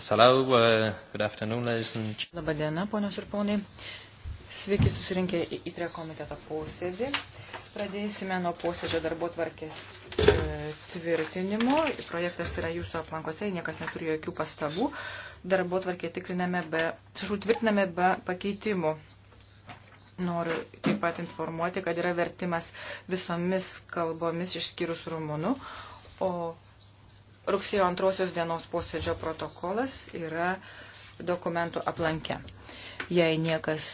Yes, hello, uh, good afternoon, ladies and... Labą dieną, ponios ir ponai. Sveiki susirinkę į ITRE komiteto posėdį. Pradėsime nuo posėdžio darbo tvarkės e, tvirtinimo. Projektas yra jūsų aplankose, niekas neturi jokių pastabų. Darbo tvarkė tikriname be, atsiprašau, tvirtiname be pakeitimų. Noriu taip pat informuoti, kad yra vertimas visomis kalbomis išskyrus rumunų, o Rugsėjo antrosios dienos posėdžio protokolas yra dokumentų aplankę. Jei niekas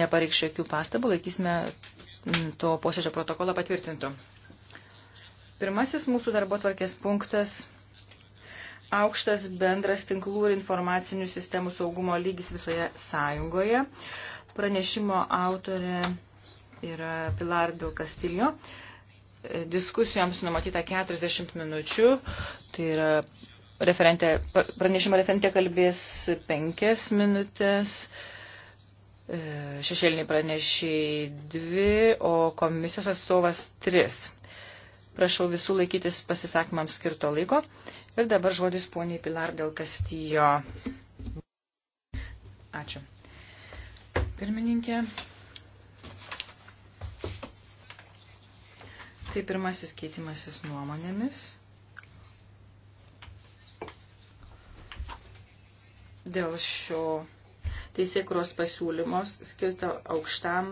nepareikš jokių pastabų, laikysime mm, to posėdžio protokolą patvirtintų. Pirmasis mūsų darbo tvarkės punktas aukštas bendras tinklų ir informacinių sistemų saugumo lygis visoje sąjungoje. Pranešimo autorė yra Pilar Del Castillo diskusijoms numatyta 40 minučių, tai yra referentė, pranešimo referentė kalbės 5 minutės, e, šešėliniai pranešiai 2, o komisijos atstovas 3. Prašau visų laikytis pasisakymams skirto laiko. Ir dabar žodis poniai Pilar dėl Kastijo. Ačiū. Pirmininkė. Tai pirmasis keitimasis nuomonėmis. Dėl šio teisėkros pasiūlymos skirta aukštam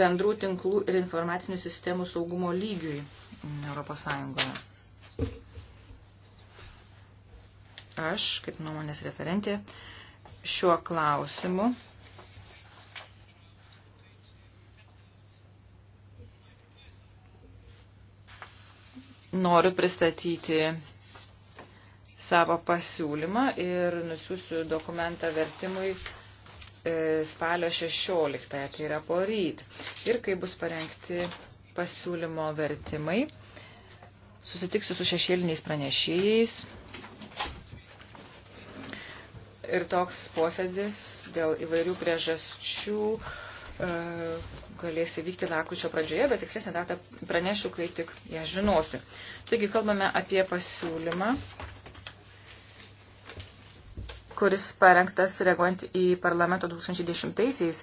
bendrų tinklų ir informacinių sistemų saugumo lygiui Europos Sąjungoje. Aš, kaip nuomonės referentė, šiuo klausimu noriu pristatyti savo pasiūlymą ir nusiųsiu dokumentą vertimui e, spalio 16, tai yra poryt. Ir kai bus parengti pasiūlymo vertimai, susitiksiu su šešėliniais pranešėjais. Ir toks posėdis dėl įvairių priežasčių E, galės įvykti lakučio pradžioje, bet tikslesnę datą pranešiu, kai tik ją žinosiu. Taigi kalbame apie pasiūlymą, kuris parengtas reaguojant į parlamento 2010-aisiais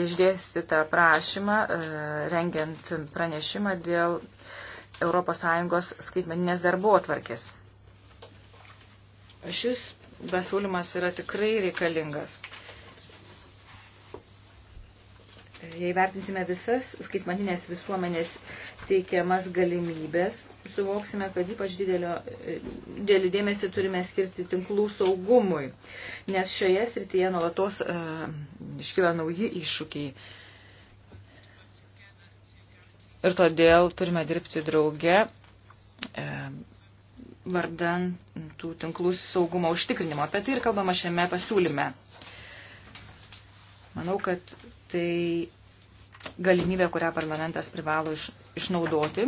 išdėstytą prašymą, e, rengiant pranešimą dėl ES skaitmeninės darbo atvarkės. Šis pasiūlymas yra tikrai reikalingas. jei vertinsime visas skaitmaninės visuomenės teikiamas galimybės, suvoksime, kad ypač didelio, didelį dėmesį turime skirti tinklų saugumui, nes šioje srityje nuolatos uh, iškyla nauji iššūkiai. Ir todėl turime dirbti drauge uh, e, vardan tų tinklų saugumo užtikrinimo. Apie tai ir kalbama šiame pasiūlyme. Manau, kad tai galimybė, kurią parlamentas privalo iš, išnaudoti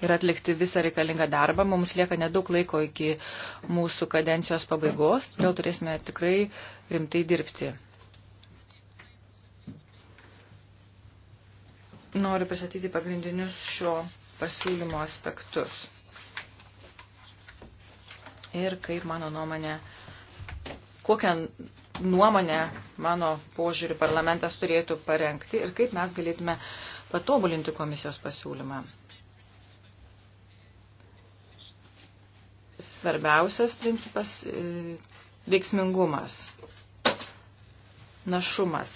ir atlikti visą reikalingą darbą. Mums lieka nedaug laiko iki mūsų kadencijos pabaigos, todėl turėsime tikrai rimtai dirbti. Noriu pristatyti pagrindinius šio pasiūlymo aspektus. Ir kaip mano nuomonė, kokią nuomonę mano požiūrį parlamentas turėtų parengti ir kaip mes galėtume patobulinti komisijos pasiūlymą. Svarbiausias principas e, – veiksmingumas, našumas.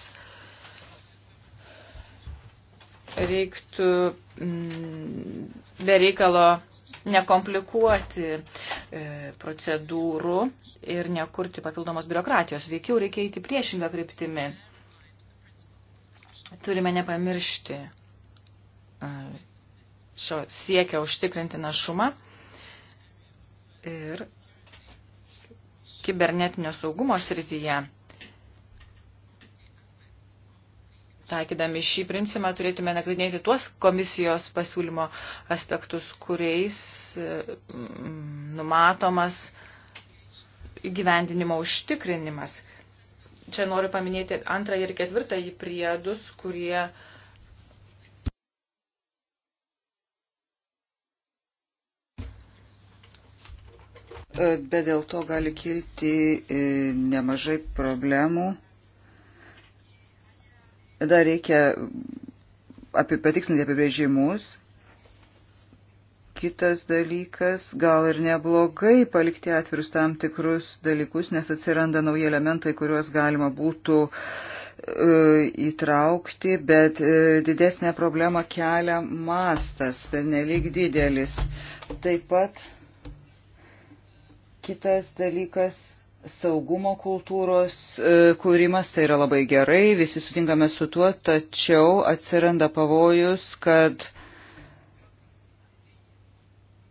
Reiktų mm, bereikalo nekomplikuoti E, procedūrų ir nekurti papildomos biurokratijos. Veikiau reikia įti priešingą kryptimį. Turime nepamiršti e, šio siekia užtikrinti našumą ir kibernetinio saugumo srityje taikydami šį principą turėtume nagrinėti tuos komisijos pasiūlymo aspektus, kuriais e, numatomas gyvendinimo užtikrinimas. Čia noriu paminėti antrąjį ir ketvirtąjį priedus, kurie e, Bet dėl to gali kilti e, nemažai problemų Dar reikia apie, patikslinti apibrėžimus. Kitas dalykas, gal ir neblogai palikti atvirus tam tikrus dalykus, nes atsiranda nauji elementai, kuriuos galima būtų e, įtraukti, bet e, didesnė problema kelia mastas, per nelik didelis. Taip pat kitas dalykas saugumo kultūros e, kūrimas, tai yra labai gerai, visi sutinkame su tuo, tačiau atsiranda pavojus, kad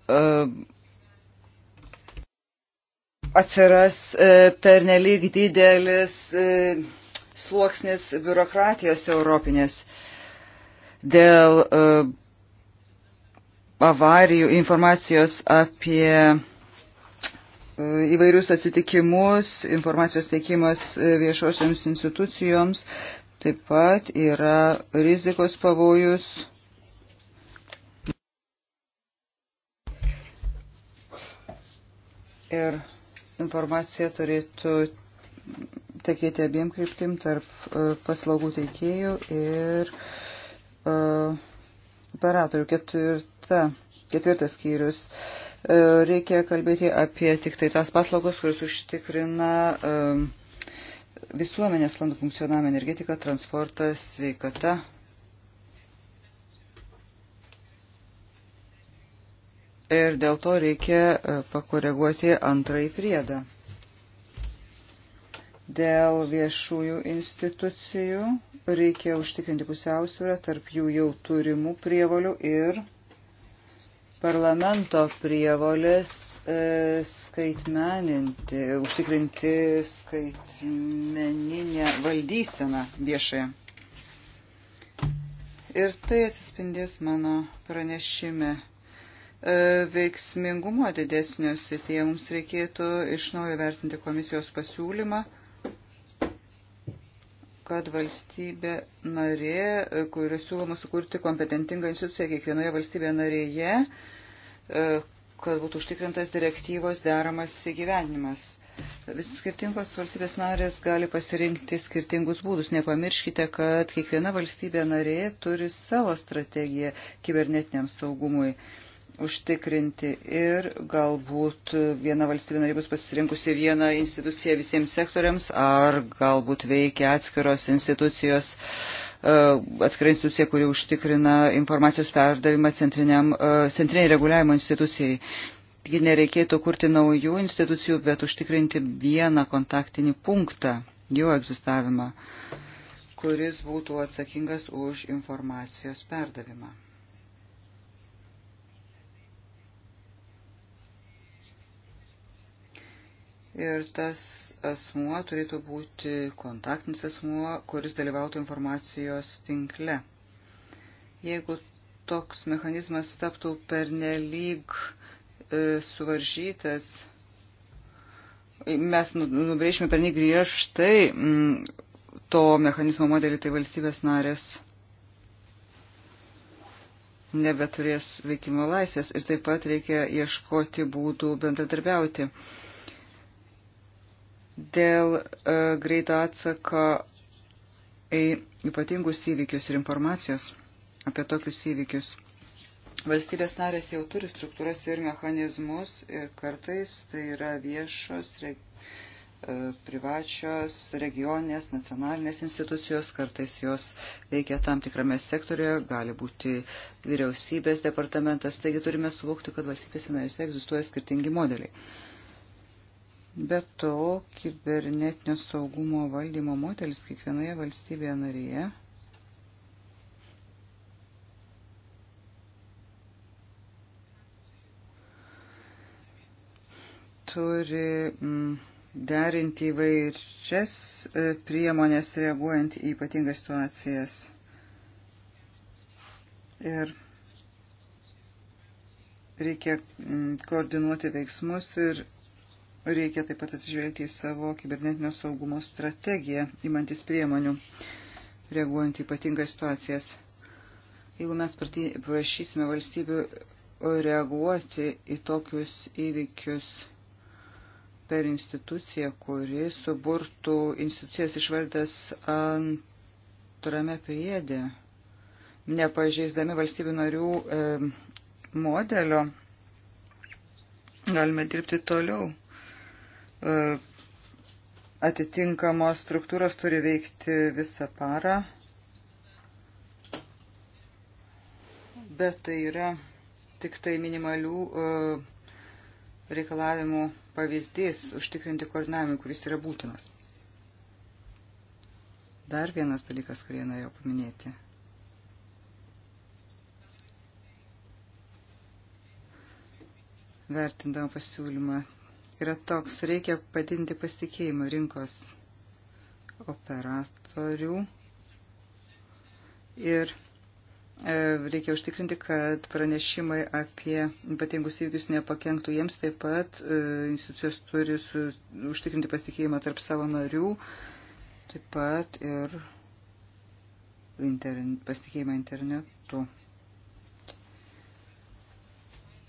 e, atsiras e, pernelyg didelis sluoksnis biurokratijos europinės dėl avarijų informacijos apie įvairius atsitikimus, informacijos teikimas e, viešosioms institucijoms, taip pat yra rizikos pavojus. Ir informacija turėtų tekėti abiem kryptim tarp e, paslaugų teikėjų ir e, operatorių. Ketvirta, ketvirtas skyrius. Uh, E, reikia kalbėti apie tik tai tas paslaugos, kuris užtikrina e, visuomenės landų funkcionavimą energetika, transportas, sveikata. Ir dėl to reikia e, pakoreguoti antrąjį priedą. Dėl viešųjų institucijų reikia užtikrinti pusiausvyrą tarp jų jau turimų prievalių ir parlamento prievolės e, skaitmeninti, užtikrinti skaitmeninę valdyseną viešąją. Ir tai atsispindės mano pranešime. E, veiksmingumo didesnio srityje mums reikėtų iš naujo vertinti komisijos pasiūlymą kad valstybė narė, e, kuris siūloma sukurti kompetentingą instituciją kiekvienoje valstybėje narėje, E, kad būtų užtikrintas direktyvos deramas įgyvenimas. Skirtingos valstybės narės gali pasirinkti skirtingus būdus. Nepamirškite, kad kiekviena valstybė narė turi savo strategiją kibernetiniam saugumui užtikrinti ir galbūt viena valstybė narė bus pasirinkusi vieną instituciją visiems sektoriams ar galbūt veikia atskiros institucijos uh, E, atskira institucija, kuri užtikrina informacijos perdavimą e, centriniai reguliavimo institucijai. Taigi nereikėtų kurti naujų institucijų, bet užtikrinti vieną kontaktinį punktą, jų egzistavimą, kuris būtų atsakingas už informacijos perdavimą. Ir tas asmuo turėtų būti kontaktinis asmuo, kuris dalyvautų informacijos tinkle. Jeigu toks mechanizmas taptų pernelyg e, suvaržytas, mes nu, nubrėžime pernelyg griežtai m, mm, to mechanizmo modelį, tai valstybės narės nebeturės veikimo laisvės ir taip pat reikia ieškoti būdų bendradarbiauti. E, dėl e, greito atsako į ypatingus įvykius ir informacijos apie tokius įvykius. Valstybės narės jau turi struktūras ir mechanizmus ir kartais tai yra viešos, re, e, privačios, regioninės, nacionalinės institucijos, kartais jos veikia tam tikrame sektorioje, gali būti vyriausybės departamentas, taigi turime suvokti, kad valstybės narėse egzistuoja skirtingi modeliai. E, Be to, kibernetinio saugumo valdymo modelis kiekvienoje valstybėje narėje turi mm, derinti įvairias e, priemonės reaguojant į ypatingas situacijas. Ir reikia mm, koordinuoti veiksmus ir Reikia taip pat atsižvelgti į savo kibernetinio saugumo strategiją, imantis priemonių, reaguojant į ypatingas situacijas. Jeigu mes prašysime valstybių reaguoti į tokius įvykius per instituciją, kuri suburtų institucijas išvardęs antrame priedė, nepažeisdami valstybių narių e, modelio, galime dirbti toliau. E, atitinkamos struktūros turi veikti visą parą. Bet tai yra tik tai minimalių e, reikalavimų pavyzdys užtikrinti koordinavimą, kuris yra būtinas. Dar vienas dalykas, kurį norėjau paminėti. Vertindama pasiūlymą yra toks. Reikia padinti pasitikėjimą rinkos operatorių ir e, reikia užtikrinti, kad pranešimai apie ypatingus įvykius nepakenktų jiems. Taip pat e, institucijos turi su, užtikrinti pasitikėjimą tarp savo narių, taip pat ir interne, pasitikėjimą internetu.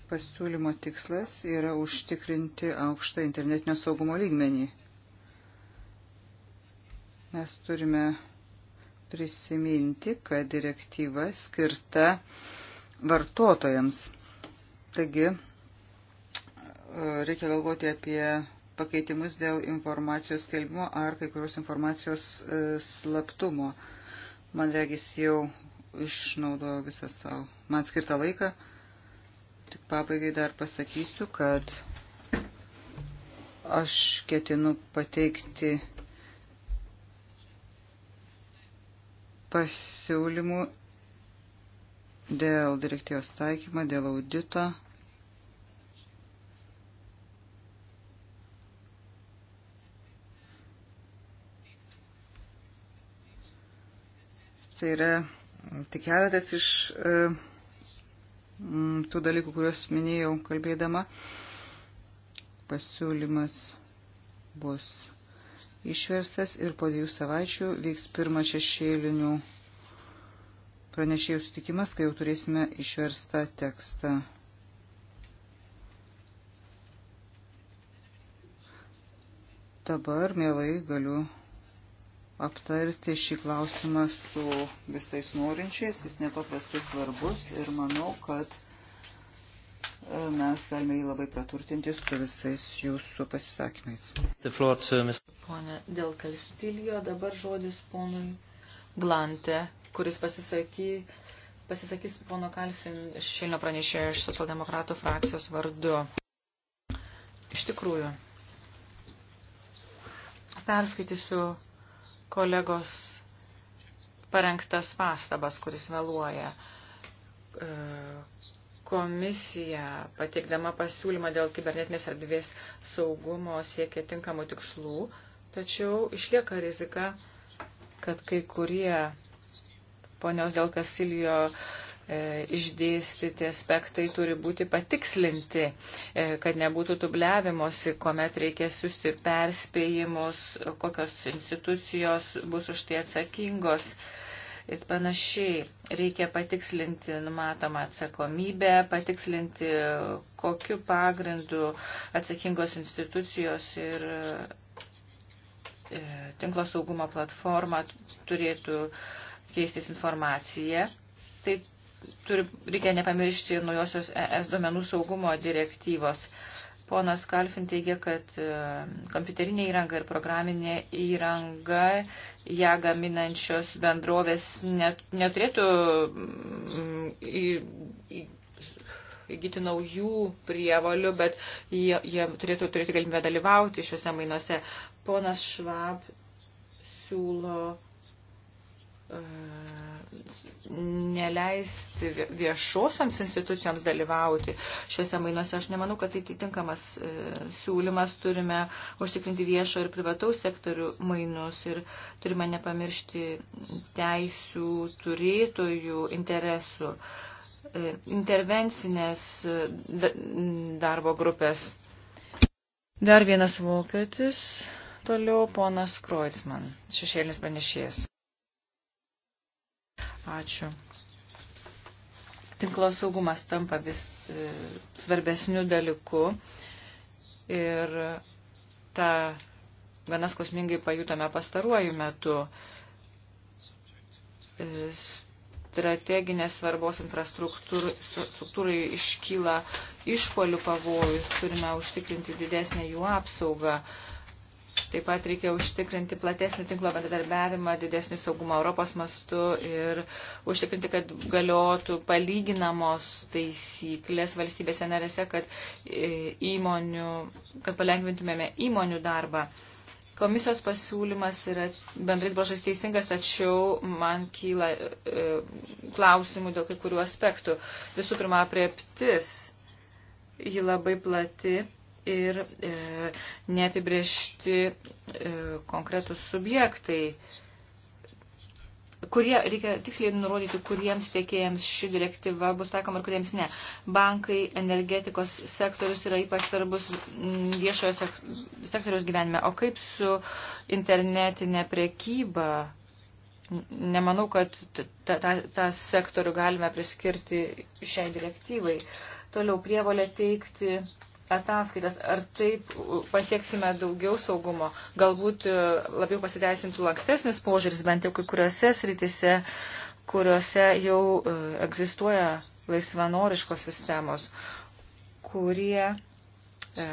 Pasiūlymo tikslas yra užtikrinti aukštą internetinio saugumo lygmenį. Mes turime prisiminti, kad direktyva skirta vartotojams. Taigi, reikia galvoti apie pakeitimus dėl informacijos skelbimo ar kai kurios informacijos e, slaptumo. Man regis jau išnaudojau visą savo man skirtą laiką. Tik pabaigai dar pasakysiu, kad aš ketinu pateikti pasiūlymų dėl direktyvos taikymą, dėl audito. Tai yra tik keletas iš e, Mm, tų dalykų, kuriuos minėjau kalbėdama. Pasiūlymas bus išverstas ir po dviejų savaičių vyks pirmas šešėlinių pranešėjų sutikimas, kai jau turėsime išverstą tekstą. Dabar mielai galiu aptarti šį klausimą su visais norinčiais. Jis nepaprastai svarbus ir manau, kad e, mes galime jį labai praturtinti su visais jūsų pasisakymais. Pone Dėl Kalstilijo, dabar žodis ponui Glante, kuris pasisaky, pasisakys pono Kalfin šešėlinio pranešėjo iš socialdemokratų frakcijos vardu. Iš tikrųjų, perskaitysiu kolegos parengtas pastabas, kuris vėluoja. E, komisija, pateikdama pasiūlymą dėl kibernetinės erdvės saugumo, siekia tinkamų tikslų, tačiau išlieka rizika, kad kai kurie ponios dėl Kasilijo E, išdėstyti aspektai turi būti patikslinti, e, kad nebūtų dubliavimosi, kuomet reikės siūsti perspėjimus, kokios institucijos bus už tai atsakingos. Ir panašiai reikia patikslinti numatomą atsakomybę, patikslinti, kokiu pagrindu atsakingos institucijos ir e, tinklo saugumo platforma turėtų keistis informaciją. Tai turi, reikia nepamiršti naujosios ES duomenų saugumo direktyvos. Ponas Kalfin teigia, kad e, kompiuterinė įranga ir programinė įranga ją gaminančios bendrovės net, neturėtų mm, įgyti naujų prievalių, bet jie, jie turėtų turėti galimybę dalyvauti šiuose mainuose. Ponas Švab siūlo. Uh, neleisti viešosioms institucijoms dalyvauti šiuose mainuose. Aš nemanau, kad tai tinkamas e, siūlymas. Turime užtikrinti viešo ir privataus sektorių mainus ir turime nepamiršti teisių turėtojų interesų, e, intervencinės e, darbo grupės. Dar vienas vokietis, toliau ponas Kroitsman, šešėlis panešėjas. Ačiū. Tinklo saugumas tampa vis e, svarbesniu dalyku ir tą gana skausmingai pajutome pastaruoju metu. E, strateginės svarbos infrastruktūrai iškyla išpolių pavojus, turime užtikrinti didesnę jų apsaugą. E, Taip pat reikia užtikrinti platesnį tinklo bendradarbiavimą, didesnį saugumą Europos mastu ir užtikrinti, kad galiotų palyginamos taisyklės valstybėse narėse, kad, e, įmonių, kad palengvintumėme įmonių darbą. Komisijos pasiūlymas yra bendrais brožais teisingas, tačiau man kyla e, klausimų dėl kai kurių aspektų. Visų pirma, prieptis. Ji labai plati ir e, neapibriešti e, konkretus subjektai, kurie, reikia tiksliai nurodyti, kuriems tiekėjams ši direktyva bus taikoma ir kuriems ne. Bankai, energetikos sektorius yra ypač svarbus viešojo sek sektoriaus gyvenime. O kaip su internetinė prekyba? Nemanau, kad tą sektorių galime priskirti šiai direktyvai. Toliau prievolė teikti ataskaitas, ar taip pasieksime daugiau saugumo. Galbūt e, labiau pasiteisintų lankstesnis požiūris, bent jau kai kuriuose sritise, kuriuose jau e, egzistuoja laisvanoriškos sistemos, kurie, e,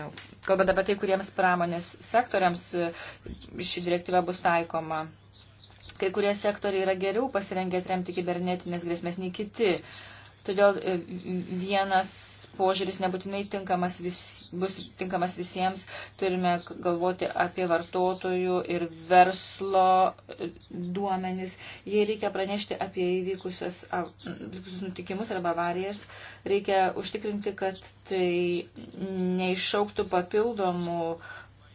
kalbant apie tai, kuriems pramonės sektoriams ši direktyva bus taikoma. Kai kurie sektoriai yra geriau pasirengę atremti kibernetinės grėsmės nei kiti. Uh, Todėl e, vienas požiūris nebūtinai tinkamas vis, bus tinkamas visiems. Turime galvoti apie vartotojų ir verslo e, duomenis. Jei reikia pranešti apie įvykusias nutikimus arba avarijas, reikia užtikrinti, kad tai neišauktų papildomų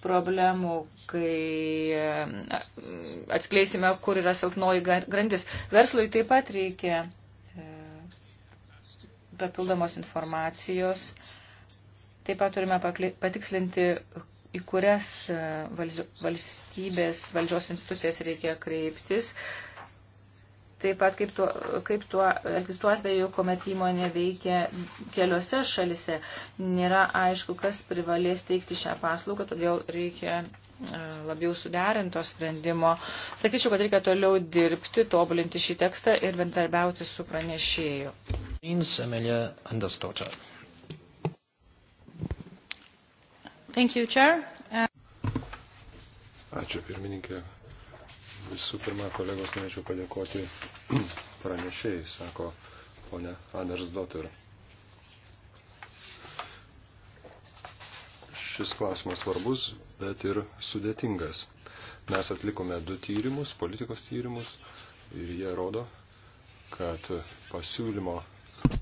problemų, kai e, atskleisime, kur yra silpnoji grandis. Verslui taip pat reikia papildomos informacijos. Taip pat turime patikslinti, į kurias e, valstybės valdžios institucijas reikia kreiptis. Taip pat kaip tuo, kaip tuo egzistuoja atveju, kuomet įmonė veikia keliose šalise, nėra aišku, kas privalės teikti šią paslaugą, todėl reikia E, labiau suderinto sprendimo. Sakyčiau, kad reikia toliau dirbti, tobulinti šį tekstą ir bendarbiauti su pranešėju. Thank you, Chair. Ačiū pirmininkė. Visų pirma, kolegos, norėčiau padėkoti pranešėjai, sako ponia Anders Dotter. Šis klausimas svarbus, bet ir sudėtingas. Mes atlikome du tyrimus, politikos tyrimus, ir jie rodo, kad pasiūlymo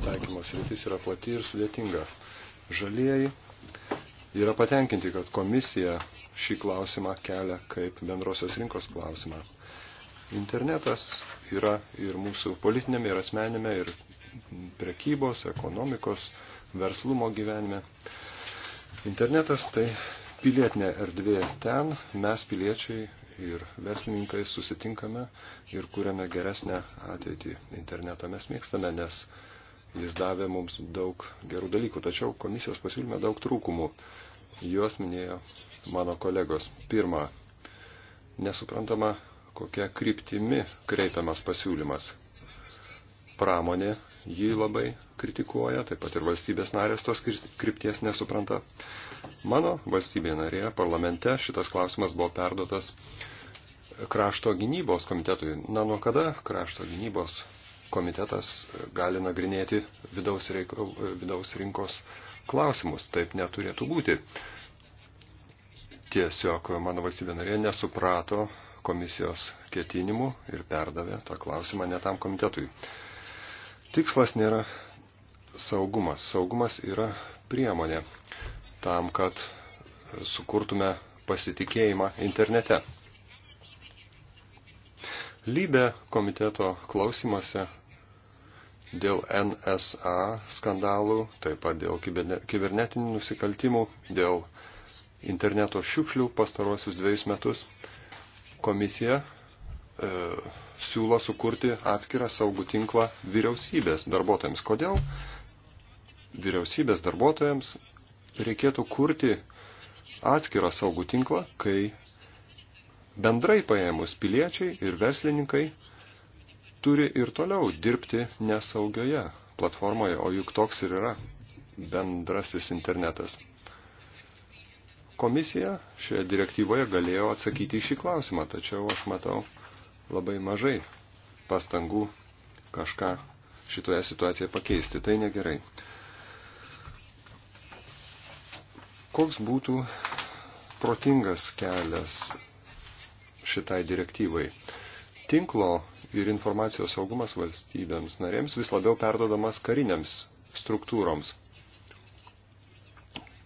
taikymos rytis yra plati ir sudėtinga. Žalieji yra patenkinti, kad komisija šį klausimą kelia kaip bendrosios rinkos klausimą. Internetas yra ir mūsų politinėme, ir asmenėme, ir prekybos, ekonomikos, verslumo gyvenime. Internetas tai pilietinė erdvė ten, mes piliečiai ir verslininkai susitinkame ir kūrėme geresnę ateitį. Internetą mes mėgstame, nes jis davė mums daug gerų dalykų, tačiau komisijos pasiūlyme daug trūkumų. Juos minėjo mano kolegos. Pirma, nesuprantama, kokia kryptimi kreipiamas pasiūlymas. Pramonė jį labai kritikuoja, taip pat ir valstybės narės tos krypties nesupranta. Mano valstybė narė parlamente šitas klausimas buvo perduotas krašto gynybos komitetui. Na, nuo kada krašto gynybos komitetas gali nagrinėti vidaus, reikal, vidaus rinkos klausimus? Taip neturėtų būti. Tiesiog mano valstybė narė nesuprato komisijos ketinimų ir perdavė tą klausimą netam komitetui. Tikslas nėra saugumas. Saugumas yra priemonė tam, kad sukurtume pasitikėjimą internete. Lybė komiteto klausimuose dėl NSA skandalų, taip pat dėl kibernetinių nusikaltimų, dėl interneto šiukšlių pastarosius dviejus metus komisija e, siūlo sukurti atskirą saugų tinklą vyriausybės darbuotojams. Kodėl vyriausybės darbuotojams reikėtų kurti atskirą saugų tinklą, kai bendrai paėmus piliečiai ir verslininkai turi ir toliau dirbti nesaugioje platformoje, o juk toks ir yra bendrasis internetas. Komisija šioje direktyvoje galėjo atsakyti į šį klausimą, tačiau aš matau, labai mažai pastangų kažką šitoje situacijoje pakeisti. Tai negerai. Koks būtų protingas kelias šitai direktyvai? Tinklo ir informacijos saugumas valstybėms narėms vis labiau perdodamas kariniams struktūroms.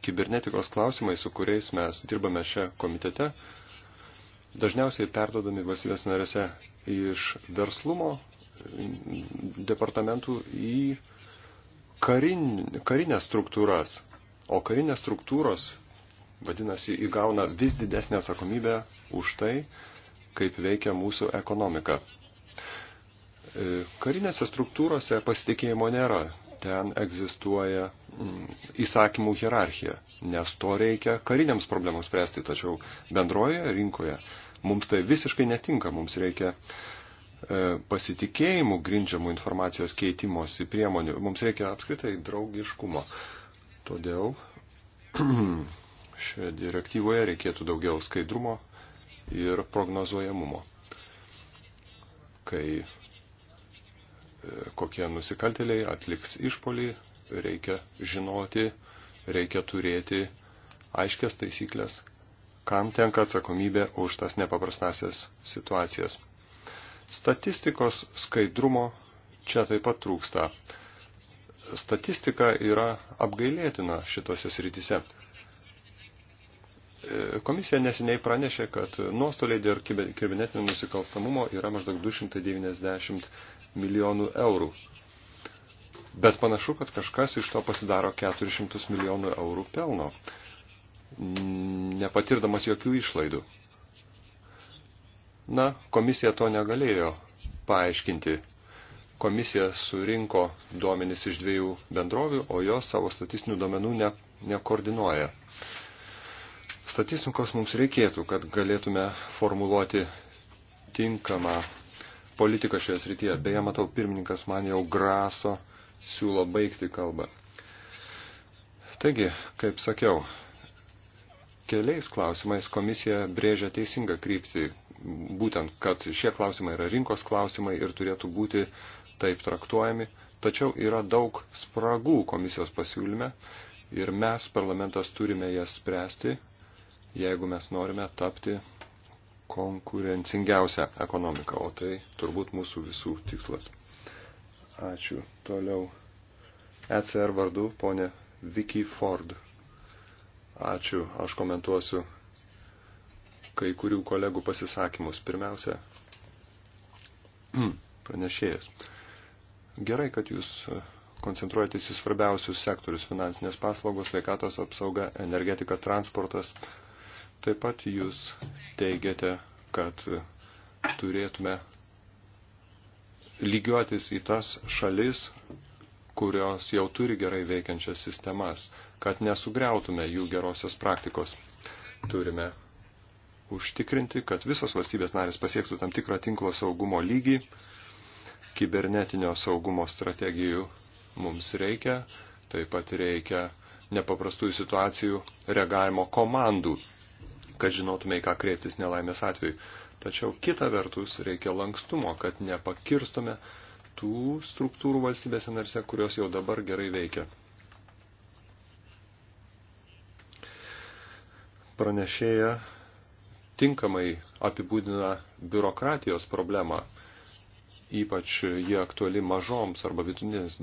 Kibernetikos klausimai, su kuriais mes dirbame šią komitete, dažniausiai perdodami valstybės narėse iš verslumo departamentų į karin, karinės struktūras. O karinės struktūros, vadinasi, įgauna vis didesnę atsakomybę už tai, kaip veikia mūsų ekonomika. E, karinėse struktūrose pasitikėjimo nėra. Ten egzistuoja mm, įsakymų hierarchija, nes to reikia kariniams problemams spręsti, tačiau bendroje rinkoje Mums tai visiškai netinka, mums reikia e, pasitikėjimų grindžiamų informacijos keitimosi priemonių. Mums reikia apskritai draugiškumo. Todėl šioje direktyvoje reikėtų daugiau skaidrumo ir prognozuojamumo. Kai e, kokie nusikaltėliai atliks išpolį, reikia žinoti, reikia turėti aiškias taisyklės, kam tenka atsakomybė už tas nepaprastasias situacijas. Statistikos skaidrumo čia taip pat trūksta. Statistika yra apgailėtina šitose srityse. E, komisija neseniai pranešė, kad nuostoliai dėl kibernetinio nusikalstamumo yra maždaug 290 milijonų eurų. Bet panašu, kad kažkas iš to pasidaro 400 milijonų eurų pelno nepatirdamas jokių išlaidų. Na, komisija to negalėjo paaiškinti. Komisija surinko duomenis iš dviejų bendrovių, o jos savo statistinių duomenų ne, nekoordinuoja. Statistikos mums reikėtų, kad galėtume formuluoti tinkamą politiką šioje srityje. Beje, matau, pirmininkas man jau graso, siūlo baigti kalbą. Taigi, kaip sakiau, Keliais klausimais komisija brėžia teisingą kryptį, būtent, kad šie klausimai yra rinkos klausimai ir turėtų būti taip traktuojami, tačiau yra daug spragų komisijos pasiūlyme ir mes, parlamentas, turime jas spręsti, jeigu mes norime tapti konkurencingiausią ekonomiką, o tai turbūt mūsų visų tikslas. Ačiū. Toliau ECR vardu ponė Vicky Ford. Ačiū, aš komentuosiu kai kurių kolegų pasisakymus. Pirmiausia, pranešėjas. Gerai, kad jūs koncentruojatės į svarbiausius sektorius - finansinės paslaugos, sveikatos apsauga, energetika, transportas. Taip pat jūs teigiate, kad turėtume lygiuotis į tas šalis, kurios jau turi gerai veikiančias sistemas, kad nesugriautume jų gerosios praktikos. Turime užtikrinti, kad visos valstybės narės pasiektų tam tikrą tinklo saugumo lygį, kibernetinio saugumo strategijų mums reikia, taip pat reikia nepaprastųjų situacijų reagavimo komandų, kad žinotume, į ką kreiptis nelaimės atveju. Tačiau kita vertus reikia lankstumo, kad nepakirstume tų struktūrų valstybėse narse, kurios jau dabar gerai veikia. Pranešėja tinkamai apibūdina biurokratijos problemą, ypač jie aktuali mažoms arba vidutinės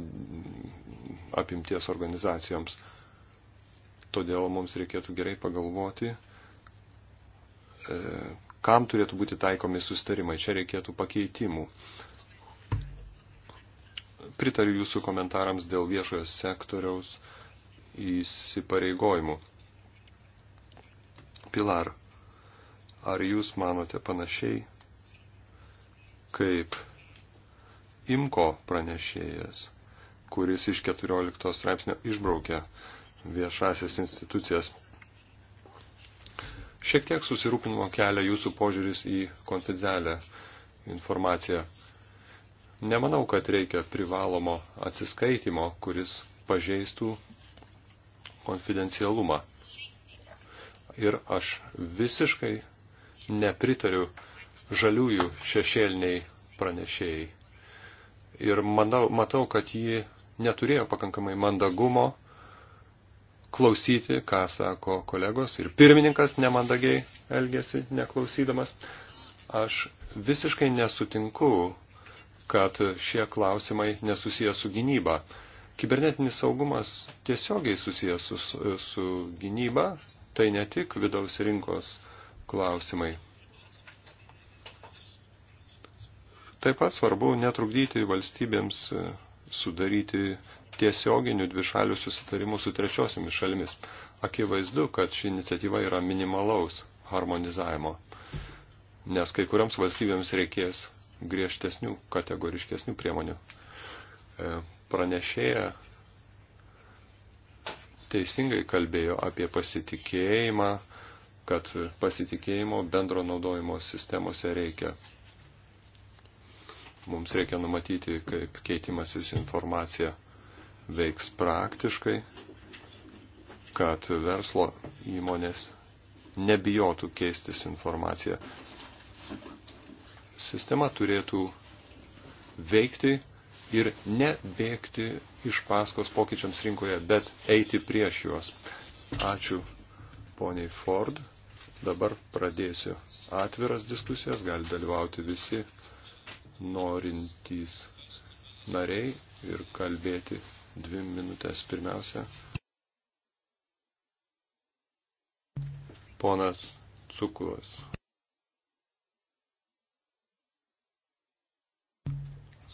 apimties organizacijoms. Todėl mums reikėtų gerai pagalvoti, e, kam turėtų būti taikomi sustarimai. Čia reikėtų pakeitimų pritariu jūsų komentarams dėl viešojo sektoriaus įsipareigojimų. Pilar, ar jūs manote panašiai kaip Imko pranešėjas, kuris iš 14 straipsnio išbraukė viešasias institucijas? Šiek tiek susirūpinimo kelia jūsų požiūris į konfidencialę informaciją. Nemanau, kad reikia privalomo atsiskaitimo, kuris pažeistų konfidencialumą. Ir aš visiškai nepritariu žaliųjų šešėliniai pranešėjai. Ir manau, matau, kad ji neturėjo pakankamai mandagumo klausyti, ką sako kolegos. Ir pirmininkas nemandagiai elgėsi, neklausydamas. Aš visiškai nesutinku kad šie klausimai nesusijęs su gynyba. Kibernetinis saugumas tiesiogiai susijęs su, su gynyba, tai ne tik vidaus rinkos klausimai. Taip pat svarbu netrukdyti valstybėms sudaryti tiesioginių dvišalių susitarimų su trečiosiomis šalimis. Akivaizdu, kad ši iniciatyva yra minimalaus harmonizavimo, nes kai kuriams valstybėms reikės griežtesnių, kategoriškesnių priemonių. E, pranešėja teisingai kalbėjo apie pasitikėjimą, kad pasitikėjimo bendro naudojimo sistemose reikia. Mums reikia numatyti, kaip keitimasis informacija veiks praktiškai, kad verslo įmonės nebijotų keistis informaciją sistema turėtų veikti ir nebėgti iš paskos pokyčiams rinkoje, bet eiti prieš juos. Ačiū poniai Ford. Dabar pradėsiu atviras diskusijas, gali dalyvauti visi norintys nariai ir kalbėti dvi minutės pirmiausia. Ponas Cukulas.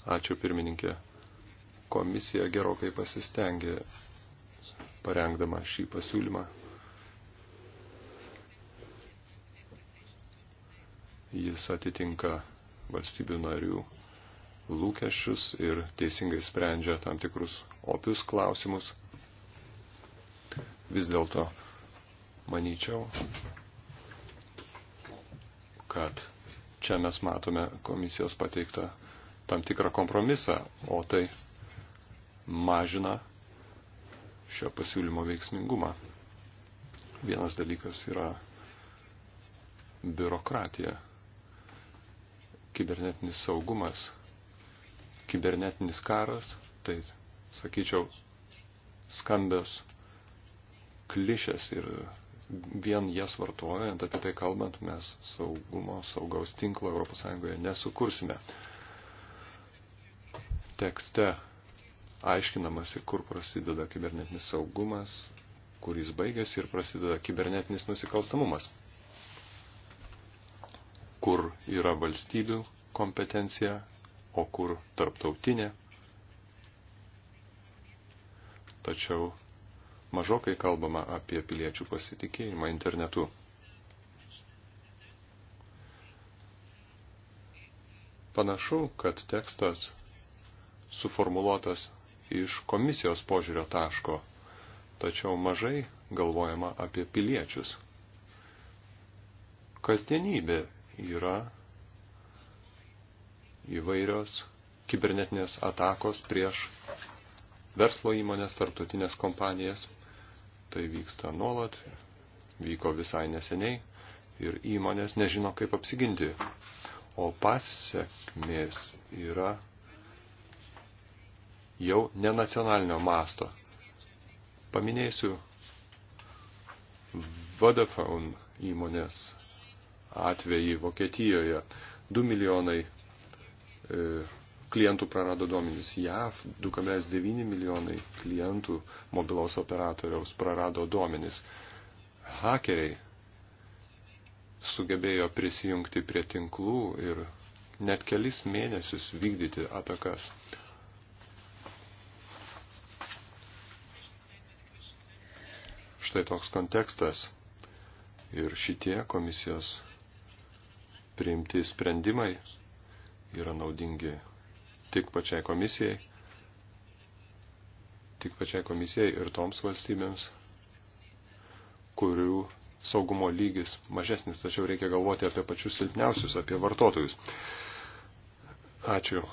Ačiū pirmininkė. Komisija gerokai pasistengė parengdama šį pasiūlymą. Jis atitinka valstybių narių lūkesčius ir teisingai sprendžia tam tikrus opius klausimus. Vis dėlto manyčiau, kad čia mes matome komisijos pateiktą tam tikrą kompromisą, o tai mažina šio pasiūlymo veiksmingumą. Vienas dalykas yra biurokratija, kibernetinis saugumas, kibernetinis karas, tai, sakyčiau, skambios klišės ir vien jas vartojant, apie tai kalbant, mes saugumo, saugaus tinklo ES nesukursime tekste aiškinamasi, kur prasideda kibernetinis saugumas, kuris baigėsi ir prasideda kibernetinis nusikalstamumas, kur yra valstybių kompetencija, o kur tarptautinė. Tačiau mažokai kalbama apie piliečių pasitikėjimą internetu. Panašu, kad tekstas suformuluotas iš komisijos požiūrio taško, tačiau mažai galvojama apie piliečius. Kasdienybė yra įvairios kibernetinės atakos prieš verslo įmonės, tarptautinės kompanijas. Tai vyksta nuolat, vyko visai neseniai ir įmonės nežino, kaip apsiginti. O pasiekmės yra jau ne nacionalinio masto. Paminėsiu Vodafone įmonės atvejį Vokietijoje. 2 milijonai e, klientų prarado duomenis. JAV 2,9 milijonai klientų mobilaus operatoriaus prarado duomenis. Hakeriai sugebėjo prisijungti prie tinklų ir net kelis mėnesius vykdyti atakas. Štai toks kontekstas. Ir šitie komisijos priimti sprendimai yra naudingi tik pačiai komisijai, tik pačiai komisijai ir toms valstybėms, kurių saugumo lygis mažesnis, tačiau reikia galvoti apie pačius silpniausius, apie vartotojus. Ačiū.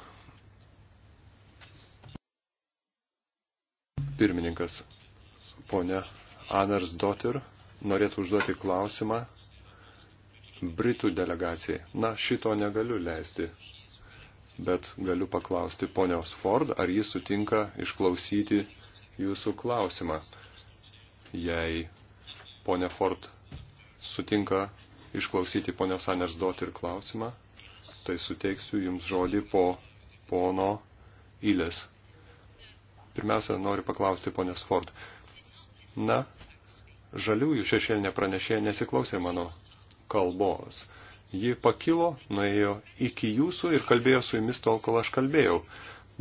Pirmininkas, ponia Anars Dotir norėtų užduoti klausimą Britų delegacijai. Na, šito negaliu leisti, bet galiu paklausti ponios Ford, ar jis sutinka išklausyti jūsų klausimą. Jei ponia Ford sutinka išklausyti ponios Aners Dotir klausimą, tai suteiksiu jums žodį po pono Ilės. Pirmiausia, noriu paklausti ponios Ford. Na, žaliųjų šešėlinė pranešėja nesiklausė mano kalbos. Ji pakilo, nuėjo iki jūsų ir kalbėjo su jumis tol, kol aš kalbėjau.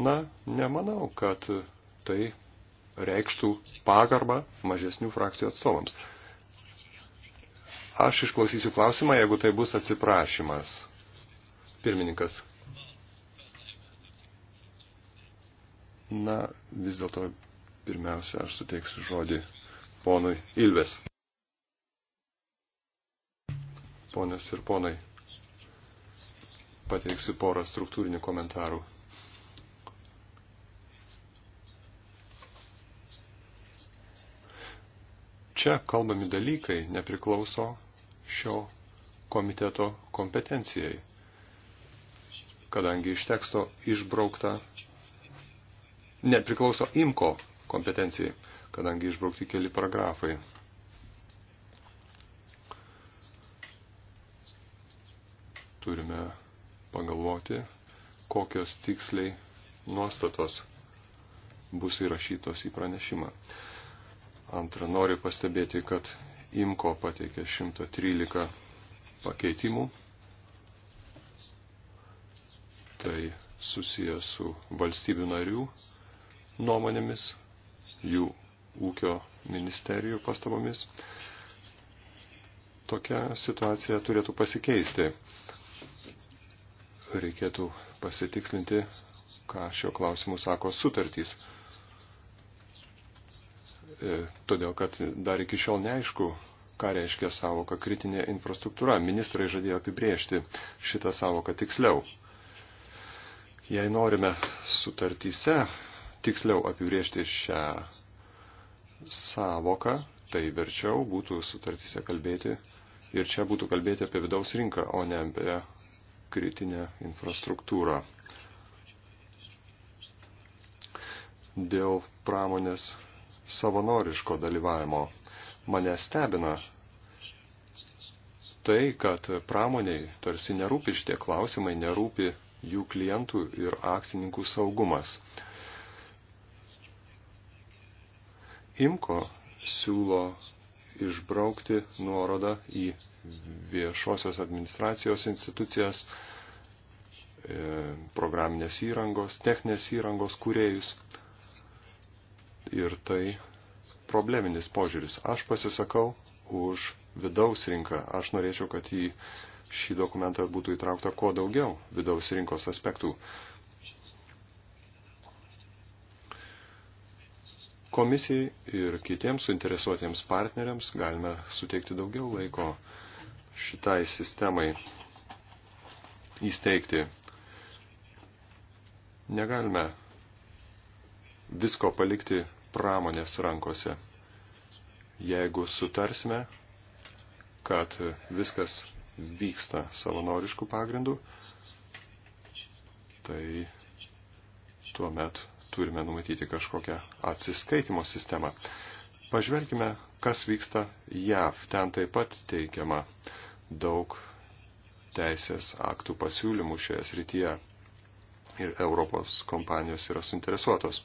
Na, nemanau, kad tai reikštų pagarbą mažesnių frakcijų atstovams. Aš išklausysiu klausimą, jeigu tai bus atsiprašymas. Pirmininkas. Na, vis dėlto pirmiausia, aš suteiksiu žodį ponui Ilves. Ponios ir ponai, pateiksiu porą struktūrinių komentarų. Čia kalbami dalykai nepriklauso šio komiteto kompetencijai, kadangi iš teksto išbraukta nepriklauso imko kompetencijai kadangi išbraukti keli paragrafai. Turime pagalvoti, kokios tiksliai nuostatos bus įrašytos į pranešimą. Antra, noriu pastebėti, kad IMKO pateikė 113 pakeitimų. Tai susijęs su valstybių narių nuomonėmis, jų ūkio ministerijų pastabomis. Tokia situacija turėtų pasikeisti. Reikėtų pasitikslinti, ką šio klausimu sako sutartys. E, todėl, kad dar iki šiol neaišku, ką reiškia savoka kritinė infrastruktūra. Ministrai žadėjo apibriežti šitą savoką tiksliau. Jei norime sutartyse tiksliau apibriežti šią savoką, tai verčiau būtų sutartyse kalbėti ir čia būtų kalbėti apie vidaus rinką, o ne apie kritinę infrastruktūrą. Dėl pramonės savanoriško dalyvavimo mane stebina tai, kad pramoniai tarsi nerūpi šitie klausimai, nerūpi jų klientų ir akcininkų saugumas. Imko siūlo išbraukti nuorodą į viešosios administracijos institucijas, e, programinės įrangos, techninės įrangos kūrėjus. Ir tai probleminis požiūris. Aš pasisakau už vidaus rinką. Aš norėčiau, kad į šį dokumentą būtų įtraukta kuo daugiau vidaus rinkos aspektų. Komisijai ir kitiems suinteresuotiems partneriams galime suteikti daugiau laiko šitai sistemai įsteigti. Negalime visko palikti pramonės rankose. Jeigu sutarsime, kad viskas vyksta savanoriškų pagrindų, tai tuomet turime numatyti kažkokią atsiskaitimo sistemą. Pažvelkime, kas vyksta JAV. Ten taip pat teikiama daug teisės aktų pasiūlymų šioje srityje ir Europos kompanijos yra suinteresuotos.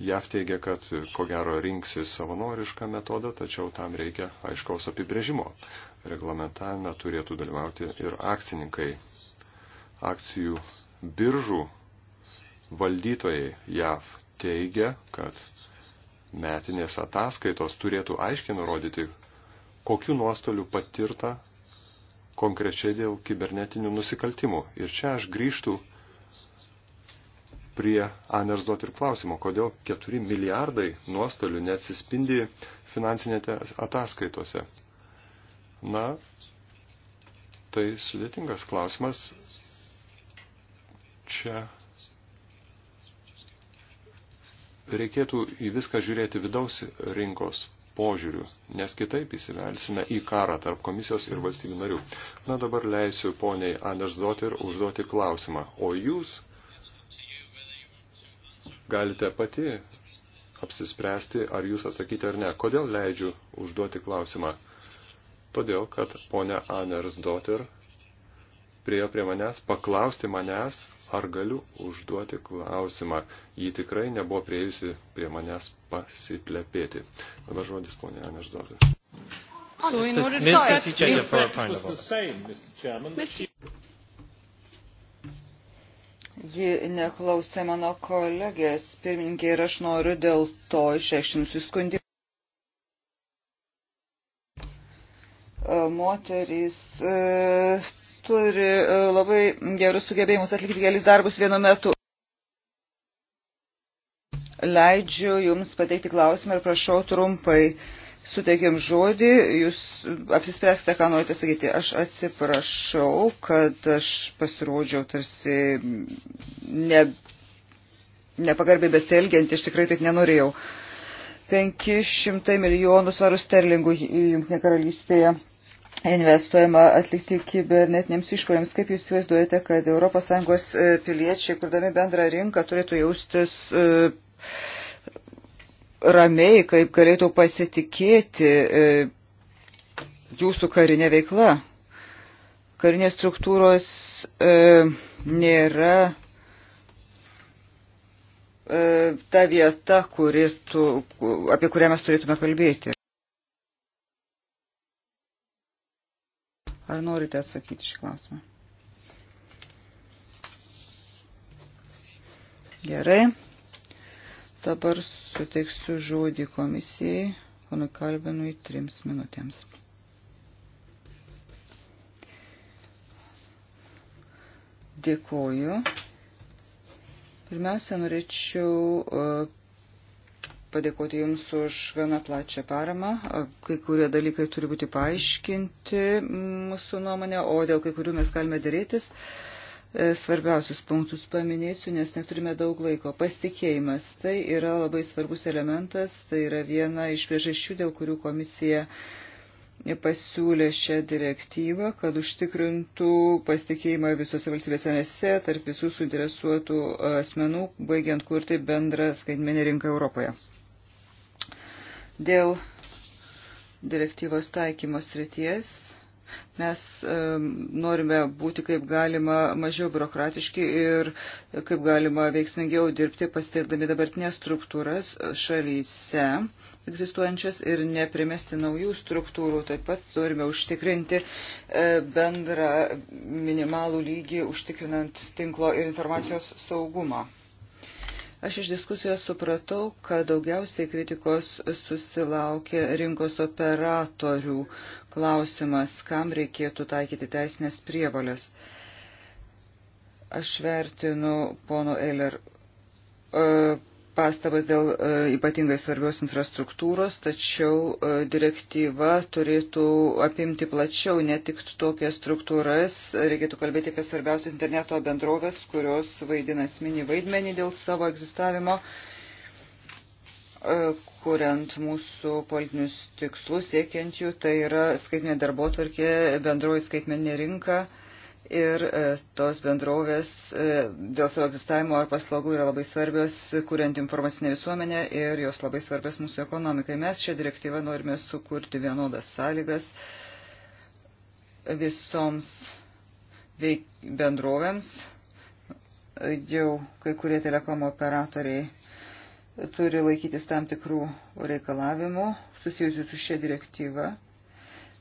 JAV teigia, kad ko gero rinksis savanorišką metodą, tačiau tam reikia aiškaus apibrėžimo. Reglamentavime turėtų dalyvauti ir akcininkai. Akcijų biržų Valdytojai JAV teigia, kad metinės ataskaitos turėtų aiškiai nurodyti, kokiu nuostoliu patirta konkrečiai dėl kibernetinių nusikaltimų. Ir čia aš grįžtų prie anerzot ir klausimo, kodėl 4 milijardai nuostolių neatsispindi finansinėte ataskaitose. Na, tai sudėtingas klausimas. Čia reikėtų į viską žiūrėti vidaus rinkos požiūrių, nes kitaip įsivelsime į karą tarp komisijos ir valstybių narių. Na dabar leisiu poniai Andersdotir užduoti klausimą, o jūs galite pati apsispręsti, ar jūs atsakyti ar ne. Kodėl leidžiu užduoti klausimą? Todėl, kad ponia Andersdotir priejo prie manęs paklausti manęs, ar galiu užduoti klausimą. Ji tikrai nebuvo prieijusi prie manęs pasiplepėti. Dabar žodis ponė Aneždorė. Ji neklausė mano kolegės pirmininkė ir aš noriu dėl to išreikšti nusiskundimą. moterys e, turi e, labai gerus sugebėjimus atlikti kelis darbus vienu metu. Leidžiu Jums pateikti klausimą ir prašau trumpai. Suteikėm žodį, jūs apsispręskite, ką norite sakyti. Aš atsiprašau, kad aš pasirodžiau tarsi ne, nepagarbiai besielgiant, aš tikrai taip nenorėjau. 500 milijonų svarų sterlingų Junktinė karalystėje investuojama atlikti kibernetiniams išpoliams. Kaip jūs įsivaizduojate, kad ES e, piliečiai, kurdami bendrą rinką, turėtų jaustis e, ramiai, kaip galėtų pasitikėti e, jūsų karinė veikla? Karinės struktūros nėra ta vieta, kuri tu, apie kurią mes turėtume kalbėti. Ar norite atsakyti šį klausimą? Gerai. Dabar suteiksiu žodį komisijai, ponui Kalvinui, trims minutėms. Dėkuoju. Pirmiausia, norėčiau padėkoti Jums už gana plačią paramą. Kai kurie dalykai turi būti paaiškinti mm, mūsų nuomonė, o dėl kai kurių mes galime dėrėtis. E, svarbiausius punktus paminėsiu, nes neturime daug laiko. Pasitikėjimas tai yra labai svarbus elementas, tai yra viena iš priežasčių, dėl kurių komisija pasiūlė šią direktyvą, kad užtikrintų pasitikėjimą visose valstybėse nese tarp visų suinteresuotų asmenų, baigiant kurti bendrą skaitmenį rinką Europoje. Dėl direktyvos taikymos ryties mes um, norime būti kaip galima mažiau biurokratiški ir kaip galima veiksmingiau dirbti pasitelkdami dabartinės struktūras šalyse egzistuojančias ir neprimesti naujų struktūrų. Taip pat turime užtikrinti e, bendrą minimalų lygį, užtikrinant tinklo ir informacijos saugumą. Aš iš diskusijos supratau, kad daugiausiai kritikos susilaukė rinkos operatorių klausimas, kam reikėtų taikyti teisinės prievalės. Aš vertinu pono Eiler e, pastabas dėl e, ypatingai svarbios infrastruktūros, tačiau e, direktyva turėtų apimti plačiau ne tik tokias struktūras, reikėtų kalbėti apie svarbiausias interneto bendrovės, kurios vaidina asmenį vaidmenį dėl savo egzistavimo, e, kuriant mūsų politinius tikslus siekiant jų, tai yra skaitminė darbo tvarkė, bendroji skaitminė rinka ir e, tos bendrovės e, dėl savo egzistavimo ar paslaugų yra labai svarbios, kuriant informacinę visuomenę ir jos labai svarbios mūsų ekonomikai. Mes šią direktyvą norime sukurti vienodas sąlygas visoms veik bendrovėms. Jau kai kurie telekomo operatoriai turi laikytis tam tikrų reikalavimų susijusių su šia direktyva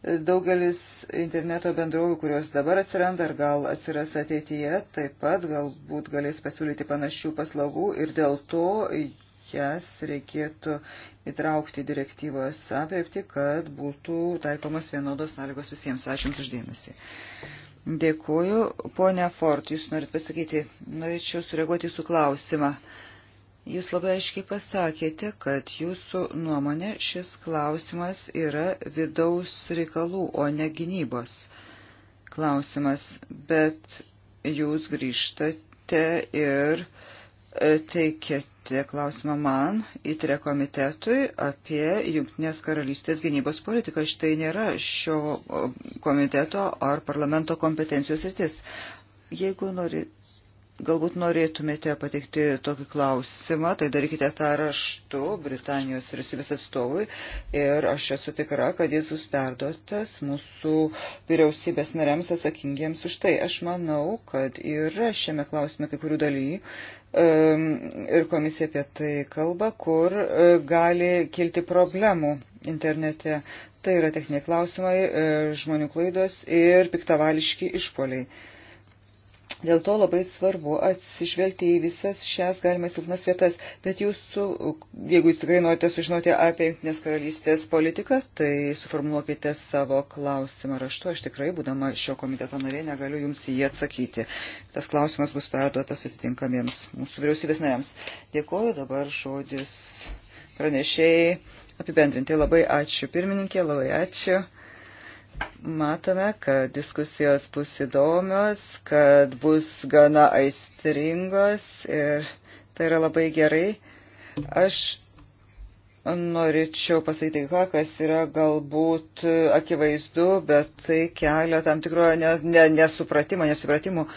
Daugelis interneto bendrovių, kurios dabar atsiranda ar gal atsiras ateityje, taip pat galbūt galės pasiūlyti panašių paslaugų ir dėl to jas reikėtų įtraukti direktyvos apriepti, kad būtų taikomas vienodos sąlygos visiems. Ačiū Jums uždėmesi. Dėkuoju. Pone Fort, Jūs norit pasakyti, norėčiau sureaguoti Jūsų klausimą. Uh, Jūs labai aiškiai pasakėte, kad jūsų nuomonė šis klausimas yra vidaus reikalų, o ne gynybos klausimas, bet jūs grįžtate ir e, teikėte klausimą man įtre komitetui apie Junktinės karalystės gynybos politiką. Štai nėra šio komiteto ar parlamento kompetencijos rytis. Jeigu norite Galbūt norėtumėte pateikti tokį klausimą, tai darykite tą raštu Britanijos vyriausybės atstovui ir aš esu tikra, kad jis bus perduotas mūsų vyriausybės nariams atsakingiems už tai. Aš manau, kad yra šiame klausime kai kurių dalyjų ir komisija apie tai kalba, kur e, gali kilti problemų internete. Tai yra techniniai klausimai, e, žmonių klaidos ir piktavališki išpoliai. Dėl to labai svarbu atsižvelgti į visas šias galimas silpnas vietas, bet jūsų, jeigu jūs tikrai norite sužinoti apie Junktinės karalystės politiką, tai suformuokite savo klausimą raštu. Aš tikrai, būdama šio komiteto narė, negaliu jums į jį atsakyti. Tas klausimas bus perduotas atitinkamiems mūsų vyriausybės nariams. Dėkuoju dabar žodis pranešėjai apibendrinti. Labai ačiū pirmininkė, labai ačiū matome, kad diskusijos bus įdomios, kad bus gana aistringos ir tai yra labai gerai. Aš norėčiau pasakyti ką, kas yra galbūt akivaizdu, bet tai kelia tam tikro nesupratimo, nesupratimo.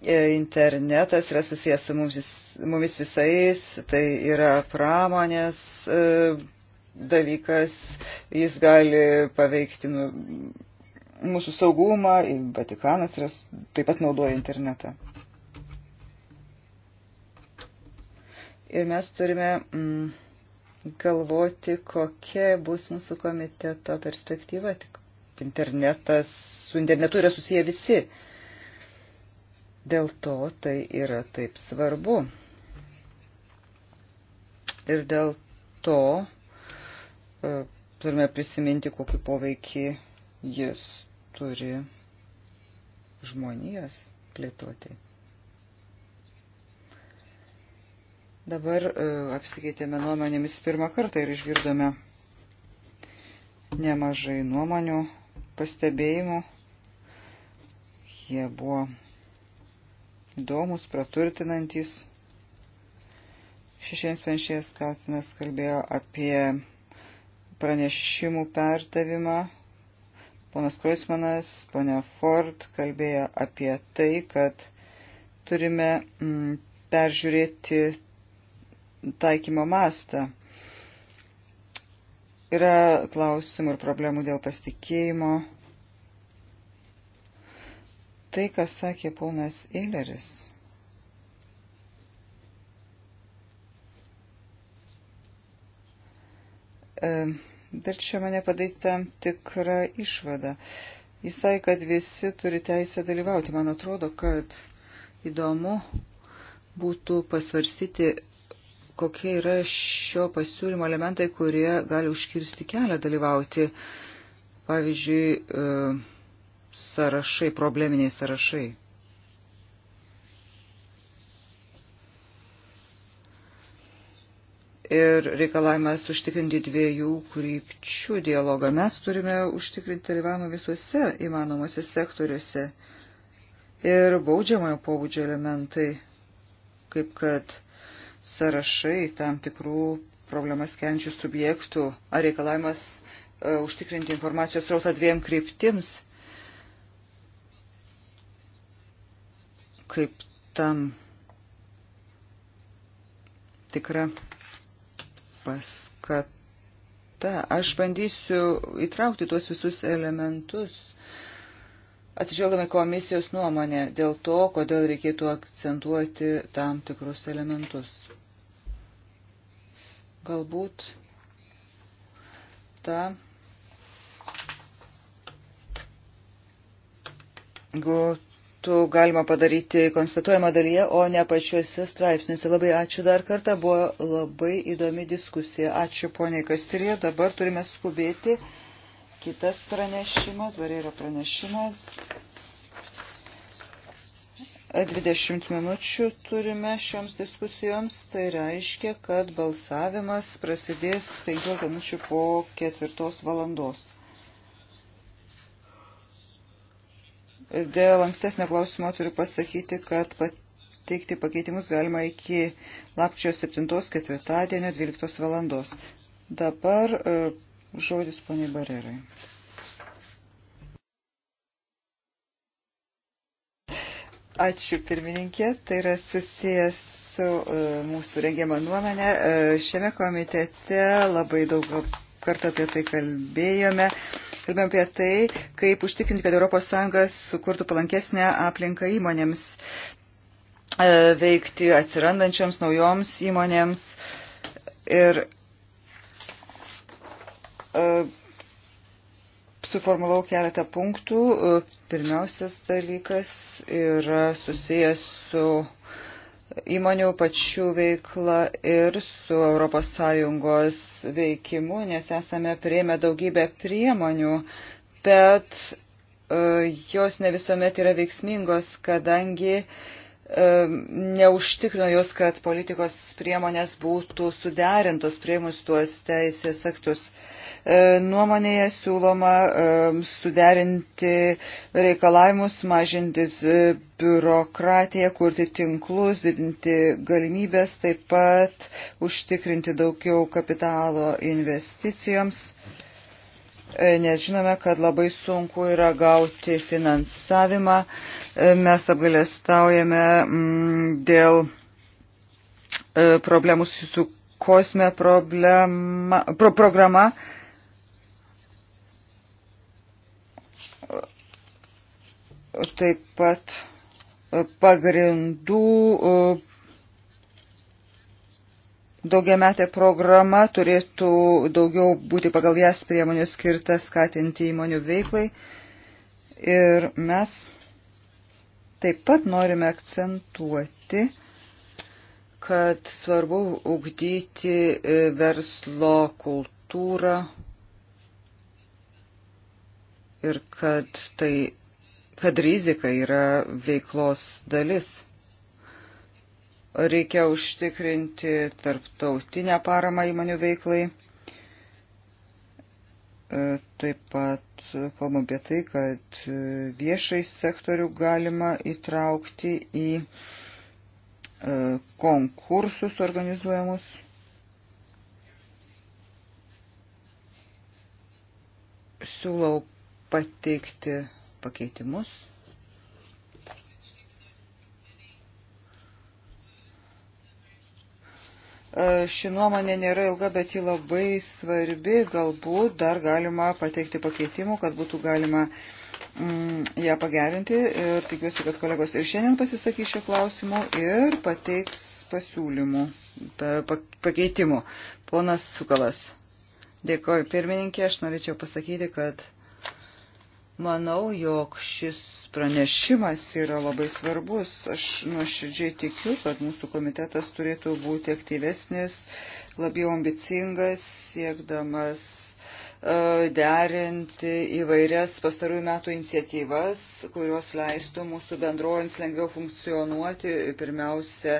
E, internetas yra susijęs su mumis, mumis visais, tai yra pramonės e, dalykas, jis gali paveikti nu, mūsų saugumą, Vatikanas yra, taip pat naudoja internetą. Ir mes turime mm, galvoti, kokia bus mūsų komiteto perspektyva. Tik internetas, su internetu yra susiję visi. Dėl to tai yra taip svarbu. Ir dėl to E, turime prisiminti, kokį poveikį jis turi žmonijos plėtoti. Dabar e, apsikeitėme nuomonėmis pirmą kartą ir išgirdome nemažai nuomonių, pastebėjimų. Jie buvo įdomus, praturtinantis. Šešiems penšies Kaltinas kalbėjo apie pranešimų perdavimą. Ponas Kroismanas, ponia Ford kalbėjo apie tai, kad turime mm, peržiūrėti taikymo mastą. Yra klausimų ir problemų dėl pasitikėjimo. Tai, kas sakė ponas Eileris. E, verčia mane padaryti tam tikrą išvadą. Jisai, kad visi turi teisę dalyvauti. Man atrodo, kad įdomu būtų pasvarstyti, kokie yra šio pasiūlymo elementai, kurie gali užkirsti kelią dalyvauti. Pavyzdžiui, e, sąrašai, probleminiai sąrašai. ir reikalavimas užtikrinti dviejų krypčių dialogą. Mes turime užtikrinti dalyvavimą visuose įmanomuose sektoriuose ir baudžiamojo pobūdžio elementai, kaip kad sąrašai tam tikrų problemas kenčių subjektų ar reikalavimas uh, užtikrinti informacijos rautą dviem kryptims, kaip tam tikra paskata. Aš bandysiu įtraukti tuos visus elementus. Atsižiūrėjome komisijos nuomonę dėl to, kodėl reikėtų akcentuoti tam tikrus elementus. Galbūt ta Go būtų galima padaryti konstatuojama dalyje, o ne pačiuose straipsniuose. Labai ačiū dar kartą, buvo labai įdomi diskusija. Ačiū poniai Kastirė, dabar turime skubėti. Kitas pranešimas, varėra pranešimas. 20 minučių turime šioms diskusijoms, tai reiškia, kad balsavimas prasidės 15 minučių po ketvirtos valandos. Dėl ankstesnio klausimo turiu pasakyti, kad pateikti pakeitimus galima iki lapčio 7 ketvirtadienio 12 valandos. Dabar e, žodis poniai Barerai. Ačiū pirmininkė, tai yra susijęs su e, mūsų rengiama nuomenė. E, šiame komitete labai daug kartų apie tai kalbėjome. Kalbėjom apie tai, kaip užtikrinti, kad ES sukurtų palankesnę aplinką įmonėms e, veikti atsirandančioms naujoms įmonėms. Ir e, suformulau keletą punktų. E, pirmiausias dalykas yra susijęs su įmonių pačių veikla ir su ES veikimu, nes esame prieimę daugybę priemonių, bet e, jos ne visuomet yra veiksmingos, kadangi uh, E, neužtikrino jos, kad politikos priemonės būtų suderintos prieimus tuos teisės aktus. E, nuomonėje siūloma e, suderinti reikalavimus, mažintis biurokratiją, kurti tinklus, didinti galimybės, taip pat užtikrinti daugiau kapitalo investicijoms. E, nes žinome, kad labai sunku yra gauti finansavimą. E, mes apgalėstaujame mm, dėl e, problemų su kosme problema, pro, programa. Taip pat pagrindų Daugiametė programa turėtų daugiau būti pagal jas priemonių skirta skatinti įmonių veiklai. Ir mes taip pat norime akcentuoti, kad svarbu ugdyti e, verslo kultūrą ir kad, tai, kad rizika yra veiklos dalis. Reikia užtikrinti tarptautinę paramą įmonių veiklai. E, taip pat kalbam apie tai, kad viešai sektorių galima įtraukti į e, konkursus organizuojamus. Siūlau pateikti pakeitimus. E, ši nuomonė nėra ilga, bet ji labai svarbi. Galbūt dar galima pateikti pakeitimų, kad būtų galima mm, ją pagerinti. Ir tikiuosi, kad kolegos ir šiandien pasisakys šio klausimu ir pateiks pasiūlymų, pakeitimų. Ponas Sukalas. Dėkoju pirmininkė, aš norėčiau pasakyti, kad Manau, jog šis pranešimas yra labai svarbus. Aš nuoširdžiai tikiu, kad mūsų komitetas turėtų būti aktyvesnis, labiau ambicingas, siekdamas E, derinti įvairias pastarųjų metų iniciatyvas, kurios leistų mūsų bendrovėms lengviau funkcionuoti, pirmiausia,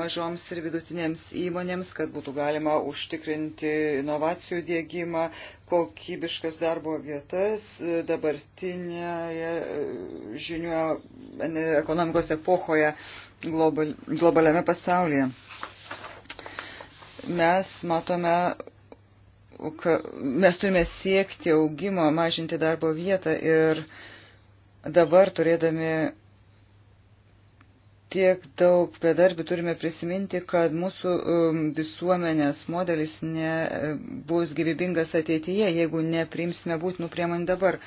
mažoms ir vidutinėms įmonėms, kad būtų galima užtikrinti inovacijų dėgymą, kokybiškas darbo vietas e, dabartinėje e, žinių ekonomikos epochoje global, globaliame pasaulyje. Mes matome mes turime siekti augimo, mažinti darbo vietą ir dabar turėdami tiek daug bedarbių turime prisiminti, kad mūsų um, visuomenės modelis nebus gyvybingas ateityje, jeigu neprimsime būtinų priemonių dabar.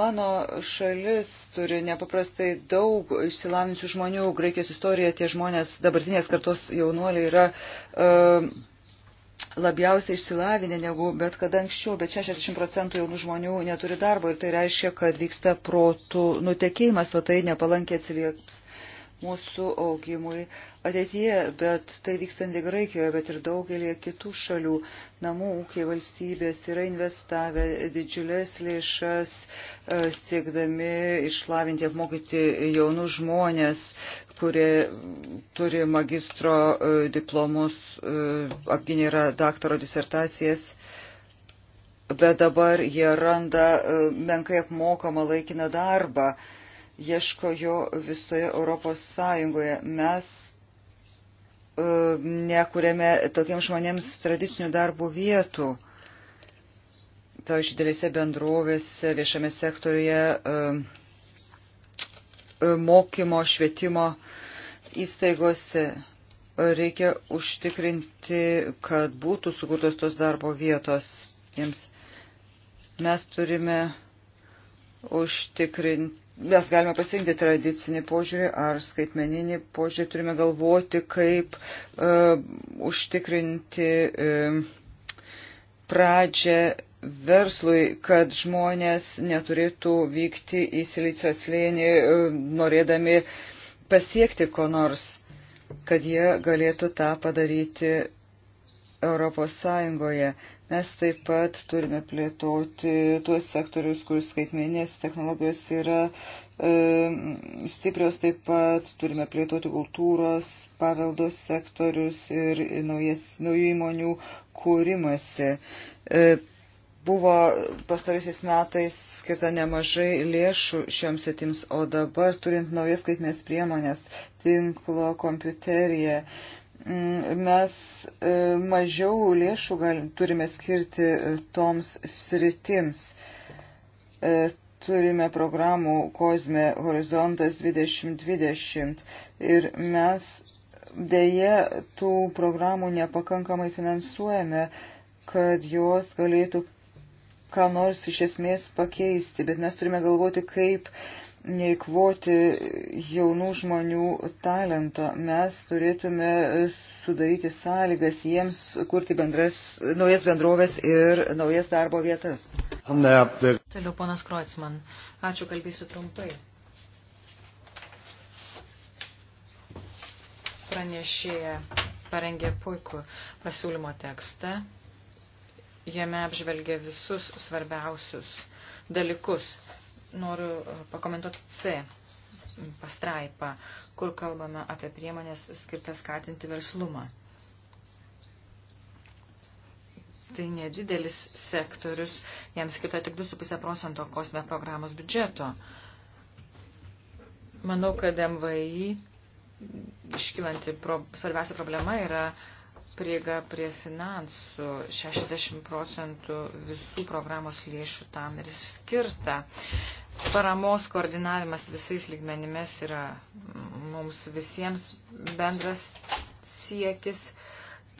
Mano šalis turi nepaprastai daug išsilavinusių žmonių, Graikijos istorija tie žmonės, dabartinės kartos jaunuoliai yra. Uh, labiausiai išsilavinę negu bet kada anksčiau, bet 60 procentų jaunų žmonių neturi darbo ir tai reiškia, kad vyksta protų nutekėjimas, o tai nepalankiai atsilieps mūsų augimui ateityje, bet tai vyksta ne Graikijoje, bet ir daugelį kitų šalių. Namų ūkiai valstybės yra investavę didžiulės lėšas, e, siekdami išlavinti, apmokyti jaunus žmonės, kurie turi magistro e, diplomus, e, apginė yra daktaro disertacijas bet dabar jie randa menkai apmokamą laikiną darbą ieško jo visoje Europos Sąjungoje. Mes e, nekuriame tokiems žmonėms tradicinių darbo vietų. Pavyzdžiui, dėlėse bendrovėse, viešame sektoriuje e, e, mokymo, švietimo įstaigose reikia užtikrinti, kad būtų sukurtos tos darbo vietos jiems. Mes turime užtikrinti mes galime pasirinkti tradicinį požiūrį ar skaitmeninį požiūrį, turime galvoti, kaip uh, užtikrinti uh, pradžią verslui, kad žmonės neturėtų vykti į silicio slėnį, uh, norėdami pasiekti ko nors, kad jie galėtų tą padaryti Europos Sąjungoje. Mes taip pat turime plėtoti tuos sektorius, kur skaitmenės technologijos yra e, stiprios, taip pat turime plėtoti kultūros, paveldos sektorius ir naujas, naujų įmonių kūrimasi. E, buvo pastaraisiais metais skirta nemažai lėšų šioms setims, o dabar turint naujas skaitmės priemonės, tinklo, kompiuteriją, e, Mm, mes mm, mažiau lėšų galim, turime skirti mm, toms sritims. Turime programų Kozme Horizontas 2020 ir mes dėje tų programų nepakankamai finansuojame, kad jos galėtų ką nors iš esmės pakeisti, bet mes turime galvoti, kaip uh, neįkvoti jaunų žmonių talento. Mes turėtume sudaryti sąlygas jiems kurti bendras, naujas bendrovės ir naujas darbo vietas. Toliau ponas Kroitsman. Ačiū, kalbėsiu trumpai. Pranešėja parengė puikų pasiūlymo tekstą. Jame apžvelgė visus svarbiausius dalykus noriu e, pakomentuoti C pastraipą, kur kalbame apie priemonės skirtas skatinti verslumą. Tai nedidelis sektorius, jam skirta tik 2,5 procento kosme programos biudžeto. Manau, kad MVI iškilanti pro, svarbiausia problema yra uh, prieiga prie finansų. 60 procentų visų programos lėšų tam ir skirta. Paramos koordinavimas visais lygmenimis yra mums visiems bendras siekis.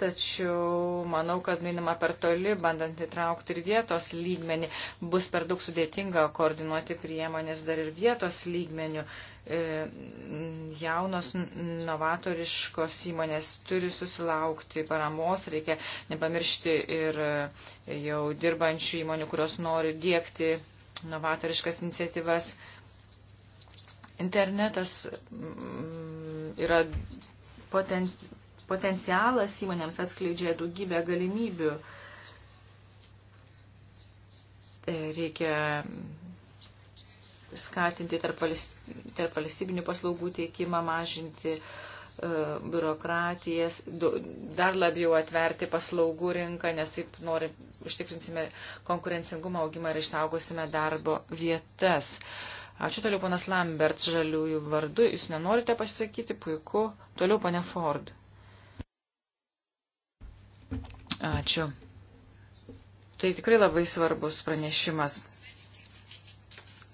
Tačiau manau, kad minima per toli, bandant įtraukti ir vietos lygmenį, bus per daug sudėtinga koordinuoti priemonės dar ir vietos lygmenių. E, jaunos novatoriškos įmonės turi susilaukti paramos, reikia nepamiršti ir e, jau dirbančių įmonių, kurios nori dėkti novatoriškas iniciatyvas. Internetas mm, yra potencialiai potencialas įmonėms atskleidžia daugybę galimybių. Tai reikia skatinti tarp valstybinių paslaugų teikimą, mažinti e, biurokratijas, dar labiau atverti paslaugų rinką, nes taip nori, užtikrinsime konkurencingumą augimą ir išsaugosime darbo vietas. Ačiū toliau, ponas Lambert, žaliųjų vardu. Jūs nenorite pasisakyti, puiku. Toliau, ponė Ford. Ačiū. Tai tikrai labai svarbus pranešimas.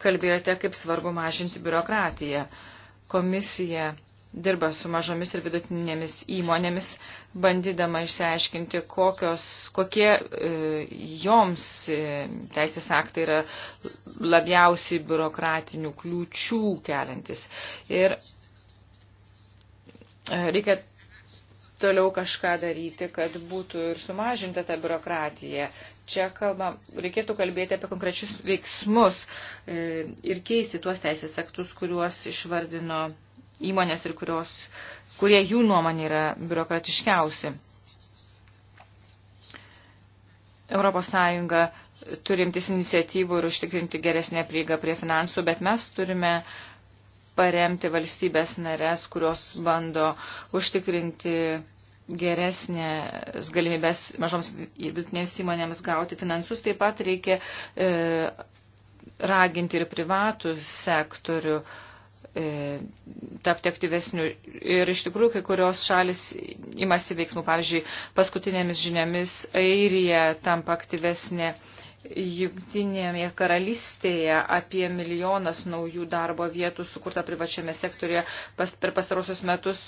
Kalbėjote, kaip svarbu mažinti biurokratiją. Komisija dirba su mažomis ir vidutinėmis įmonėmis, bandydama išsiaiškinti, kokios, kokie e, joms e, teisės aktai yra labiausiai biurokratinių kliūčių keliantis. Ir e, reikia toliau kažką daryti, kad būtų ir sumažinta ta biurokratija. Čia kalbam, reikėtų kalbėti apie konkrečius veiksmus e, ir keisti tuos teisės aktus, kuriuos išvardino įmonės ir kurios, kurie jų nuomonė yra biurokratiškiausi. Europos Sąjunga turimtis iniciatyvų ir užtikrinti geresnę prieigą prie finansų, bet mes turime uh, paremti valstybės narės, kurios bando užtikrinti geresnės galimybės mažoms ir vidutinės įmonėms gauti finansus. Taip pat reikia e, raginti ir privatų sektorių e, tapti aktyvesnių. Ir iš tikrųjų, kai kurios šalis imasi veiksmų, pavyzdžiui, paskutinėmis žiniomis Airija tampa aktyvesnė. E, Jungtinėje karalystėje apie milijonas naujų darbo vietų sukurta privačiame sektorėje. Pas, per pastarosius metus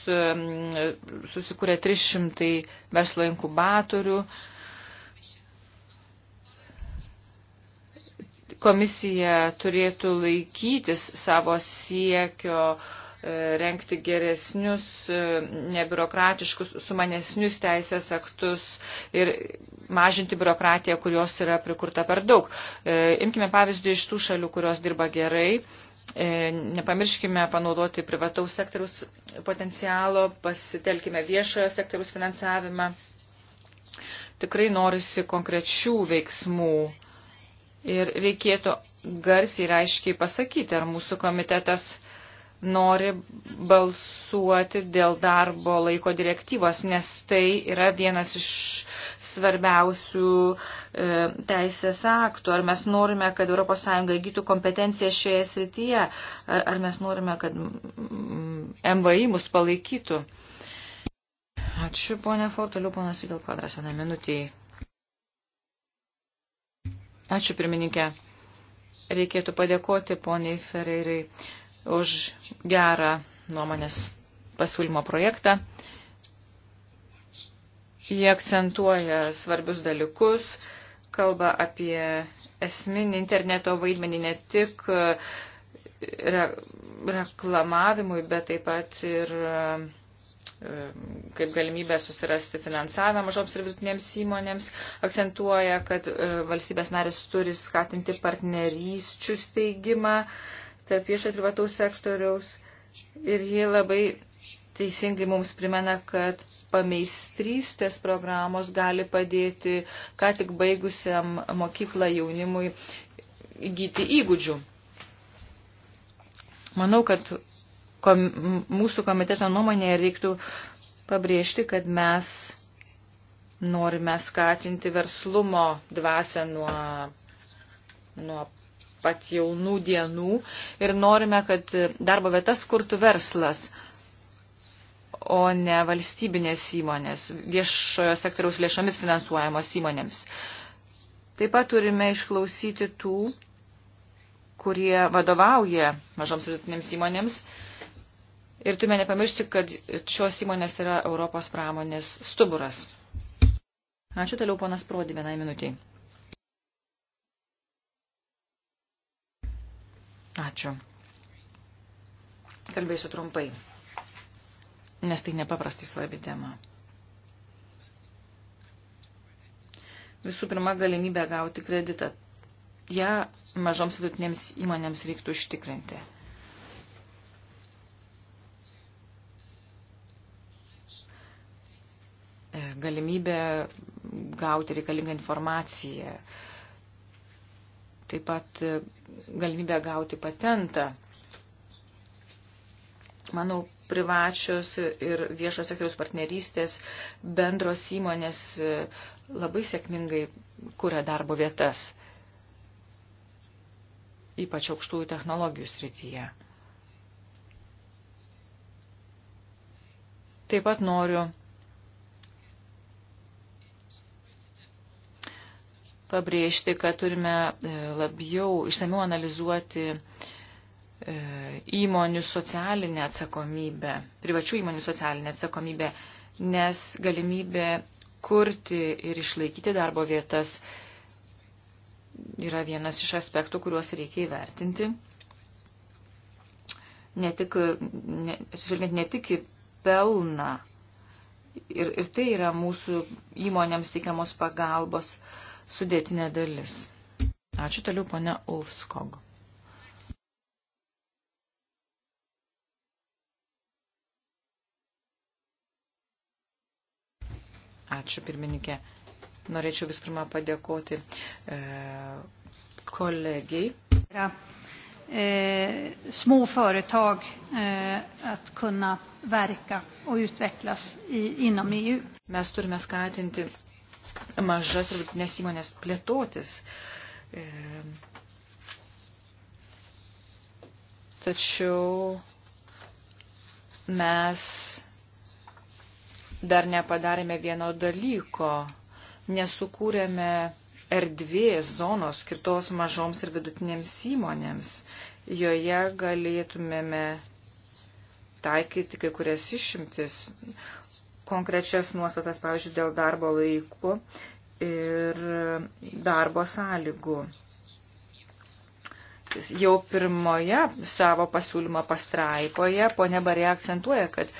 susikūrė 300 verslo inkubatorių. Komisija turėtų laikytis savo siekio uh, E, renkti geresnius, e, nebiurokratiškus, sumanesnius teisės aktus ir mažinti biurokratiją, kurios yra prikurta per daug. E, imkime pavyzdį iš tų šalių, kurios dirba gerai. Nepamirškime panaudoti privataus sektoriaus potencialo, pasitelkime viešojo sektoriaus finansavimą. Tikrai norisi konkrečių veiksmų. Ir reikėtų garsiai ir aiškiai pasakyti, ar mūsų komitetas nori balsuoti dėl darbo laiko direktyvos, nes tai yra vienas iš svarbiausių e, teisės aktų. Ar mes norime, kad ES įgytų kompetenciją šioje srityje, ar, ar mes norime, kad MVI mus palaikytų. Ačiū, ponė Ford, toliau ponas Vidal Kvadras, vieną minutį. Ačiū, pirmininkė. Reikėtų padėkoti poniai Ferreirai už gerą nuomonės pasiūlymo projektą. Jie akcentuoja svarbius dalykus, kalba apie esminį interneto vaidmenį ne tik e, re reklamavimui, bet taip pat ir e, e, kaip galimybę susirasti finansavimą mažoms ir vidutinėms įmonėms, akcentuoja, kad valstybės narės turi skatinti partnerysčių steigimą, tarp viešo ir privataus sektoriaus ir ji labai teisingai mums primena, kad pameistrystės programos gali padėti ką tik baigusiam mokyklą jaunimui įgyti įgūdžių. Manau, kad kom, mūsų komiteto nuomonėje reiktų pabrėžti, kad mes norime skatinti verslumo dvasę nuo, nuo pat jaunų dienų ir norime, kad darbo vietas kurtų verslas, o ne valstybinės įmonės, viešojo sektoriaus lėšomis finansuojamos įmonėms. Taip pat turime išklausyti tų, kurie vadovauja mažoms vidutinėms įmonėms. Ir turime nepamiršti, kad šios įmonės yra Europos pramonės stuburas. Ačiū toliau, ponas Prodi, vienai minutiai. Ačiū. Kalbėsiu trumpai, nes tai nepaprastai svarbi tema. Visų pirma, galimybę gauti kreditą. Ja mažoms vidutinėms įmonėms reiktų ištikrinti. E, Galimybė gauti reikalingą informaciją, taip pat e, galimybę gauti patentą. Manau, privačios ir viešo sektoriaus partnerystės bendros įmonės e, labai sėkmingai kuria darbo vietas, ypač aukštųjų technologijų srityje. Taip pat noriu pabrėžti, kad turime e, labiau išsamiau analizuoti e, įmonių socialinę atsakomybę, privačių įmonių socialinę atsakomybę, nes galimybė kurti ir išlaikyti darbo vietas yra vienas iš aspektų, kuriuos reikia įvertinti. Ne tik, ne, ne tik į pelną. Ir, ir tai yra mūsų įmonėms teikiamos pagalbos uh, sudėtinė dalis. Ačiū toliau, ponia Ulfskog. Ačiū, pirmininkė. Norėčiau vis pirma padėkoti e, kolegiai. Yra eh, små företag eh, att kunna verka och utvecklas i, inom EU. Mes turime skatinti mažas ir vidutinės įmonės plėtotis. E, tačiau mes dar nepadarėme vieno dalyko, nesukūrėme erdvės zonos skirtos mažoms ir vidutinėms įmonėms. Joje galėtumėme taikyti kai kurias išimtis, konkrečias nuostatas, pavyzdžiui, dėl darbo laikų ir darbo sąlygų. Jau pirmoje savo pasiūlymo pastraipoje ponė Barė akcentuoja, kad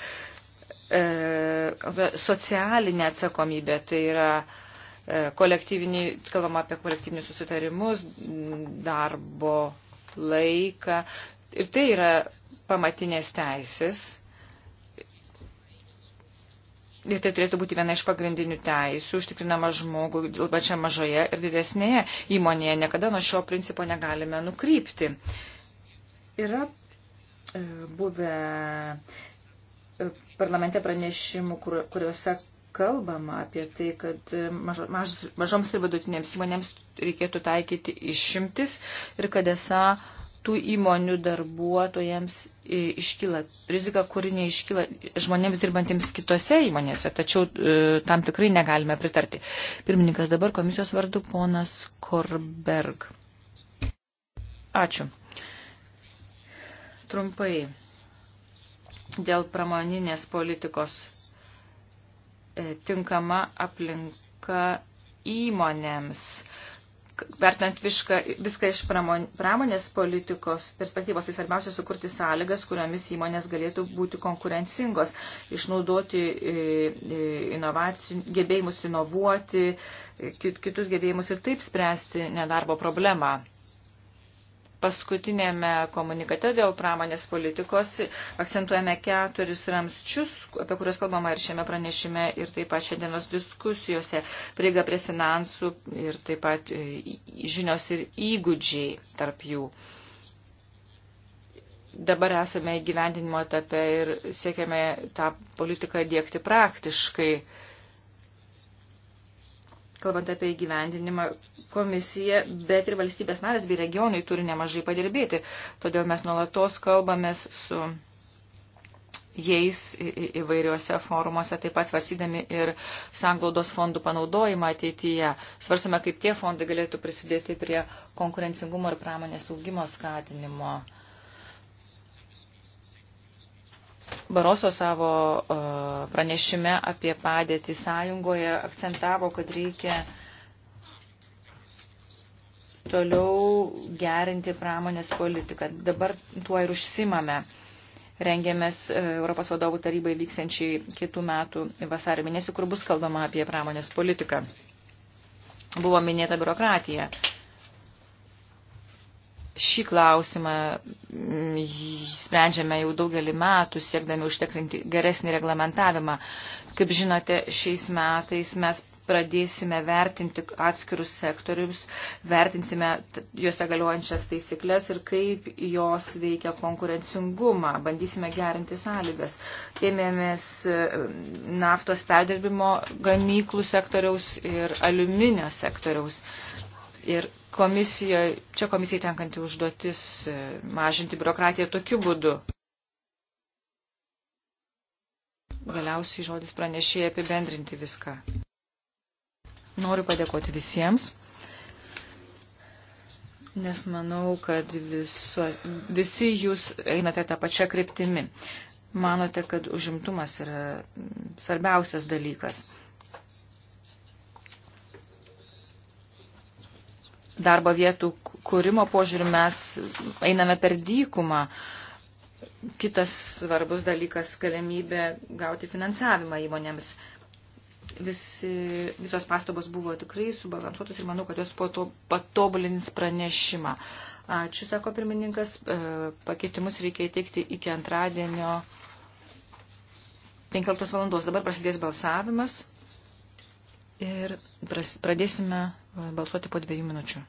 e, socialinė atsakomybė tai yra e, kolektyviniai, kalbama apie kolektyvinius susitarimus, darbo laiką. Ir tai yra pamatinės teisės, Ir tai turėtų būti viena iš pagrindinių teisų, užtikrinama žmogų, pačia mažoje ir didesnėje įmonėje. Niekada nuo šio principo negalime nukrypti. Yra e, buvę e, parlamente pranešimų, kur, kuriuose kalbama apie tai, kad e, maž, maž, mažoms ir vidutinėms įmonėms reikėtų taikyti išimtis ir kad esą uh, tų įmonių darbuotojams iškyla rizika, kuri neiškyla žmonėms dirbantiems kitose įmonėse, tačiau e, tam tikrai negalime pritarti. Pirmininkas dabar komisijos vardu ponas Korberg. Ačiū. Trumpai dėl pramoninės politikos e, tinkama aplinka įmonėms. E, vertinant viską, viską iš pramonės politikos perspektyvos, tai svarbiausia sukurti sąlygas, kuriomis įmonės galėtų būti konkurencingos, išnaudoti e, e, gebėjimus inovuoti, e, kitus gebėjimus ir taip spręsti nedarbo problemą paskutinėme komunikate dėl pramonės politikos akcentuojame keturis ramsčius, apie kuriuos kalbama ir šiame pranešime ir taip pat šiandienos diskusijose, prieiga prie finansų ir taip pat e, žinios ir įgūdžiai tarp jų. Dabar esame įgyvendinimo etape ir siekiame tą politiką dėkti praktiškai kalbant apie įgyvendinimą, komisija, bet ir valstybės narės bei regionai turi nemažai padirbėti. Todėl mes nuolatos kalbamės su jais įvairiuose forumuose, taip pat svarsydami ir sanglaudos fondų panaudojimą ateityje. Svarstome, kaip tie fondai galėtų prisidėti prie konkurencingumo ir pramonės augimo skatinimo. Baroso savo e, pranešime apie padėtį sąjungoje akcentavo, kad reikia toliau gerinti pramonės politiką. Dabar tuo ir užsimame. Rengiamės e, Europos vadovų tarybai vyksiančiai kitų metų vasario mėnesį, kur bus kalbama apie pramonės politiką. Buvo minėta biurokratija šį klausimą mm, sprendžiame jau daugelį metų, siekdami užtikrinti geresnį reglamentavimą. Kaip žinote, šiais metais mes pradėsime vertinti atskirus sektorius, vertinsime juose galiojančias taisyklės ir kaip jos veikia konkurencingumą, bandysime gerinti sąlygas. Ėmėmės e, naftos perdirbimo gamyklų sektoriaus ir aliuminio sektoriaus. Ir komisijoje, čia komisijai tenkanti užduotis e, mažinti biurokratiją tokiu būdu. Galiausiai žodis pranešėjai apibendrinti viską. Noriu padėkoti visiems, nes manau, kad viso, visi jūs einate tą pačią kryptimį. Manote, kad užimtumas yra svarbiausias dalykas. darbo vietų kūrimo požiūrių mes einame per dykumą. Kitas svarbus dalykas – galimybė gauti finansavimą įmonėms. Visi, visos pastabos buvo tikrai subalansuotos ir manau, kad jos po to patobulins pranešimą. Ačiū, sako pirmininkas, e, pakeitimus reikia įteikti iki antradienio 15 valandos. Dabar prasidės balsavimas ir pradėsime e, balsuoti po dviejų minučių.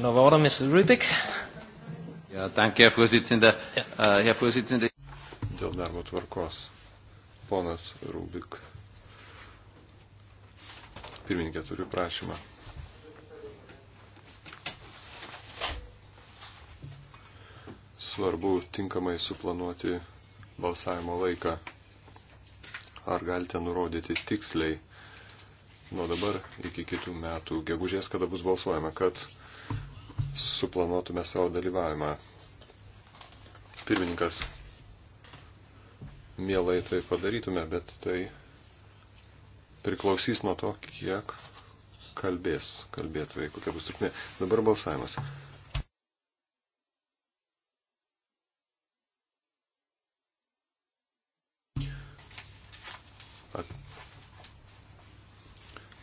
Point of Order, Mr. Rubik. Ja, danke, Herr Vorsitzender. Ja. Uh, Herr Vorsitzender. Dėl darbo tvarkos. Ponas Rubik. Pirmininkė, turiu prašymą. Svarbu tinkamai suplanuoti balsavimo laiką. Ar galite nurodyti tiksliai nuo dabar iki kitų metų gegužės, kada bus balsuojama, kad suplanuotume savo dalyvavimą. Pirmininkas, mielai tai padarytume, bet tai priklausys nuo to, kiek kalbės kalbėtojai, kokia bus trukmė. Dabar balsavimas.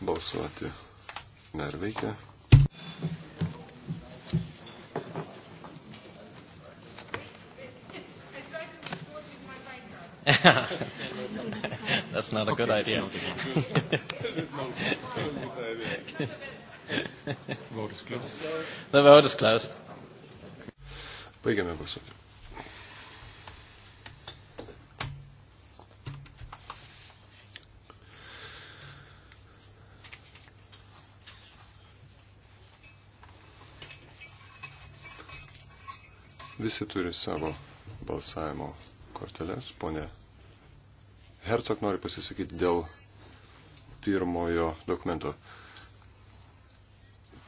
balsuoti dar veikia That's not a okay. good idea. vote is closed. The vote is closed. Baigiame balsuoti. Visi turi savo balsavimo korteles, ponė Hercog nori pasisakyti dėl pirmojo dokumento.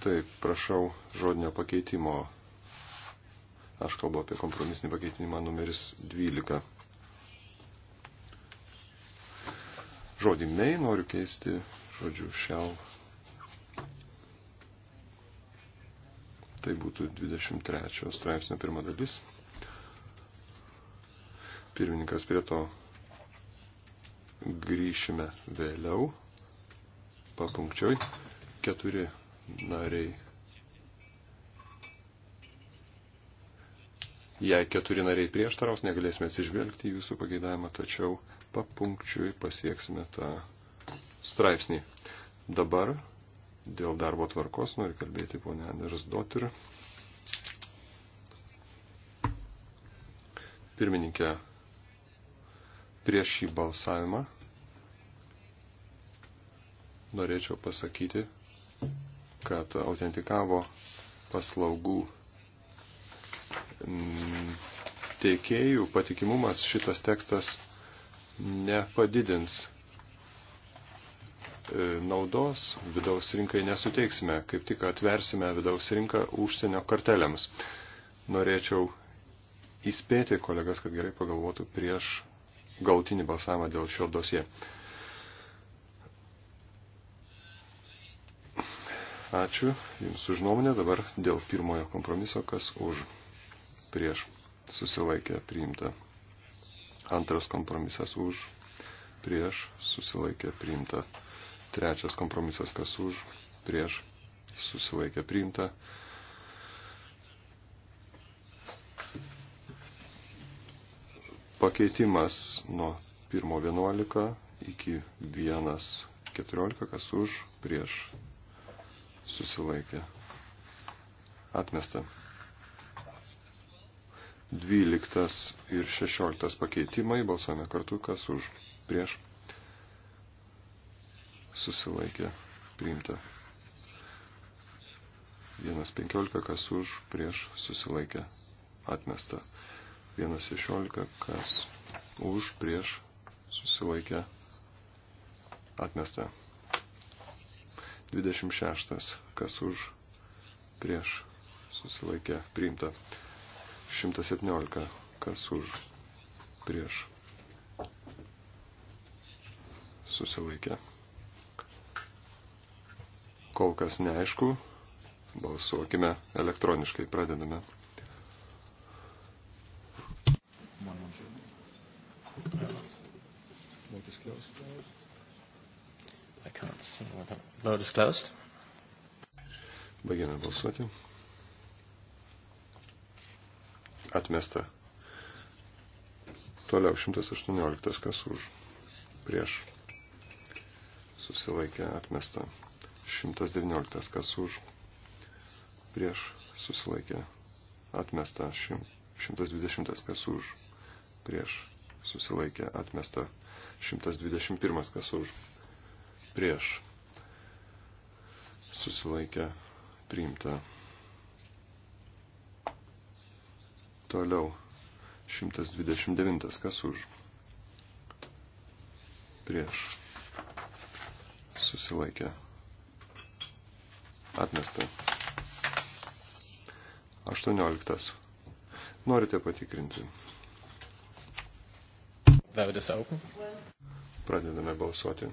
Taip, prašau žodinio pakeitimo. Aš kalbu apie kompromisinį pakeitimą numeris 12. Žodį mei noriu keisti, žodžiu šiau. Tai būtų 23 straipsnio pirma dalis. Pirmininkas prie to grįšime vėliau, papunkčioj, keturi nariai. Jei keturi nariai prieštaraus, negalėsime atsižvelgti jūsų pageidavimą, tačiau papunkčiui pasieksime tą straipsnį. Dabar dėl darbo tvarkos nori kalbėti ponia Anders Dotir. Pirmininkė, prieš šį balsavimą norėčiau pasakyti, kad autentikavo paslaugų teikėjų patikimumas šitas tekstas nepadidins. E, naudos vidaus rinkai nesuteiksime, kaip tik atversime vidaus rinką užsienio kartelėms. Norėčiau įspėti kolegas, kad gerai pagalvotų prieš gautinį balsavimą dėl šio dosie. Ačiū Jums už nuomonę. Dabar dėl pirmojo kompromiso, kas už prieš susilaikė priimta. Antras kompromisas už prieš susilaikė priimta. Trečias kompromisas, kas už prieš susilaikė priimta. Pakeitimas nuo 1.11 iki 1.14, kas už prieš susilaikė, atmesta. 12 ir 16 pakeitimai, balsuojame kartu, kas už, prieš, susilaikė, priimta. 1.15, kas už, prieš, susilaikė, atmesta. 1.16, kas už, prieš, susilaikė, atmesta. 26. Kas už prieš susilaikė priimta. 117. Kas už prieš susilaikė. Kol kas neaišku, balsuokime elektroniškai, pradedame. Vote is closed. I can't see where the vote is closed. Baigiame balsuoti. Atmesta. Toliau 118, kas už, prieš, susilaikė atmesta. 119, kas už, prieš, susilaikė atmesta. 120, kas už, prieš, susilaikė atmesta. 121, kas už, prieš susilaikę priimta. Toliau 129. Kas už? Prieš susilaikę atmesta. 18. Norite patikrinti? Pradedame balsuoti.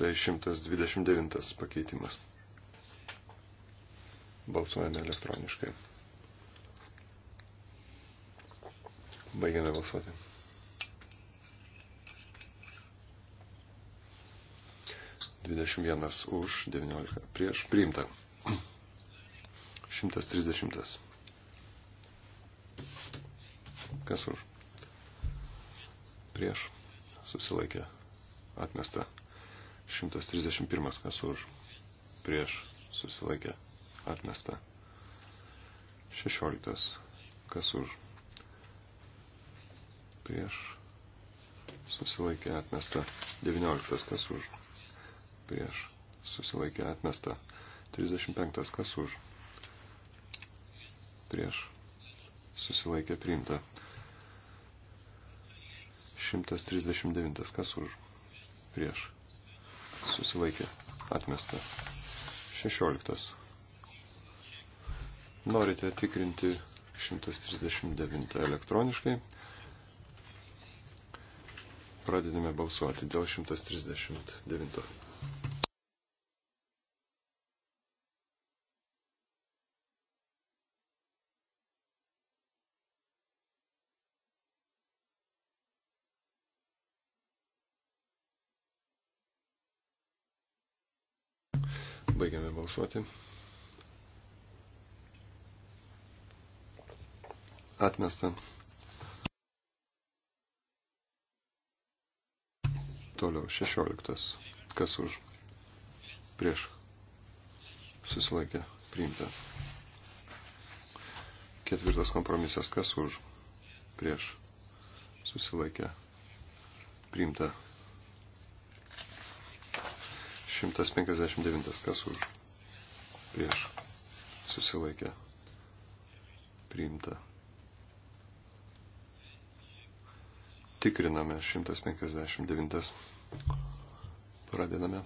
Tai 129 pakeitimas. Balsuojame elektroniškai. Baigiame balsuoti. Dvidešimt vienas už, devyniolika prieš, priimta. Šimtas trisdešimtas. Kas už? Prieš. Susilaikė. Atmesta. 131 kas už prieš susilaikė atmesta. 16 kas už prieš susilaikė atmesta. 19 kas už prieš susilaikė atmesta. 35 kas už prieš susilaikė priimta. 139 kas už prieš susilaikė, atmesta. 16. Norite tikrinti 139 elektroniškai. Pradedame balsuoti dėl 139. Baigiame balsuoti. Atmesta. Toliau 16. Kas už? Prieš. Susilaikė. Priimta. Ketvirtas kompromisas. Kas už? Prieš. Susilaikė. Priimta. 159. Kas už? Prieš. Susilaikė. Priimta. Tikriname 159. Pradedame.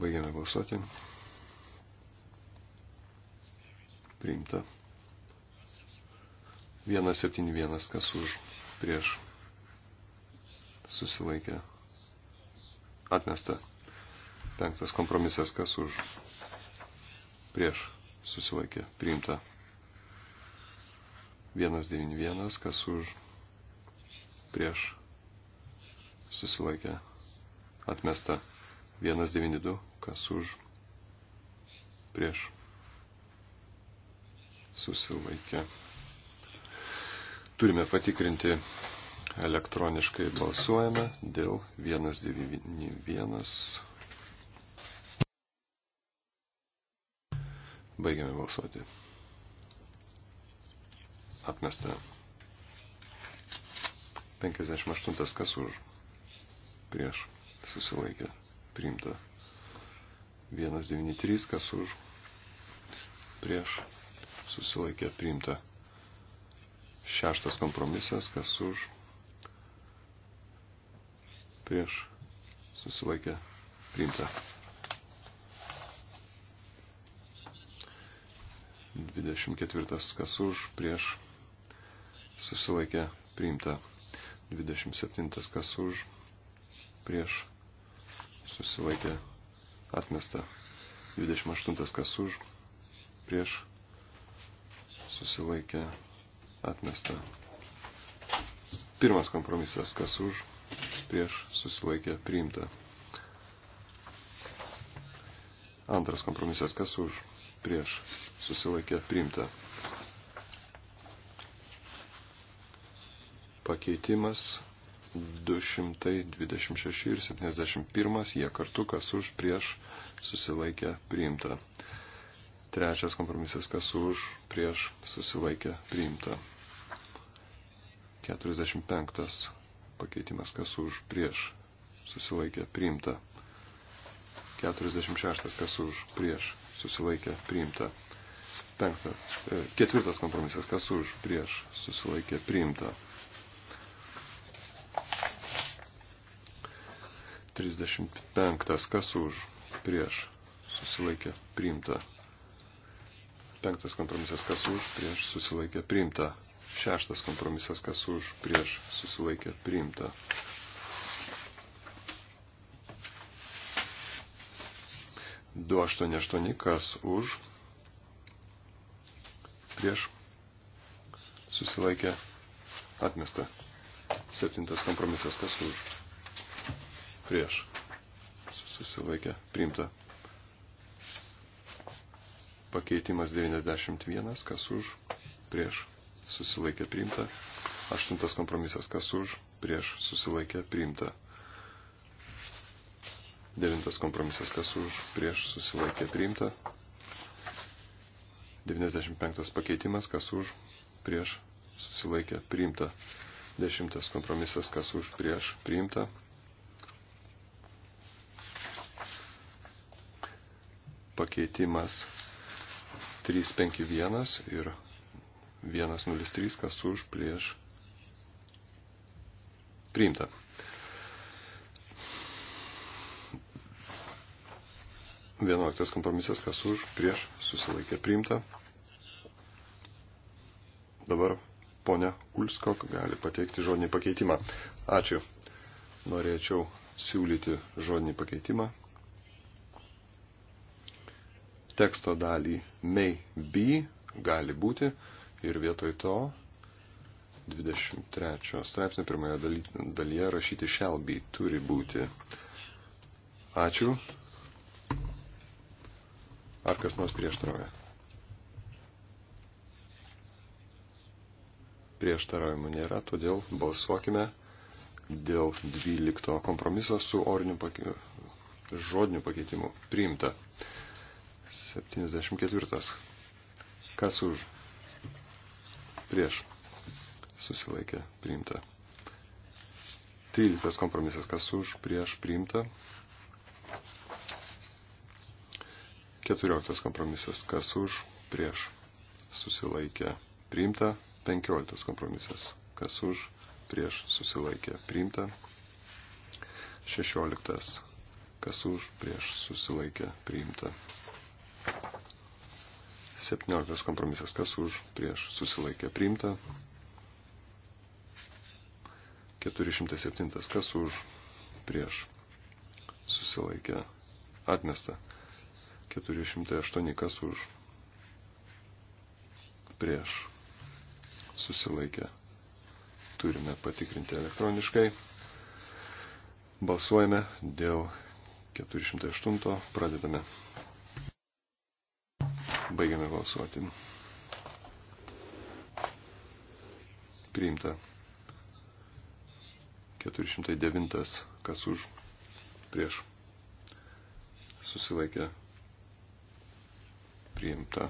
Baigiame balsuoti. Priimta. 171. Kas už? Prieš susilaikė atmesta. Penktas kompromisas, kas už prieš susilaikė priimta. 191, kas už prieš susilaikė atmesta. 192, kas už prieš susilaikė. Turime patikrinti Elektroniškai balsuojame dėl 191. Baigiame balsuoti. Atmesta. 58. Kas už? Prieš. Susilaikė. Priimta. 193. Kas už? Prieš. Susilaikė. Priimta. Šeštas kompromisas. Kas už? prieš susilaikę priimta. 24. Kas už prieš susilaikę priimta. 27. Kas už prieš susilaikę atmesta. 28. Kas už prieš susilaikę atmesta. Pirmas kompromisas. Kas už prieš susilaikė priimta. Antras kompromisas, kas už prieš susilaikė priimta. Pakeitimas 226 ir 71, jie kartu kas už prieš susilaikė priimta. Trečias kompromisas, kas už prieš susilaikė priimta. 45 pakeitimas, kas už prieš susilaikė priimta. 46, kas už prieš susilaikė priimta. Penktas, e, ketvirtas kompromisas, kas už prieš susilaikė priimta. 35, kas už prieš susilaikė priimta. Penktas kompromisas, kas už prieš susilaikė priimta. Šeštas kompromisas, kas už prieš susilaikė priimta. Du aštuoni aštuoni, kas už prieš susilaikė atmesta. Septintas kompromisas, kas už prieš susilaikė priimta. Pakeitimas 91, kas už prieš susilaikė priimta. Aštuntas kompromisas, kas už, prieš, susilaikė priimta. Devintas kompromisas, kas už, prieš, susilaikė priimta. 95 pakeitimas, kas už, prieš, susilaikė priimta. Dešimtas kompromisas, kas už, prieš, priimta. 351 ir 103, kas už, prieš, priimta. Vienuoliktas kompromisas, kas už, prieš, susilaikė priimta. Dabar ponia Ulskok gali pateikti žodinį pakeitimą. Ačiū. Norėčiau siūlyti žodinį pakeitimą. Teksto dalį may be gali būti Ir vietoj to 23 straipsnio pirmoje dalyje rašyti shall be turi būti. Ačiū. Ar kas nors prieštarauja? Prieštaravimų nėra, todėl balsuokime dėl 12 kompromiso su oriniu pake... žodiniu pakeitimu. Priimta. 74. Kas už? prieš susilaikė priimta. 13 kompromisas, kas už, prieš priimta. 14 kompromisas, kas už, prieš susilaikė priimta. 15 kompromisas, kas už, prieš susilaikė priimta. 16 kas už, prieš susilaikė priimta. 17 kompromisas, kas už, prieš, susilaikė priimta. 407, kas už, prieš, susilaikė atmesta. 408, kas už, prieš, susilaikė. Turime patikrinti elektroniškai. Balsuojame dėl 408, pradedame. Baigiame balsuoti. Priimta. 409. Kas už? Prieš. Susilaikė. Priimta.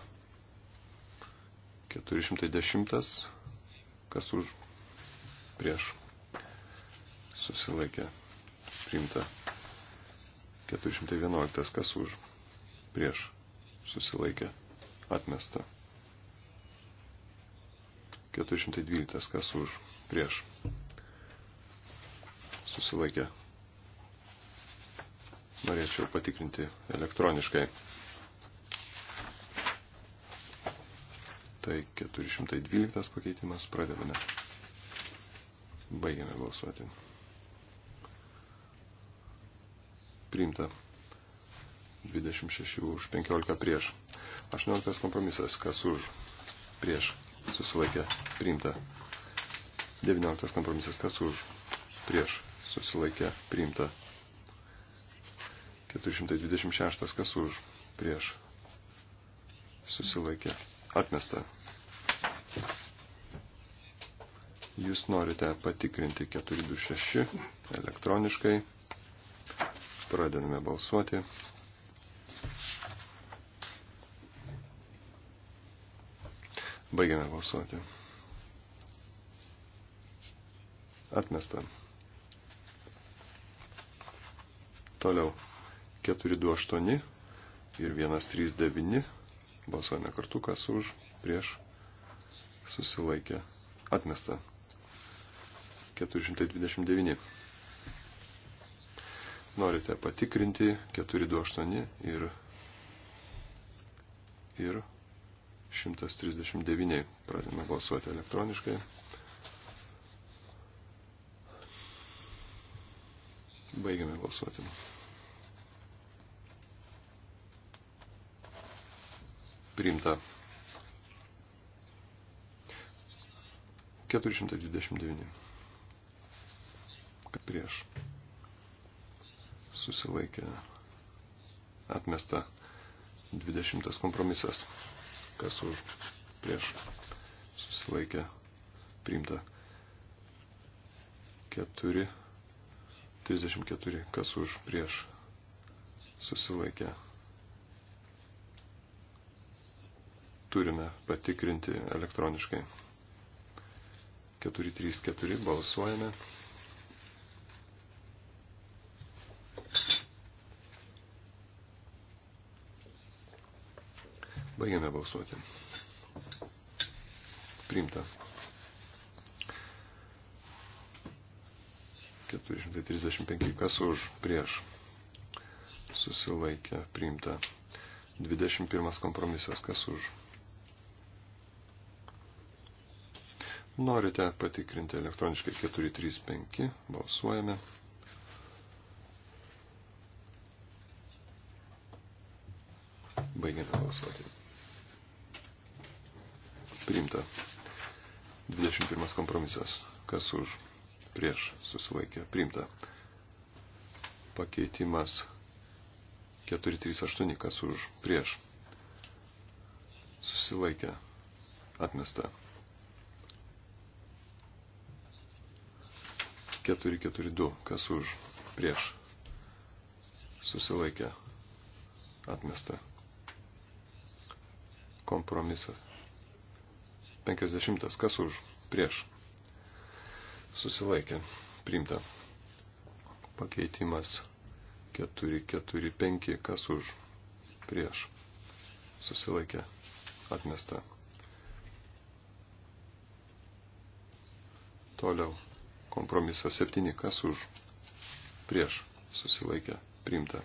410. Kas už? Prieš. Susilaikė. Priimta. 411. Kas už? Prieš. Susilaikė atmesta. 412. Kas už? Prieš. Susilaikė. Norėčiau patikrinti elektroniškai. Tai 412 pakeitimas. Pradedame. Baigiame balsuoti. Priimta. 26 už 15 prieš. 18 kompromisas, kas už, prieš, susilaikė, priimta. 19 kompromisas, kas už, prieš, susilaikė, priimta. 426, kas už, prieš, susilaikė, atmesta. Jūs norite patikrinti 426 elektroniškai. Pradedame balsuoti. Baigiame balsuoti. Atmesta. Toliau 428 ir 139. Balsuojame kartu, kas už, prieš, susilaikė. Atmesta. 429. Norite patikrinti 428 ir, ir 139. Pradėjome balsuoti elektroniškai. Baigiame balsuoti. Priimta. 429. Kad prieš. Susilaikė. Atmesta 20 kompromisas kas už prieš susilaikę priimta 4, 34, kas už prieš susilaikę. Turime patikrinti elektroniškai. 434 balsuojame. Baigiame balsuoti. Primta. 435 kas už prieš susilaikė priimta 21 kompromisas kas už norite patikrinti elektroniškai 435 balsuojame baigiame balsuoti priimta. 21 kompromisas. Kas už? Prieš susilaikė. Priimta. Pakeitimas 438. Kas už? Prieš. Susilaikė. Atmesta. 442. Kas už? Prieš. Susilaikė. Atmesta. Kompromisas 50. Kas už? Prieš. Susilaikė. Priimta. Pakeitimas 445. Kas už? Prieš. Susilaikė. Atmesta. Toliau. Kompromisas 7. Kas už? Prieš. Susilaikė. Priimta.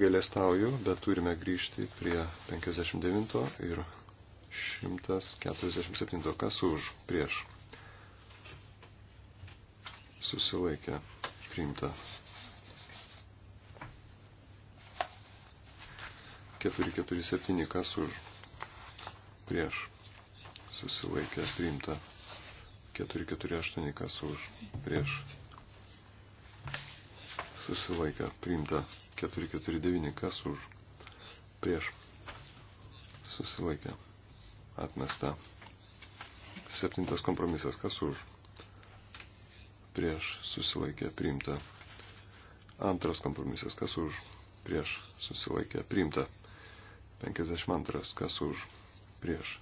apgailestauju, bet turime grįžti prie 59 ir 147. Kas už? Prieš. Susilaikė. Priimta. 447. Kas už? Prieš. Susilaikė. Priimta. 448. Kas už? Prieš. Susilaikė. Priimta. 449, kas už, prieš, susilaikė, atmesta. Septintas kompromisas, kas už, prieš, susilaikė, priimta. Antras kompromisas, kas už, prieš, susilaikė, priimta. 52, kas už, prieš,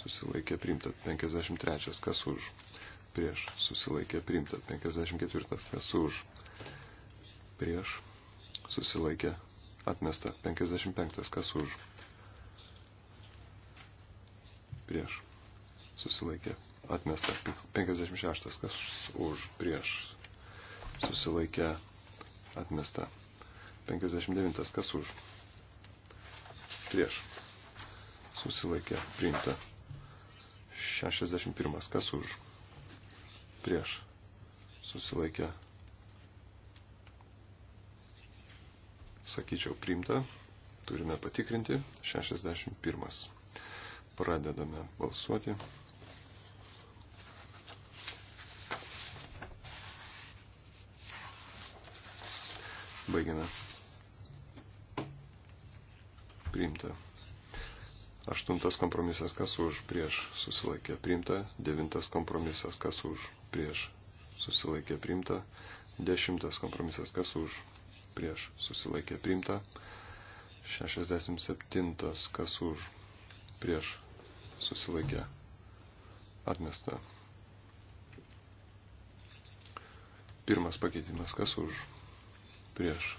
susilaikė, priimta. 53, kas už, prieš, susilaikė, priimta. 54, kas už, prieš, susilaikė atmesta 55, kas už, prieš, susilaikė atmesta 56, kas už, prieš, susilaikė atmesta 59, kas už, prieš, susilaikė priimta 61, kas už, prieš, susilaikė atmesta sakyčiau, primta. Turime patikrinti. 61. Pradedame balsuoti. Baigiame. Priimta. Aštuntas kompromisas, kas už, prieš, susilaikė priimta. Devintas kompromisas, kas už, prieš, susilaikė priimta. Dešimtas kompromisas, kas už, prieš susilaikė priimta. 67 kas už prieš susilaikė atmesta. Pirmas pakeitimas kas už prieš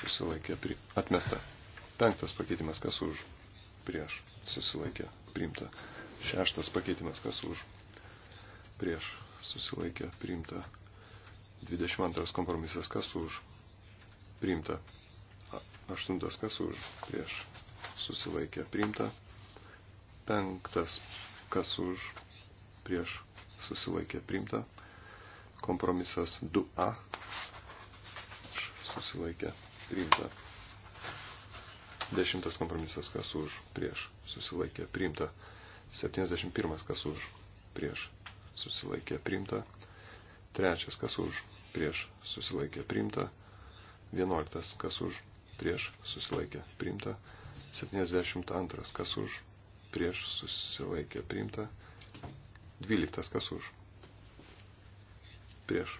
susilaikė pri... atmesta. Penktas pakeitimas kas už prieš susilaikė priimta. Šeštas pakeitimas kas už prieš susilaikė priimta. 22 kompromisas kas už priimta. Aštuntas kas už, prieš susilaikė priimta. Penktas kas už, prieš susilaikė priimta. Kompromisas 2a susilaikė priimta. Dešimtas kompromisas kas už, prieš susilaikė priimta. 71 kas už, prieš susilaikė priimta. Trečias kas už, prieš susilaikė priimta. 11. Kas už prieš susilaikė priimta. 72. Kas už prieš susilaikė priimta. 12. Kas už prieš.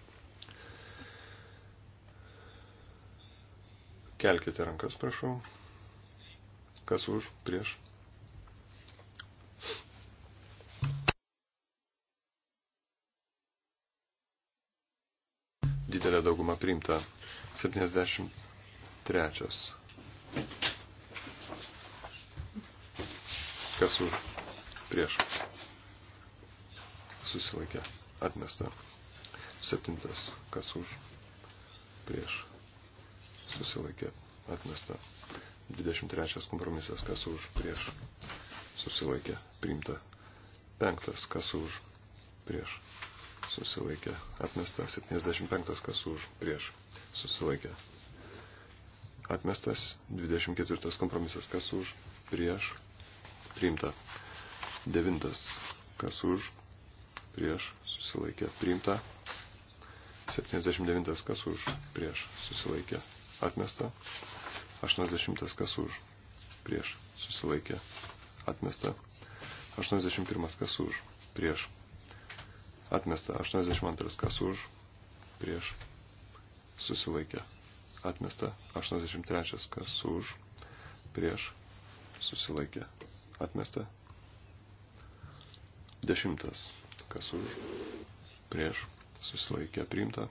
Kelkite rankas, prašau. Kas už prieš. Didelė dauguma priimta 73. Kas už? Prieš. Susilaikė. Atmesta. Septintas. Kas už? Prieš. Susilaikė. Atmesta. 23 kompromisas, kas už, prieš, susilaikė, priimta. Penktas, kas už, prieš, susilaikė, atmesta. 75, kas už, prieš, susilaikė. Atmestas 24 kompromisas, kas už, prieš, priimta. 9, kas už, prieš, susilaikė, priimta. 79, kas už, prieš, susilaikė, atmesta. 80, kas už, prieš, susilaikė, atmesta. 81, kas už, prieš, atmesta. 82, kas už, prieš, susilaikė atmesta. 83 kas už prieš susilaikė atmesta. 10 kas už prieš susilaikė priimta.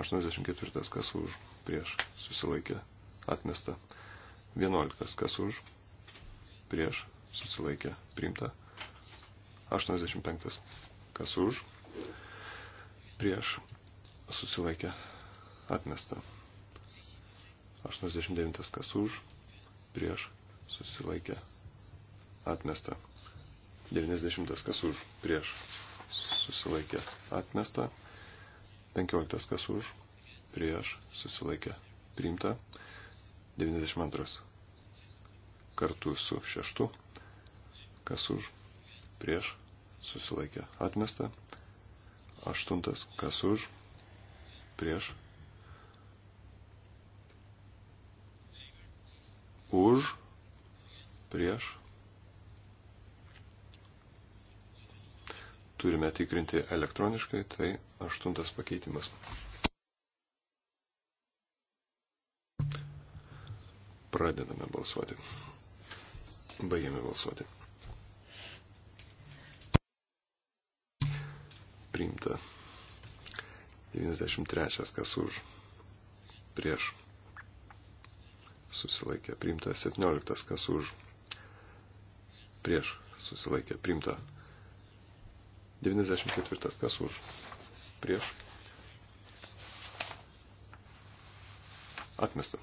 84 kas už prieš susilaikė atmesta. 11 kas už prieš susilaikė priimta. 85 kas už prieš susilaikė atmesta. 89 kas už, prieš, susilaikė, atmesta. 90 kas už, prieš, susilaikė, atmesta. 15 kas už, prieš, susilaikė, priimta. 92 kartu su šeštu, kas už, prieš, susilaikė, atmesta. 8 kas už, prieš, už, prieš. Turime tikrinti elektroniškai, tai aštuntas pakeitimas. Pradedame balsuoti. Baigiame balsuoti. Priimta. 93. Kas už? Prieš susilaikė priimta 17, kas už prieš susilaikė priimta 94, kas už prieš atmesta.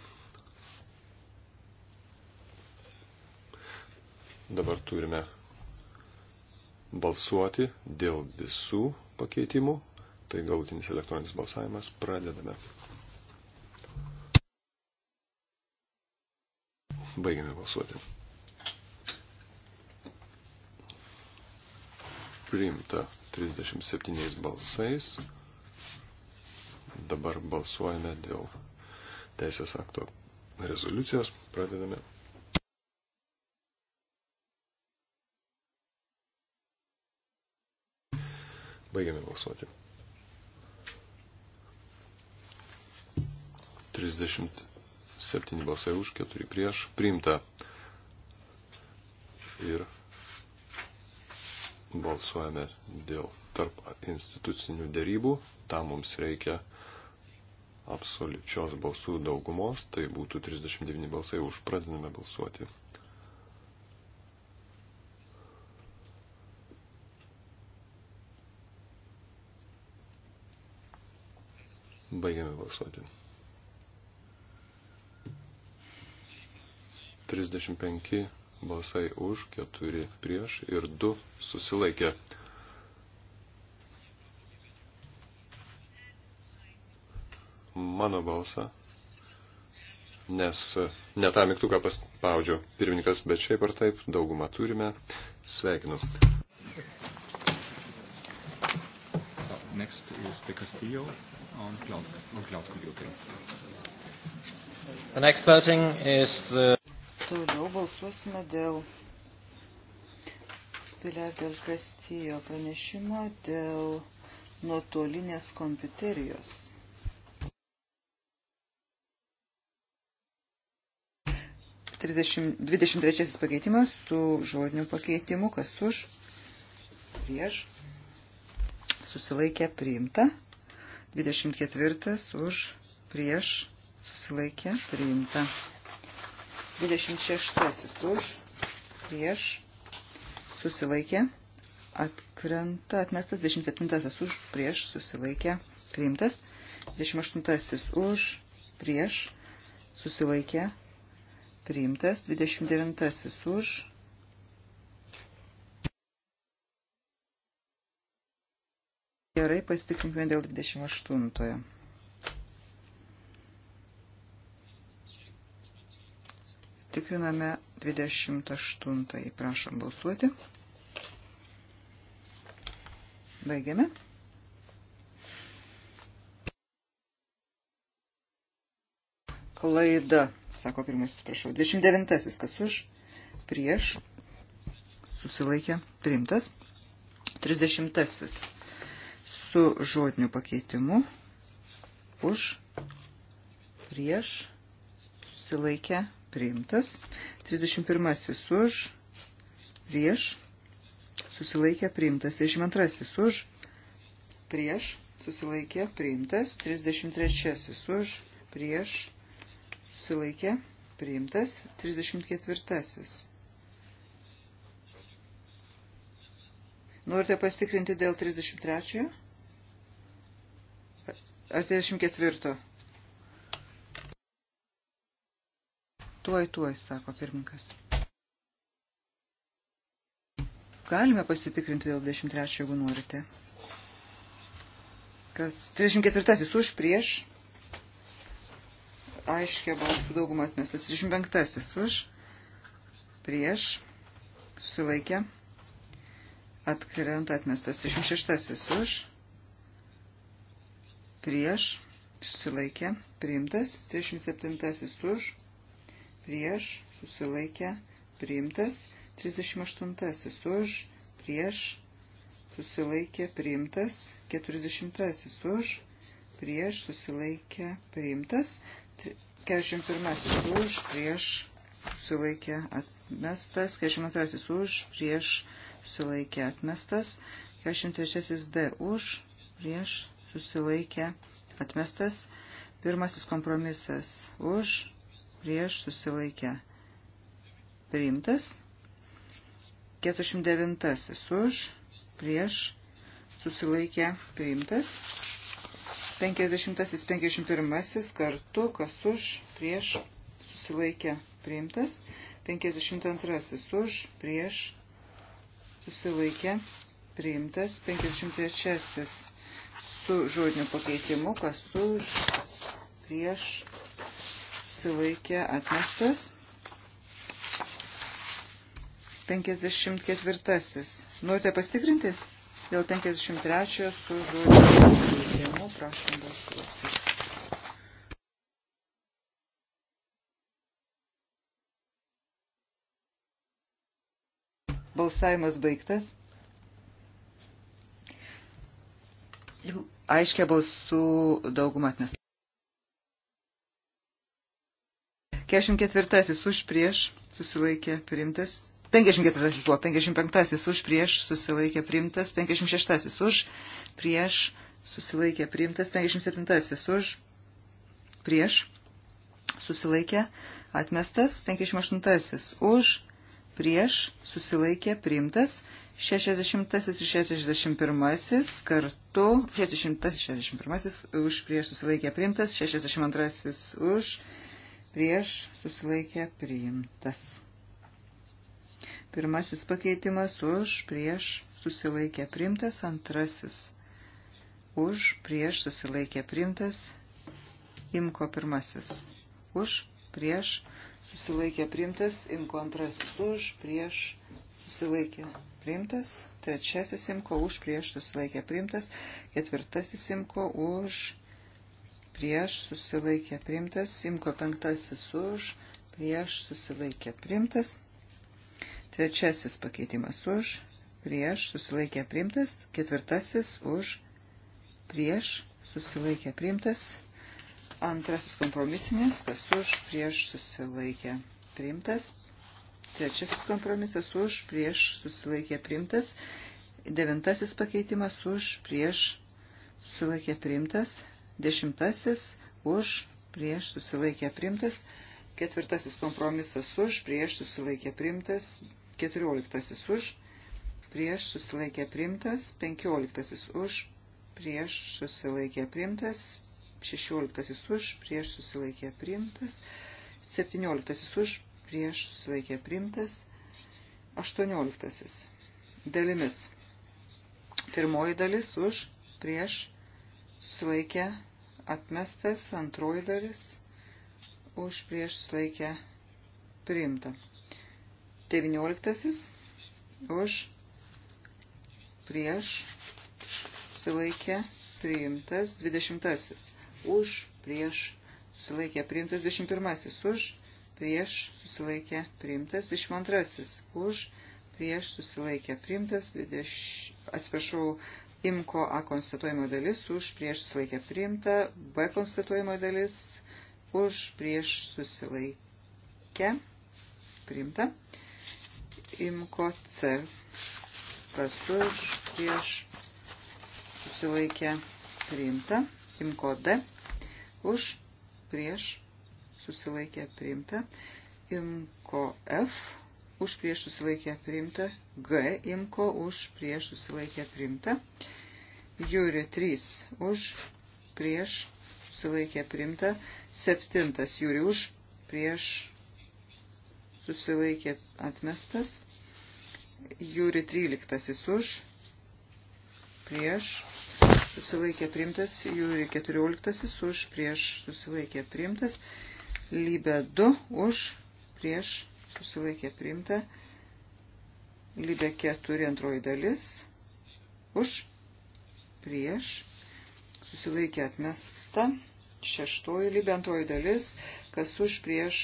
Dabar turime balsuoti dėl visų pakeitimų. Tai galutinis elektroninis balsavimas. Pradedame. Baigiame balsuoti. Priimta 37 balsais. Dabar balsuojame dėl teisės akto rezoliucijos. Pradedame. Baigiame balsuoti. 30 7 balsai už, 4 prieš, priimta. Ir balsuojame dėl tarp institucinių dėrybų. Tam mums reikia absoliučios balsų daugumos, tai būtų 39 balsai už, pradedame balsuoti. Baigiame balsuoti. 35 balsai už, 4 prieš ir 2 susilaikė. Mano balsą, nes ne tą mygtuką paspaudžiau pirmininkas, bet šiaip ar taip daugumą turime. Sveikinu. Next is the Castillo on cloud, on cloud computing. The next voting is the uh, Toliau balsuosime dėl Pilar del Castillo pranešimo dėl nuotolinės kompiuterijos. Dvidešimt trečiasis pakeitimas su žodiniu pakeitimu, kas už, prieš, susilaikė priimta. 24 už, prieš, susilaikė priimta. 26 už, prieš, susilaikė, atkrenta, atmestas 27 už, prieš, susilaikė, priimtas, 28 už, prieš, susilaikė, priimtas, 29 už, gerai pasitikrinkime dėl 28. Tikriname 28. Prašom balsuoti. Baigiame. Klaida, sako pirmasis, prašau. 29. Kas už? Prieš. Susilaikė. Primtas. 30. Su žodiniu pakeitimu. Už. Prieš. Susilaikė priimtas. 31 už, prieš, susilaikė priimtas. 32 už, prieš, susilaikė priimtas. 33 už, prieš, susilaikė priimtas. 34. Norite pastikrinti dėl 33? Ar 34? Tuoj, tuoj, sako pirmininkas. Galime pasitikrinti dėl 23, jeigu norite. Kas? 34 už prieš. Aiškia balsų daugumą atmestas. 35 už prieš. Susilaikė. Atkrenta atmestas. 36 už prieš. Susilaikė. Priimtas. 37 už prieš prieš, susilaikė, priimtas. 38 už, prieš, susilaikė, priimtas. 40 už, prieš, susilaikė, priimtas. 41 už, prieš, susilaikė, atmestas. 42 už, prieš, susilaikė, atmestas. 43 D už, prieš, susilaikė, atmestas. Pirmasis kompromisas už, prieš susilaikę priimtas. 409 už prieš susilaikę priimtas. 50-51 kartu, kas už prieš susilaikę priimtas. 52 už prieš susilaikę priimtas. 53 su žodiniu pakeitimu, kas už prieš susilaikė atmestas. 54. Norite pastikrinti? Dėl 53 su žodžiu keitimu prašom balsuoti. Balsavimas baigtas. Aiškia balsų daugumas nes. 44 už prieš susilaikė priimtas. 54 buvo, 55 už prieš susilaikė priimtas, 56 už prieš susilaikė priimtas, 57 už prieš susilaikė atmestas, 58 už prieš susilaikė priimtas, 60 ir 61 kartu, 60 61 už prieš susilaikė priimtas, 62 už prieš prieš susilaikė priimtas. Pirmasis pakeitimas už prieš susilaikė priimtas, antrasis už prieš susilaikė priimtas, imko pirmasis už prieš susilaikė priimtas, imko antrasis už prieš susilaikė priimtas, trečiasis imko už prieš susilaikė priimtas, ketvirtasis imko už prieš susilaikė primtas, Imko penktasis už, prieš susilaikė primtas, trečiasis pakeitimas už, prieš susilaikė primtas, ketvirtasis už, prieš susilaikė primtas, antrasis kompromisinis, kas už, prieš susilaikė primtas, trečiasis kompromisas už, prieš susilaikė primtas, devintasis pakeitimas už, prieš susilaikė primtas, Dešimtasis už prieš susilaikę primtas. Ketvirtasis kompromisas už prieš susilaikę primtas. Keturioliktasis už prieš susilaikę primtas. Penkioliktasis už prieš susilaikę primtas. Šešioliktasis už prieš susilaikę primtas. Septynioliktasis už prieš susilaikę primtas. Aštuonioliktasis dalimis. Pirmoji dalis už prieš susilaikę primtas atmestas, antroji dalis už prieš sulaikę priimta. 19 už prieš sulaikę priimtas, 20 už prieš susilaikė priimtas 21, už, prieš susilaikė priimtas 22, už, prieš susilaikė priimtas 20, atsiprašau, Imko A konstatuojama dalis už prieš susilaikę priimta, B konstatuojama dalis už prieš susilaikę priimta, Imko C kas už prieš susilaikę priimta, Imko D už prieš susilaikę priimta, Imko F už prieš susilaikę priimta, G imko už prieš susilaikę priimta, Jūri 3 už prieš susilaikę priimta, 7 Jūri už prieš susilaikė atmestas, Jūri 13 už prieš susilaikė priimtas, Jūri 14 už prieš susilaikė priimtas, Lybė 2 už prieš susilaikė priimta. Lybė 4 antroji dalis. Už, prieš, susilaikė atmesta. Šeštoji lybė antroji dalis. Kas už, prieš,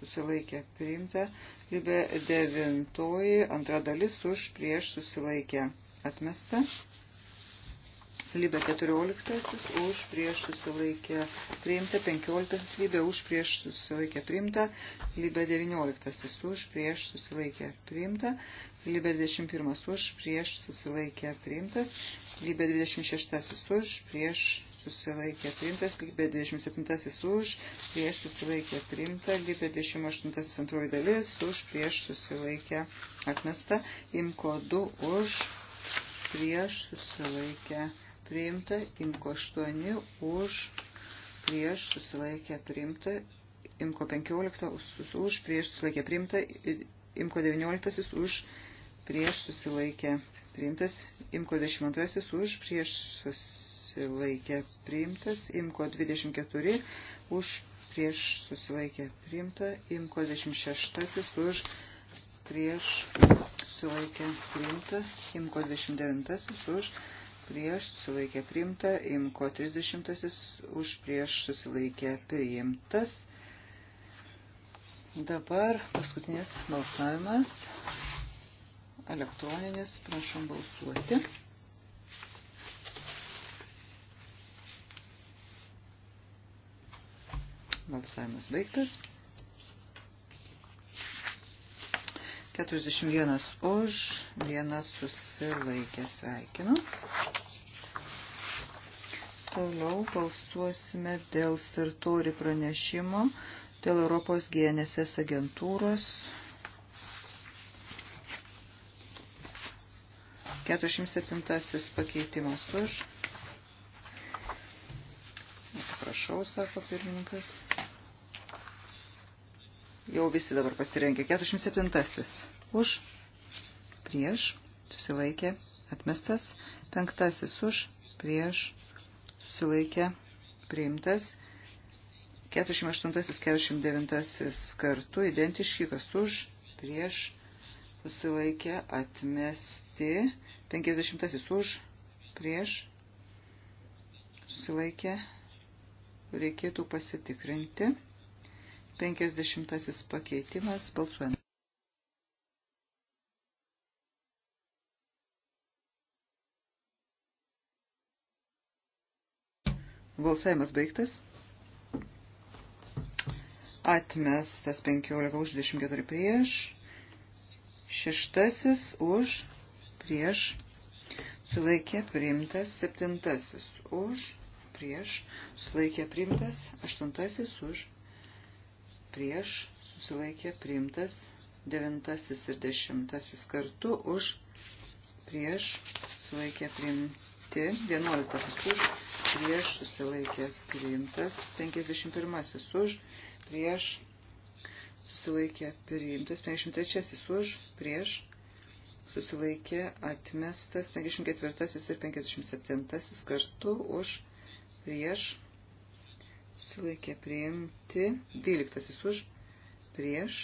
susilaikė priimta. Lybė devintoji antra dalis už, prieš, susilaikė atmesta. Lybė 14 už prieš susilaikę priimta, 15 Lybė už prieš susilaikę priimta, Lybė 19 už prieš susilaikę priimta, Lybė 21 už prieš susilaikę priimtas, Lybė 26 už prieš susilaikė priimtas, Lybė 27 už, prieš susilaikė priimta, Lybė 28 antroji dalis už, prieš susilaikė atmesta, Imko 2 už, prieš susilaikė priimta priimta, imko 8 už, prieš susilaikė priimta, imko 15 už, prieš susilaikė priimta, imko 19 už, prieš susilaikė priimtas, imko 22 už, prieš susilaikė priimtas, imko 24 už, prieš susilaikė priimta, imko 26 už, prieš susilaikė priimta, imko 29 už, prieš susilaikė priimta prieš susilaikė priimta, imko 30 už prieš susilaikė priimtas. Dabar paskutinis balsavimas, elektroninis, prašom balsuoti. Balsavimas baigtas. 41 už, vienas susilaikė. Sveikinu. Toliau balsuosime dėl Sartori pranešimo, dėl Europos GNSS agentūros. 47 pakeitimas už. Atsiprašau, sako pirmininkas. Jau visi dabar pasirengė. 47. Už. Prieš. Susilaikė. Atmestas. 5. Už. Prieš. Susilaikė. Priimtas. 48-49 kartu identiški, kas už, prieš, susilaikė, atmesti, 50 už, prieš, susilaikė, reikėtų pasitikrinti. 50 pakeitimas balsuojant. Balsavimas baigtas. Atmestas 15 už 24 prieš. Šeštasis už prieš. Sulaikė priimtas septintasis už prieš. Sulaikė priimtas aštuntasis už prieš, susilaikė priimtas, devintasis ir dešimtasis kartu už, prieš, susilaikė priimti, vienuoliktasis už, prieš, susilaikė priimtas, penkisdešimt pirmasis už, prieš, susilaikė priimtas, penkisdešimt trečiasis už, prieš, susilaikė atmestas, penkisdešimt ketvirtasis ir penkisdešimt septintasis kartu už, prieš, susilaikė priimti, 12 už, prieš,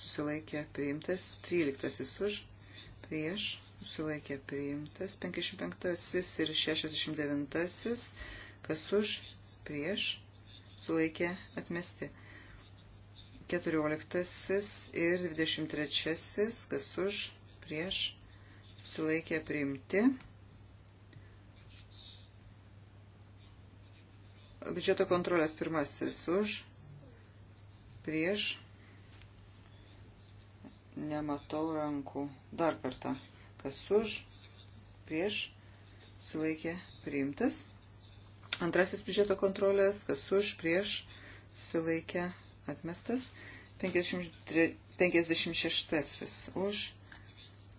susilaikė priimtas, 13 už, prieš, susilaikė priimtas, 55 ir 69, kas už, prieš, sulaikė atmesti. 14 ir 23, kas už, prieš, sulaikė priimti. Biudžeto kontrolės pirmasis už, prieš, nematau rankų. Dar kartą, kas už, prieš, sulaikė priimtas. Antrasis biudžeto kontrolės, kas už, prieš, sulaikė atmestas. 53, 56 už,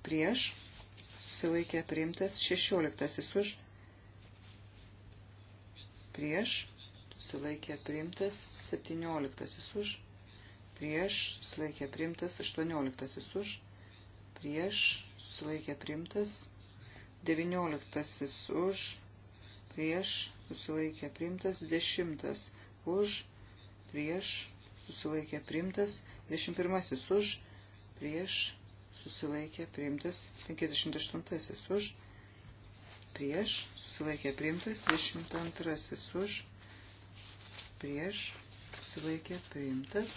prieš, sulaikė priimtas. 16 už, prieš, susilaikė priimtas 17 už, prieš susilaikė priimtas 18 už, prieš susilaikė priimtas 19 už, prieš susilaikė priimtas 10 už, prieš susilaikė priimtas 21 už, prieš susilaikė priimtas 58 už, prieš susilaikė priimtas 22 už, prieš, susilaikė priimtas.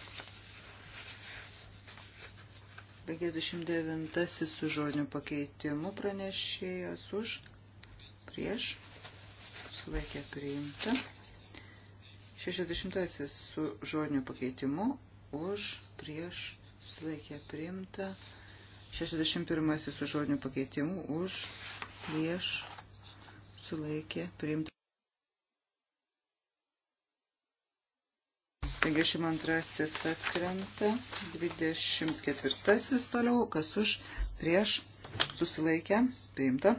Be 49 su žodiniu pakeitimu pranešėjas už, prieš, susilaikė priimta. 60 su žodiniu pakeitimu už, prieš, susilaikė priimta. 61 su žodiniu pakeitimu už, prieš, sulaikė priimti. 52 atkrenta, 24 toliau, kas už prieš susilaikę, priimta.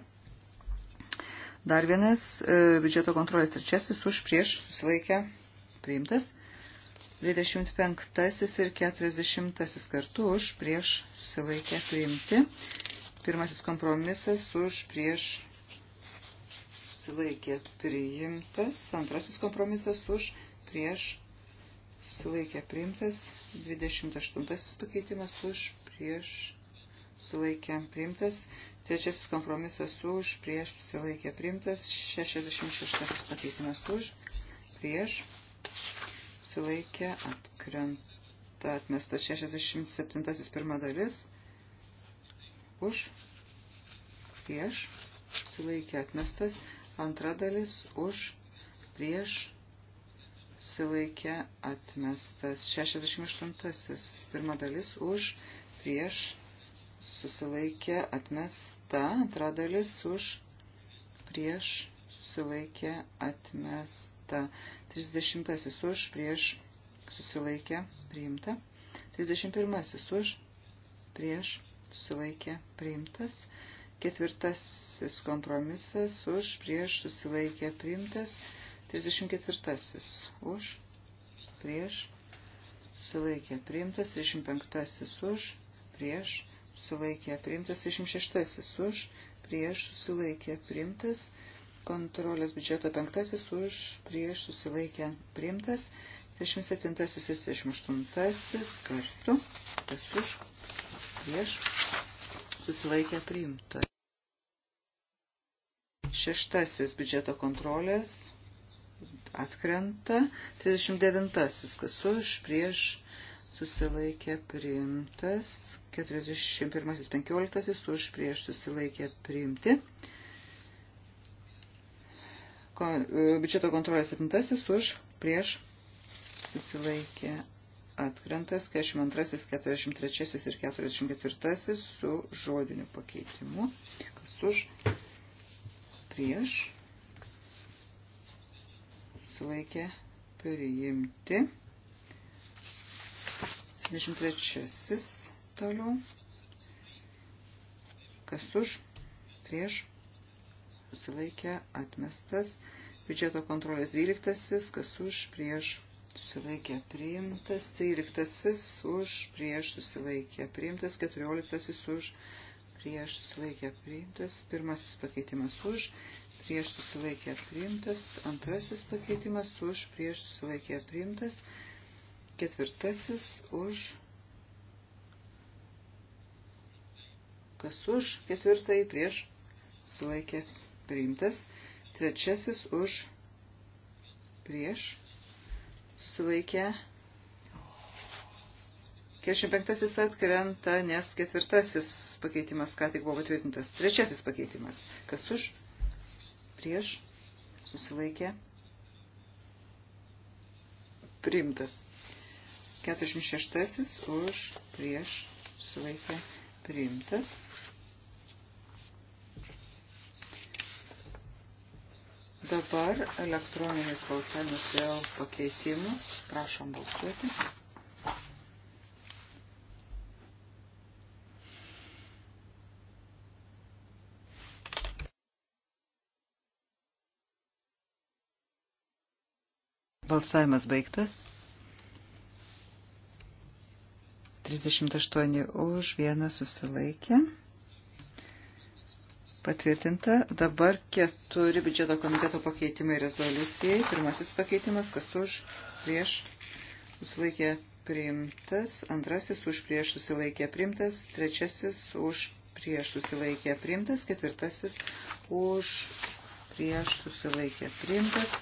Dar vienas e, biudžeto kontrolės trečiasis už prieš susilaikę, priimtas. 25 ir 40 kartu už prieš susilaikę, priimti. Pirmasis kompromisas už prieš susilaikę, priimtas. Antrasis kompromisas už prieš sulaikė priimtas, 28 pakeitimas už, prieš, sulaikė priimtas, trečiasis kompromisas už, prieš, sulaikė priimtas, 66 pakeitimas už, prieš, sulaikė atkrenta, atmestas 67 pirma dalis, už, prieš, sulaikė atmestas, antra dalis už, prieš, susilaikė atmestas. 68. Pirma dalis už, prieš, susilaikė atmesta. Antra dalis už, prieš, susilaikė atmesta. 30. už, prieš, susilaikė priimta. 31. už, prieš, susilaikė priimtas. Ketvirtasis kompromisas už, prieš, susilaikė priimtas. 34. Už, prieš, sulaikė priimtas. 35. Už, prieš, sulaikė priimtas. 36. Už, prieš, sulaikė priimtas. Kontrolės biudžeto 5. Už, prieš, susilaikė priimtas. 37. ir 38. kartu. Tas už, prieš, susilaikė priimtas. Šeštasis biudžeto kontrolės atkrenta. 39. Kas už prieš susilaikė priimtas. 41. 15. Už prieš susilaikė priimti. E, biudžeto kontrolės 7. Už prieš susilaikė atkrentas 42, 43 ir 44 su žodiniu pakeitimu. Kas už prieš susilaikė priimti. 73 toliau. Kas už, prieš, susilaikė atmestas. Biudžeto kontrolės 12, kas už, prieš, susilaikė priimtas. 13 už, prieš, susilaikė priimtas. 14 už, prieš, susilaikė priimtas. Pirmasis pakeitimas už, prieš susilaikė priimtas, antrasis pakeitimas už prieš susilaikė priimtas, ketvirtasis už, kas už, ketvirtąjį prieš susilaikė priimtas, trečiasis už prieš susilaikė priimtas. 45 atkrenta, nes ketvirtasis pakeitimas ką tik buvo patvirtintas. Trečiasis pakeitimas. Kas už? prieš, susilaikė, priimtas. 46 už, prieš, susilaikė, priimtas. Dabar elektroninis balsavimas dėl pakeitimų. Prašom balsuoti. Balsavimas baigtas. 38 už, vieną susilaikė. Patvirtinta. Dabar keturi biudžeto komiteto pakeitimai rezoliucijai. Pirmasis pakeitimas, kas už, prieš, susilaikė priimtas. Antrasis už, prieš, susilaikė priimtas. Trečiasis už, prieš, susilaikė priimtas. Ketvirtasis už, prieš, susilaikė priimtas.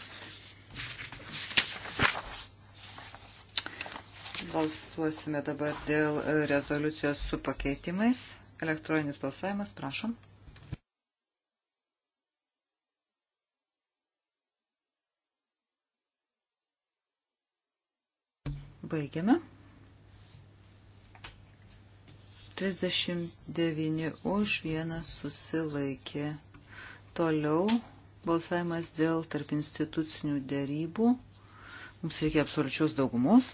Balsuosime dabar dėl e, rezoliucijos su pakeitimais. Elektroninis balsavimas, prašom. Baigiame. 39 už vieną susilaikė. Toliau balsavimas dėl tarp institucinių dėrybų. Mums reikia absoliučios daugumos.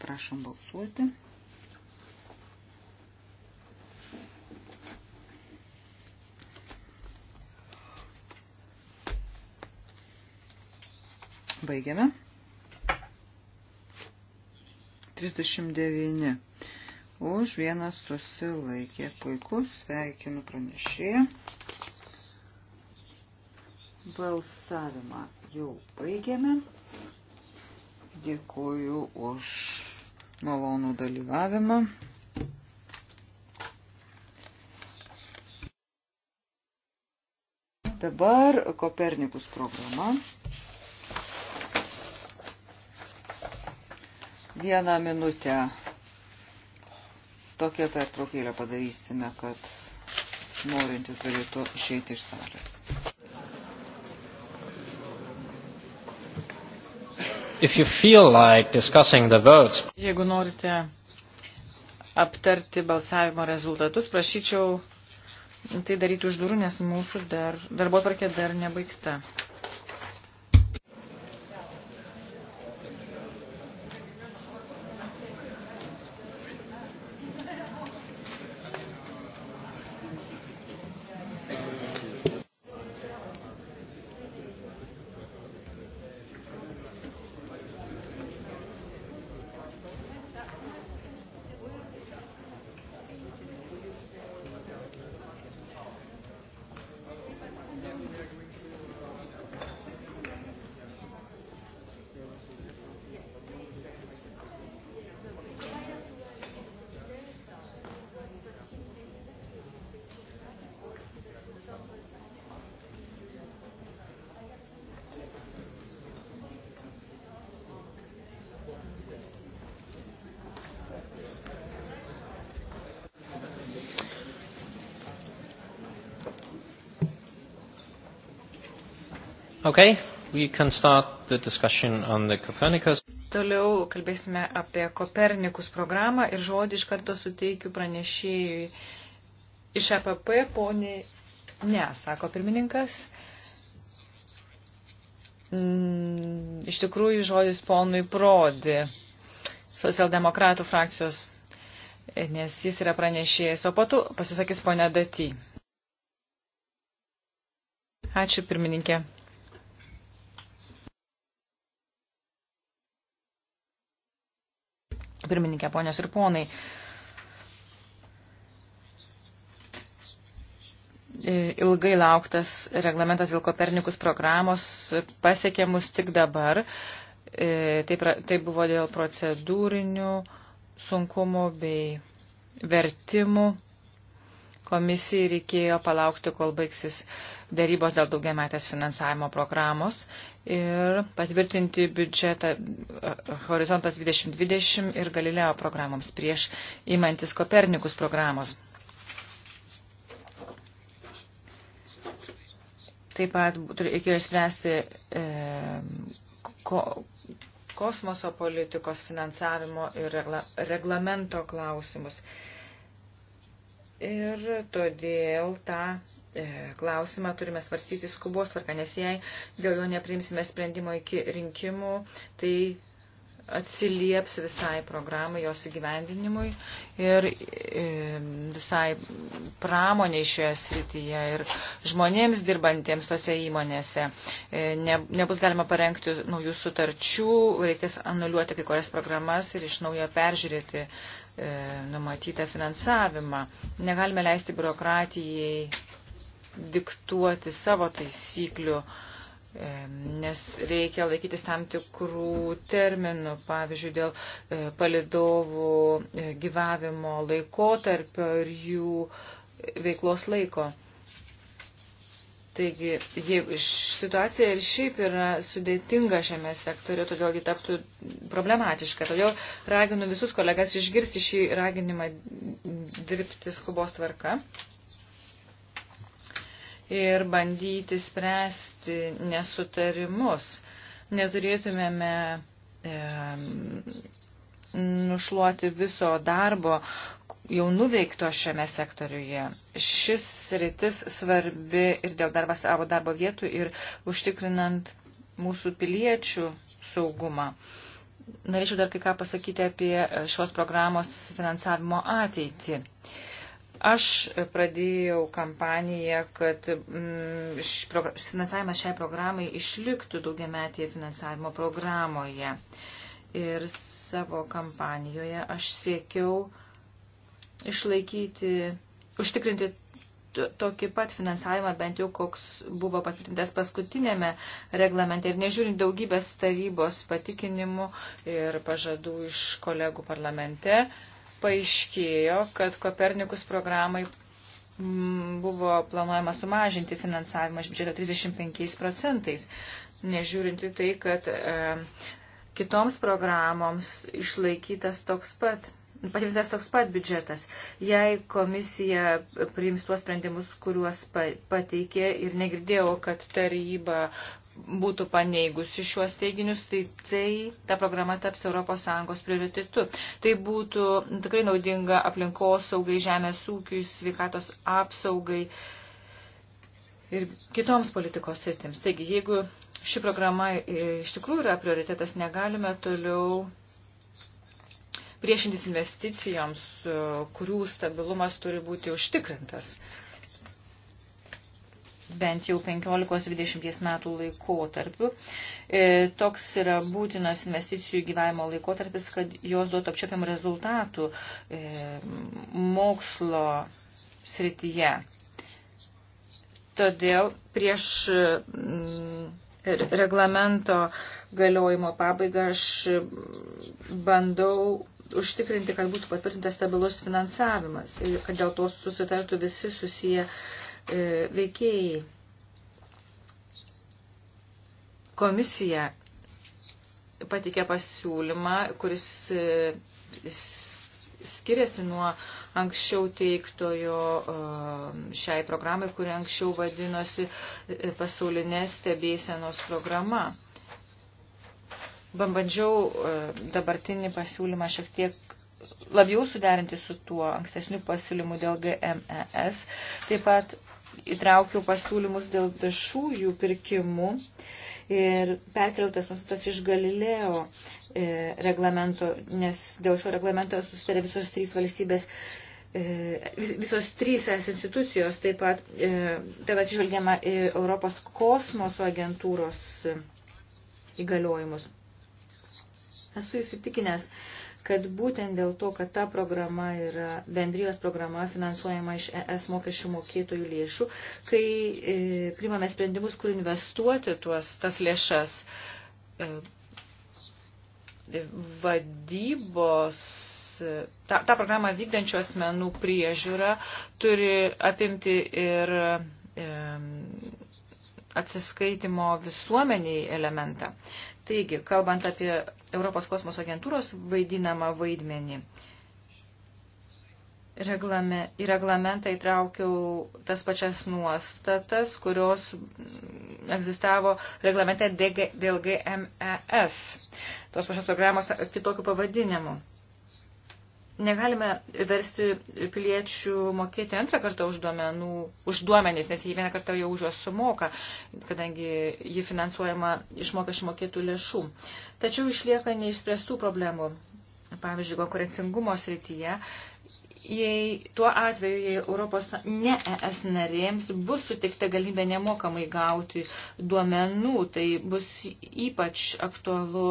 Prašom balsuoti. Baigiame. 39. Už vieną susilaikė. Puiku, sveikinu pranešėją. Balsavimą jau baigiame. Dėkuoju už malonų dalyvavimą. Dabar Kopernikus programa. Vieną minutę tokią pertraukėlę padarysime, kad norintis galėtų išeiti iš salės. if you feel like discussing the votes. Jeigu norite aptarti balsavimo rezultatus, prašyčiau tai daryti už durų, nes mūsų dar, darbo tvarkė dar nebaigta. Okay, we can start the discussion on the Copernicus. Toliau kalbėsime apie Kopernikus programą ir žodį iš karto suteikiu pranešėjui iš APP, e poniai, ne, sako pirmininkas. Mm, iš tikrųjų, žodis ponui Prodi, socialdemokratų frakcijos, nes jis yra pranešėjęs, o patu pasisakys ponia Daty. Ačiū pirmininkė. pirmininkė, ponios ir ponai. E, ilgai lauktas reglamentas dėl Kopernikus programos pasiekė mus tik dabar. E, tai, pra, tai buvo dėl procedūrinių sunkumų bei vertimų. Komisijai reikėjo palaukti, kol baigsis uh, dėrybos dėl daugiametės finansavimo programos ir patvirtinti biudžetą e, Horizontas 2020 ir Galileo programoms prieš įmantis Kopernikus programos. Taip pat reikėjo išspręsti e, ko, kosmoso politikos finansavimo ir regla, reglamento klausimus. E, Ir todėl tą e, klausimą turime svarstyti skubos tvarką, nes jei dėl jo neprimsime sprendimo iki rinkimų, tai atsilieps visai programai, jos įgyvendinimui ir e, visai pramoniai šioje srityje ir žmonėms dirbantiems tose įmonėse. E, ne, nebus galima parengti naujų sutarčių, reikės anuliuoti kai kurias programas ir iš naujo peržiūrėti E, numatytą finansavimą. Negalime leisti biurokratijai diktuoti savo taisyklių, e, nes reikia laikytis tam tikrų terminų, pavyzdžiui, dėl e, palidovų gyvavimo laikotarpio ir jų veiklos laiko. Taigi, jeigu situacija ir šiaip yra sudėtinga šiame sektoriu, todėl ji taptų problematiška. Todėl raginu visus kolegas išgirsti šį raginimą dirbti skubos tvarka ir bandyti spręsti nesutarimus. Neturėtumėme e, nušluoti viso darbo jau nuveikto šiame sektoriuje. Šis rytis svarbi ir dėl darbo savo darbo vietų ir užtikrinant mūsų piliečių saugumą. Norėčiau dar kai ką pasakyti apie šios programos finansavimo ateitį. Aš pradėjau kampaniją, kad mm, finansavimas šiai programai išliktų daugiametėje finansavimo programoje. Mm, ir savo kampanijoje aš siekiau išlaikyti, užtikrinti tokį pat finansavimą, bent jau koks buvo patvirtintas paskutinėme reglamente. Ir nežiūrint daugybės tarybos patikinimų ir pažadų iš kolegų parlamente, paaiškėjo, kad Kopernikus programai mm, buvo planuojama sumažinti finansavimą iš biudžeto 35 procentais, nežiūrinti tai, kad e, kitoms programoms išlaikytas toks pat. Patvirtintas toks pat biudžetas. Jei komisija priims tuos sprendimus, kuriuos pateikė ir negirdėjau, kad taryba būtų paneigusi šiuos teiginius, tai, tai ta programa taps ES prioritetu. Tai būtų tikrai naudinga aplinkos saugai, žemės ūkiui, sveikatos apsaugai ir kitoms politikos sritims. Taigi, jeigu ši programa e, iš tikrųjų yra prioritetas, negalime toliau priešintis investicijoms, e, kurių stabilumas turi būti užtikrintas bent jau 15-20 metų laikotarpiu. E, toks yra būtinas investicijų gyvavimo laikotarpis, kad jos duotų apčiopiam rezultatų e, mokslo srityje. Todėl prieš. Mm, reglamento galiojimo pabaigą aš bandau užtikrinti, kad būtų patvirtintas stabilus finansavimas ir kad dėl to susitartų visi susiję e, veikėjai. Komisija patikė pasiūlymą, kuris e, skiriasi nuo uh, anksčiau teiktojo um, šiai programai, kuri anksčiau vadinosi e, pasaulinė stebėsenos programa. Bandžiau e, dabartinį pasiūlymą šiek tiek labiau suderinti su tuo ankstesniu pasiūlymu dėl GMES. Taip pat įtraukiau pasiūlymus dėl viešųjų pirkimų ir perkeltas nustatas iš Galileo e, reglamento, nes dėl šio reglamento susitarė visos trys valstybės e, visos trys es institucijos, taip pat e, tada atsižvelgiama į Europos kosmoso agentūros įgaliojimus. Esu įsitikinęs, kad būtent dėl to, kad ta programa yra bendrijos programa finansuojama iš ES mokesčių mokėtojų lėšų, kai e, primame sprendimus, kur investuoti tuos, tas lėšas e, vadybos, tą, tą programą vykdančių asmenų priežiūra turi apimti ir e, atsiskaitimo visuomeniai elementą. Taigi, kalbant apie Europos kosmoso agentūros vaidinamą vaidmenį. Reglame, į reglamentą įtraukiau tas pačias nuostatas, kurios egzistavo reglamente dėl GMES, tos pačios programos kitokių pavadinimų negalime versti piliečių mokėti antrą kartą už, duomenų, už duomenys, nes jie vieną kartą jau už juos sumoka, kadangi ji finansuojama iš mokesčių mokėtų lėšų. Tačiau išlieka neišspręstų problemų. Pavyzdžiui, konkurencingumo srityje jei tuo atveju, jei Europos ne ES narėms bus suteikta galimybė nemokamai gauti duomenų, tai bus ypač aktualu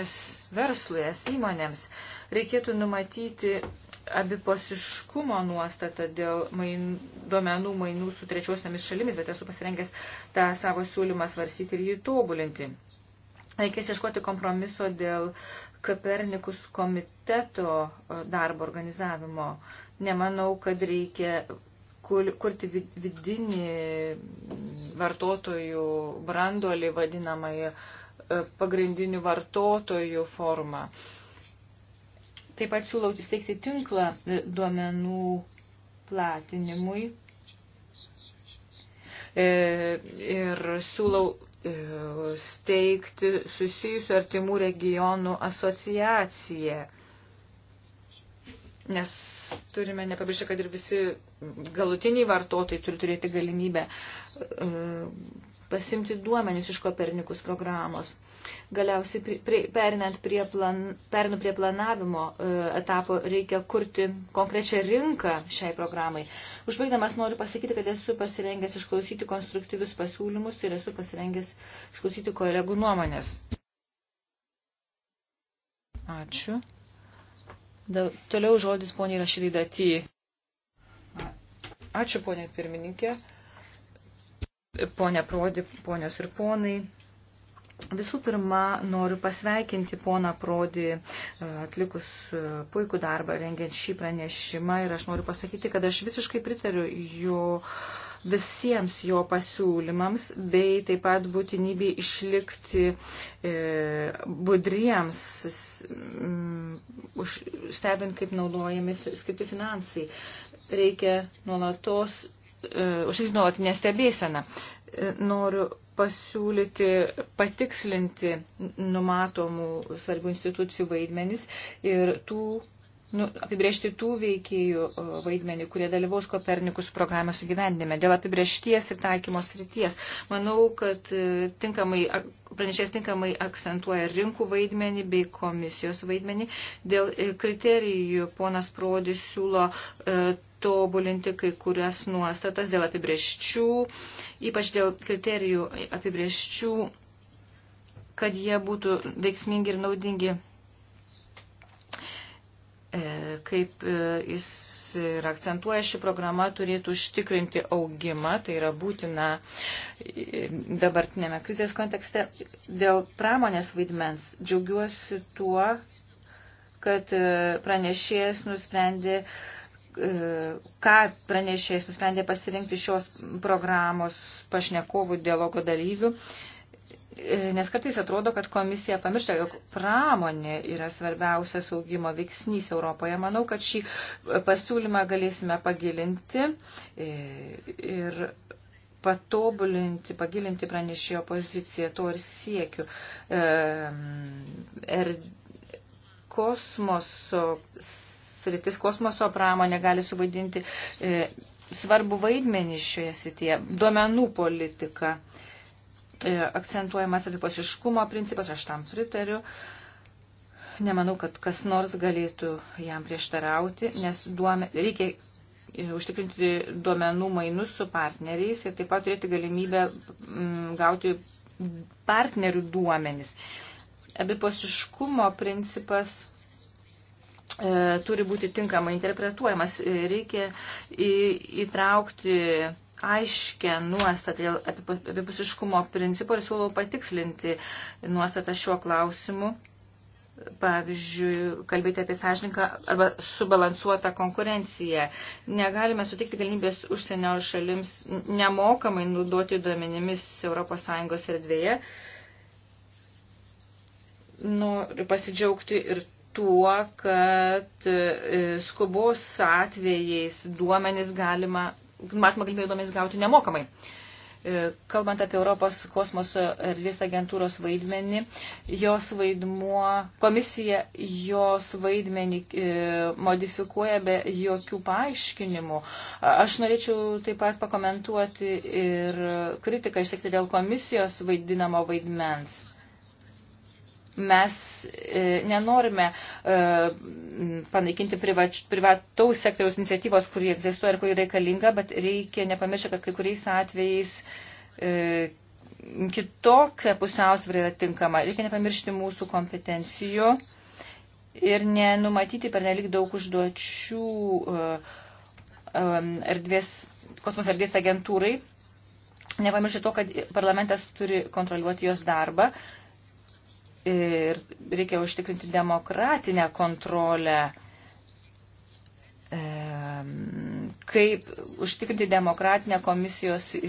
ES verslui, ES įmonėms. Reikėtų numatyti abipasiškumo nuostatą dėl main, duomenų mainų su trečiosiamis šalimis, bet esu pasirengęs tą savo siūlymą svarstyti ir jį tobulinti. Reikės ieškoti kompromiso dėl uh, Kapernikus komiteto e, darbo organizavimo. Nemanau, kad reikia kurti vidinį vartotojų brandolį vadinamąjį e, pagrindinių vartotojų formą. Taip pat siūlau įsteigti tinklą e, duomenų platinimui ir siūlau E, steigti susijusių artimų regionų asociaciją. Nes turime nepamiršti, kad ir visi galutiniai vartotojai turi turėti galimybę e, pasimti duomenis iš Kopernikus programos. Galiausiai perinant prie, plan, perinu prie planavimo e, etapo reikia kurti konkrečią rinką šiai programai. Užbaigdamas noriu pasakyti, kad esu pasirengęs išklausyti konstruktyvius pasiūlymus ir esu pasirengęs išklausyti kolegų nuomonės. Ačiū. Da, toliau žodis poniai Rašydai Dati. Ačiū poniai pirmininkė. Pone Prodi, ponios ir ponai, visų pirma noriu pasveikinti poną Prodi e, atlikus e, puikų darbą rengiant šį pranešimą ir aš noriu pasakyti, kad aš visiškai pritariu jo visiems jo pasiūlymams, bei taip pat būtinybė išlikti e, budriems, m, už, stebint, kaip naudojami skirti finansai. Reikia nuolatos E, užtikrinti nuolatinę stebėseną. E, noriu pasiūlyti, patikslinti numatomų svarbių institucijų vaidmenis ir tų, nu, apibriežti tų veikėjų e, vaidmenį, kurie dalyvaus Kopernikus programos įgyvendime. Dėl apibriešties ir taikymos ryties. Manau, kad tinkamai, pranešės tinkamai akcentuoja rinkų vaidmenį bei komisijos vaidmenį. Dėl kriterijų ponas Prodis siūlo. E, tobulinti kai kurias nuostatas dėl apibrieščių, ypač dėl kriterijų apibrieščių, kad jie būtų veiksmingi ir naudingi e, kaip e, jis ir akcentuoja, ši programa turėtų užtikrinti augimą, tai yra būtina e, dabartinėme krizės kontekste. Dėl pramonės vaidmens džiaugiuosi tuo, kad pranešėjas nusprendė uh, E, ką pranešėjas nusprendė pasirinkti šios programos pašnekovų dialogo dalyvių, e, nes kartais atrodo, kad komisija pamiršta, jog pramonė yra svarbiausias augimo veiksnys Europoje. Manau, kad šį pasiūlymą galėsime pagilinti e, ir patobulinti, pagilinti pranešėjo poziciją, to ir siekiu. Er, kosmoso sritis, kosmoso pramonė gali suvaidinti e, svarbu vaidmenį šioje srityje, duomenų politika, e, akcentuojamas atipasiškumo principas, aš tam pritariu. Nemanau, kad kas nors galėtų jam prieštarauti, nes duome, reikia e, užtikrinti duomenų mainus su partneriais ir taip pat turėti galimybę mm, gauti partnerių duomenis. Abipusiškumo principas E, turi būti tinkamai interpretuojamas. E, reikia įtraukti aiškę nuostatą apipusiškumo principo ir siūlau patikslinti nuostatą šiuo klausimu. Pavyzdžiui, kalbėti apie sąžininką arba subalansuotą konkurenciją. Negalime sutikti galimybės užsienio šalims nemokamai naudoti duomenimis ES erdvėje. Noriu pasidžiaugti ir tuo, kad e, skubos atvejais duomenys galima, matoma galimybė duomenys gauti nemokamai. E, kalbant apie Europos kosmoso erdvės agentūros vaidmenį, jos vaidmuo, komisija jos vaidmenį e, modifikuoja be jokių paaiškinimų. Aš norėčiau taip pat pakomentuoti ir kritiką išsakyti dėl komisijos vaidinamo vaidmens. Mes e, nenorime e, panaikinti privač, privataus sektoriaus iniciatyvos, kuri egzistuoja ir kuri reikalinga, bet reikia nepamiršti, kad kai kuriais atvejais e, kitokia pusiausvyrė yra tinkama. Reikia nepamiršti mūsų kompetencijų ir nenumatyti per nelik daug užduočių e, e, erdvės, kosmos erdvės agentūrai. Nepamiršti to, kad parlamentas turi kontroliuoti jos darbą ir reikia užtikrinti demokratinę kontrolę. Kaip užtikrinti demokratinę komisijos, e,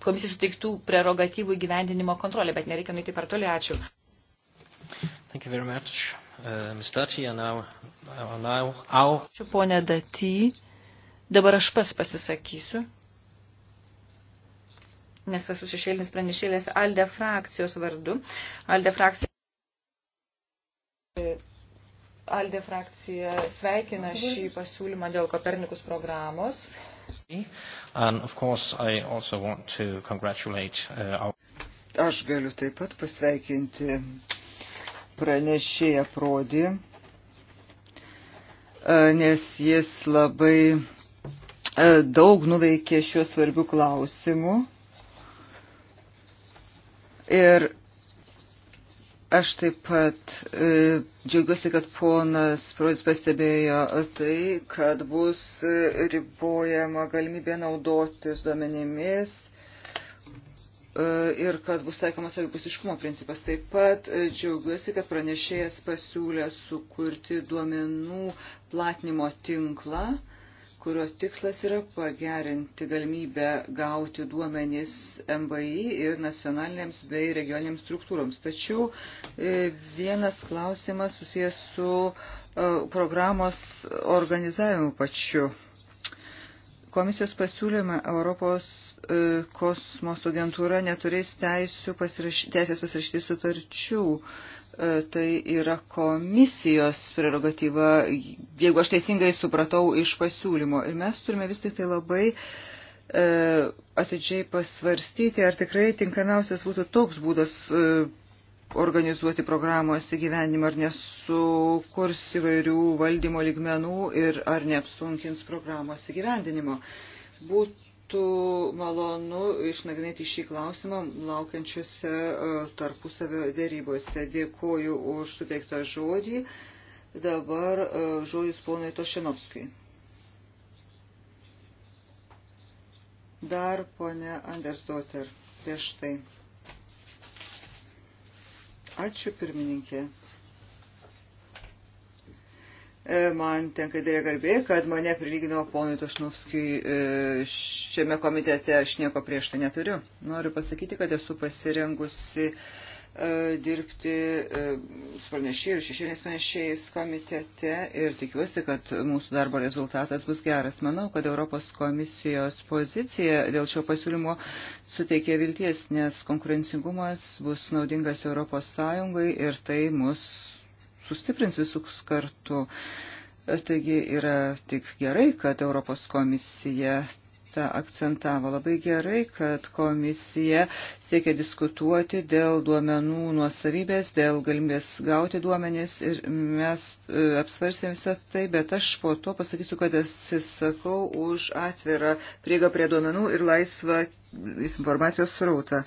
komisijos suteiktų prerogatyvų įgyvendinimo kontrolę, bet nereikia nueiti per toli. Ačiū. Thank you very much, uh, Ms. Dati, and now, uh, now, now. Ačiū, ponė Dati. Dabar aš pas pasisakysiu nes esu šešėlinis pranešėlės Alde frakcijos vardu. Alde frakcija. Alde frakcija sveikina šį pasiūlymą dėl Kopernikus programos. Uh, Aš galiu taip pat pasveikinti pranešėją Prodį, uh, nes jis labai uh, daug nuveikė šiuo svarbiu klausimu Ir aš taip pat e, džiaugiuosi, kad ponas Prodis pastebėjo tai, kad bus e, ribojama galimybė naudotis duomenimis e, ir kad bus taikomas abipusiškumo principas. Taip pat e, džiaugiuosi, kad pranešėjas pasiūlė sukurti duomenų platinimo tinklą kurios tikslas yra pagerinti galimybę gauti duomenys MVI ir nacionalinėms bei regioninėms struktūroms. Tačiau e, vienas klausimas susijęs su e, programos organizavimu pačiu. Komisijos pasiūlyme Europos e, kosmoso agentūra neturės teisės pasirašyti sutarčių E, tai yra komisijos prerogatyva, jeigu aš teisingai supratau iš pasiūlymo. Ir mes turime vis tik tai labai e, atidžiai pasvarstyti, ar tikrai tinkamiausias būtų toks būdas e, organizuoti programos įgyvenimą, ar nesukurs įvairių valdymo ligmenų ir ar neapsunkins programos įgyvendinimo. Būtų būtų malonu išnagrinėti šį klausimą laukiančiose e, tarpusavio dėrybose. Dėkuoju už suteiktą žodį. Dabar e, žodis ponai Tošinovskijai. Dar ponė Andersdoter prieš tai. Ačiū pirmininkė. E, man tenka dėlė garbė, kad mane prilygino ponui Tošnovskijui e, šiame komitete, aš nieko prieš tai neturiu. Noriu pasakyti, kad esu pasirengusi e, dirbti su pranešėjai ir šešėlės pranešėjais komitete ir tikiuosi, kad mūsų darbo rezultatas bus geras. Manau, kad Europos komisijos pozicija dėl šio pasiūlymo suteikia vilties, nes konkurencingumas bus naudingas Europos Sąjungai ir tai mus sustiprins visus kartu. Taigi yra tik gerai, kad Europos komisija tą akcentavo. Labai gerai, kad komisija siekia diskutuoti dėl duomenų nuosavybės, dėl galimybės gauti duomenės ir mes e, apsvarsėm visą tai, bet aš po to pasakysiu, kad atsisakau už atvirą prieigą prie duomenų ir laisvą informacijos srautą. E,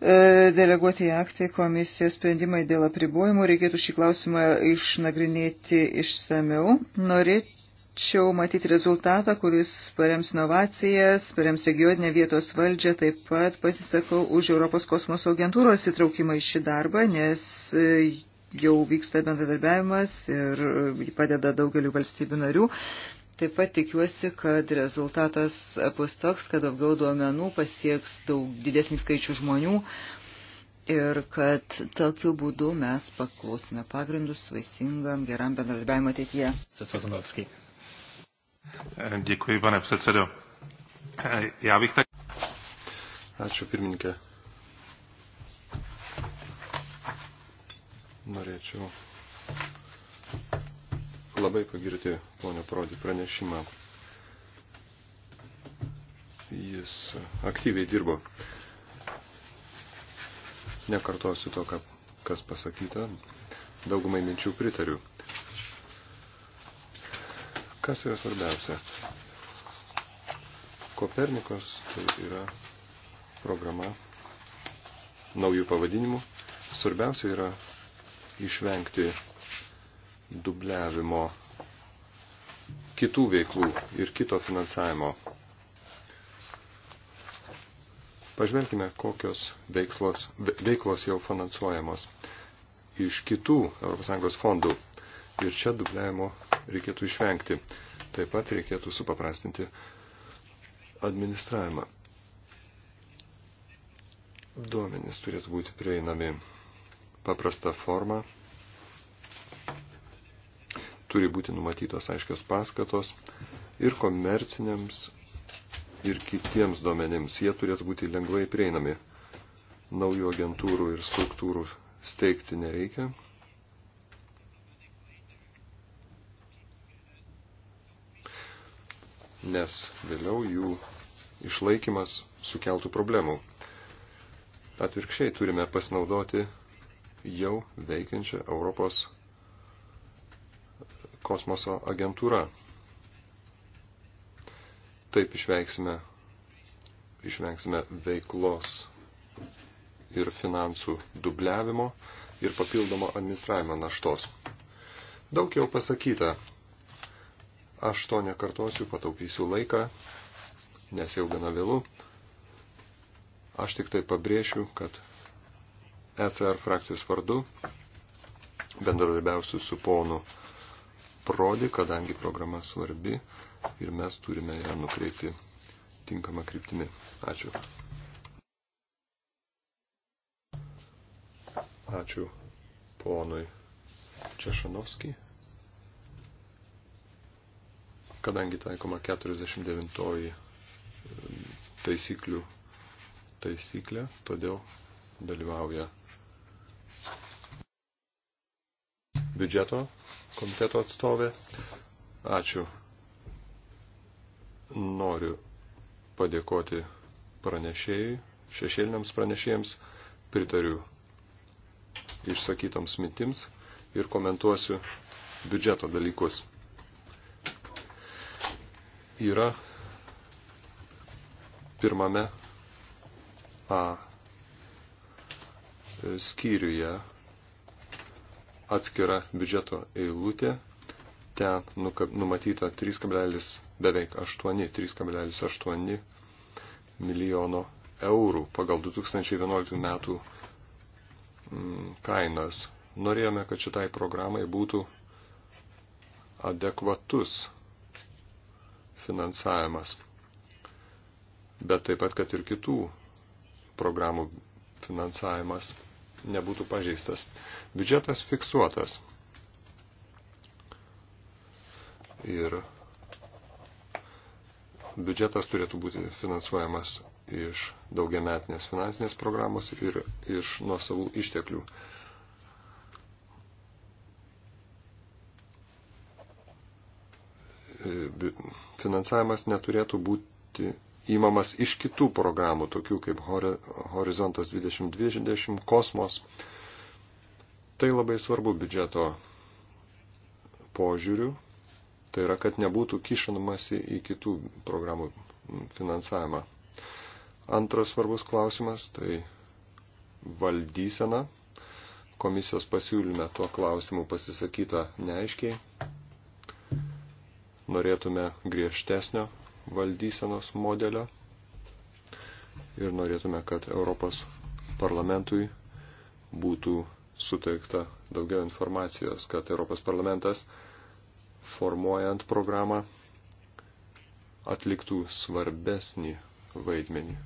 E, deleguoti aktai komisijos sprendimai dėl apribojimų reikėtų šį klausimą išnagrinėti išsameu. Norėčiau matyti rezultatą, kuris parems inovacijas, parems regioninę vietos valdžią, taip pat pasisakau už Europos kosmoso agentūros įtraukimą į šį darbą, nes e, jau vyksta bendradarbiavimas ir padeda daugeliu valstybių narių. Taip pat tikiuosi, kad rezultatas bus toks, kad daugiau duomenų pasieks daug didesnį skaičių žmonių ir kad tokiu būdu mes paklausime pagrindus vaisingam geram bendradarbiavimo ateityje. Socialnovskiai. Dėkui, pane předsedo. Já bych tak... Ačiū, pirmininkė. Norėčiau labai pagirti ponio Prodį pranešimą. Jis aktyviai dirbo. Nekartosiu to, kas pasakyta. Daugumai minčių pritariu. Kas yra svarbiausia? Kopernikos tai yra programa naujų pavadinimų. Svarbiausia yra išvengti dubliavimo kitų veiklų ir kito finansavimo. Pažvelkime, kokios veiklos, veiklos jau finansuojamos iš kitų ES fondų. Ir čia dubliavimo reikėtų išvengti. Taip pat reikėtų supaprastinti administravimą. Duomenys turėtų būti prieinami paprasta forma Turi būti numatytos aiškios paskatos ir komerciniams, ir kitiems duomenims. Jie turėtų būti lengvai prieinami. Naujų agentūrų ir struktūrų steigti nereikia. Nes vėliau jų išlaikymas sukeltų problemų. Atvirkščiai turime pasinaudoti jau veikiančią Europos kosmoso agentūra. Taip išveiksime, išvengsime veiklos ir finansų dubliavimo ir papildomo administravimo naštos. Daug jau pasakyta. Aš to nekartosiu, pataupysiu laiką, nes jau gana vėlu. Aš tik tai pabrėšiu, kad ECR frakcijos vardu bendradarbiausiu su ponu Prodi, kadangi programa svarbi ir mes turime ją nukreipti tinkamą kryptimį. Ačiū. Ačiū ponui Češanovskijai. Kadangi taikoma 49 e, taisyklių taisyklė, todėl dalyvauja biudžeto komiteto atstovė. Ačiū. Noriu padėkoti pranešėjai, šešėliniams pranešėjams, pritariu išsakytoms mintims ir komentuosiu biudžeto dalykus. Yra pirmame A skyriuje atskira biudžeto eilutė, ten numatyta 3, beveik 8, 3,8 milijono eurų pagal 2011 metų mm, kainas. Norėjome, kad šitai programai būtų adekvatus finansavimas, bet taip pat, kad ir kitų programų finansavimas nebūtų pažeistas. Biudžetas fiksuotas. Ir biudžetas turėtų būti finansuojamas iš daugiametinės finansinės programos ir iš nuosavų išteklių. Finansavimas neturėtų būti įmamas iš kitų programų, tokių kaip Horizontas 2020, Kosmos. Tai labai svarbu biudžeto požiūrių. Tai yra, kad nebūtų kišanamasi į kitų programų finansavimą. Antras svarbus klausimas - tai valdysena. Komisijos pasiūlyme tuo klausimu pasisakyta neaiškiai. Norėtume griežtesnio valdysenos modelio ir norėtume, kad Europos parlamentui būtų suteikta daugiau informacijos, kad Europos parlamentas formuojant programą atliktų svarbesnį vaidmenį.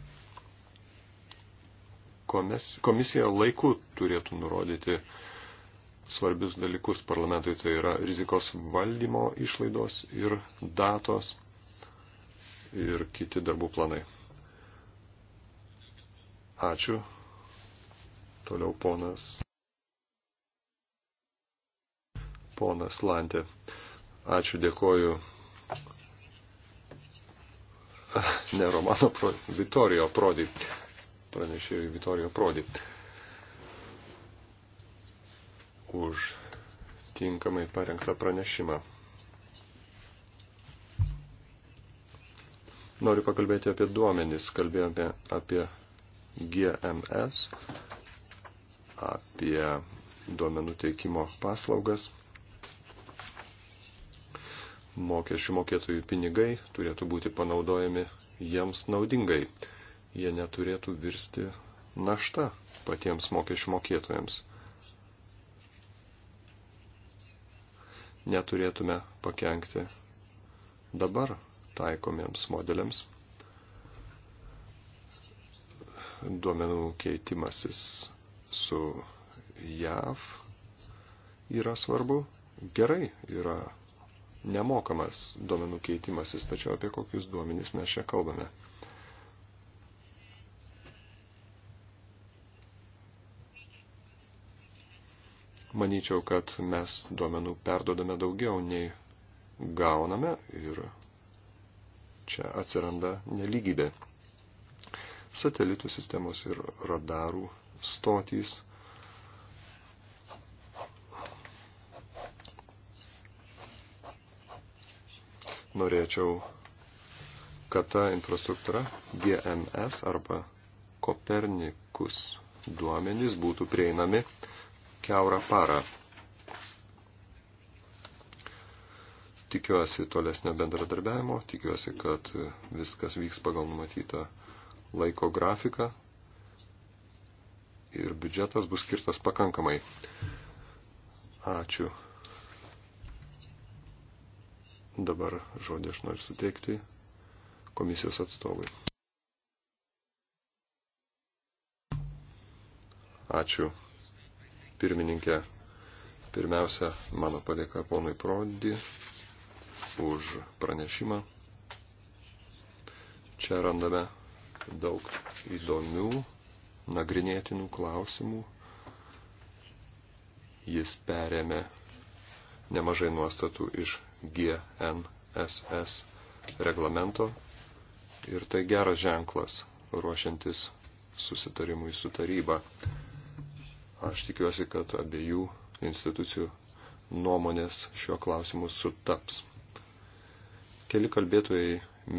Komisija laiku turėtų nurodyti svarbius dalykus parlamentui, tai yra rizikos valdymo išlaidos ir datos ir kiti darbų planai. Ačiū. Toliau ponas. Ponas Lantė. Ačiū, dėkoju. Ne Romano Pro, Vitorijo Prodi. Pranešėjai Vitorijo Prodi. Už tinkamai parengtą pranešimą. Noriu pakalbėti apie duomenis. Kalbėjome apie GMS, apie duomenų teikimo paslaugas. Mokesčių mokėtojų pinigai turėtų būti panaudojami jiems naudingai. Jie neturėtų virsti našta patiems mokesčių mokėtojams. Neturėtume pakengti dabar taikomiems modeliams. Duomenų keitimasis su JAV yra svarbu. Gerai yra nemokamas duomenų keitimasis, tačiau apie kokius duomenys mes čia kalbame. Manyčiau, kad mes duomenų perdodame daugiau nei gauname ir Čia atsiranda neligybė. Satelitų sistemos ir radarų stotys. Norėčiau, kad ta infrastruktūra GMS arba Kopernikus duomenys būtų prieinami keurą parą. Tikiuosi tolesnio bendradarbiavimo, tikiuosi, kad viskas vyks pagal numatytą laiko grafiką ir biudžetas bus skirtas pakankamai. Ačiū. Dabar žodį aš noriu suteikti komisijos atstovui. Ačiū, pirmininkė. Pirmiausia, mano padėka ponui Prodį už pranešimą. Čia randame daug įdomių, nagrinėtinų klausimų. Jis perėmė nemažai nuostatų iš GNSS reglamento ir tai geras ženklas ruošiantis susitarimui su taryba. Aš tikiuosi, kad abiejų institucijų nuomonės šiuo klausimu sutaps. Keli kalbėtojai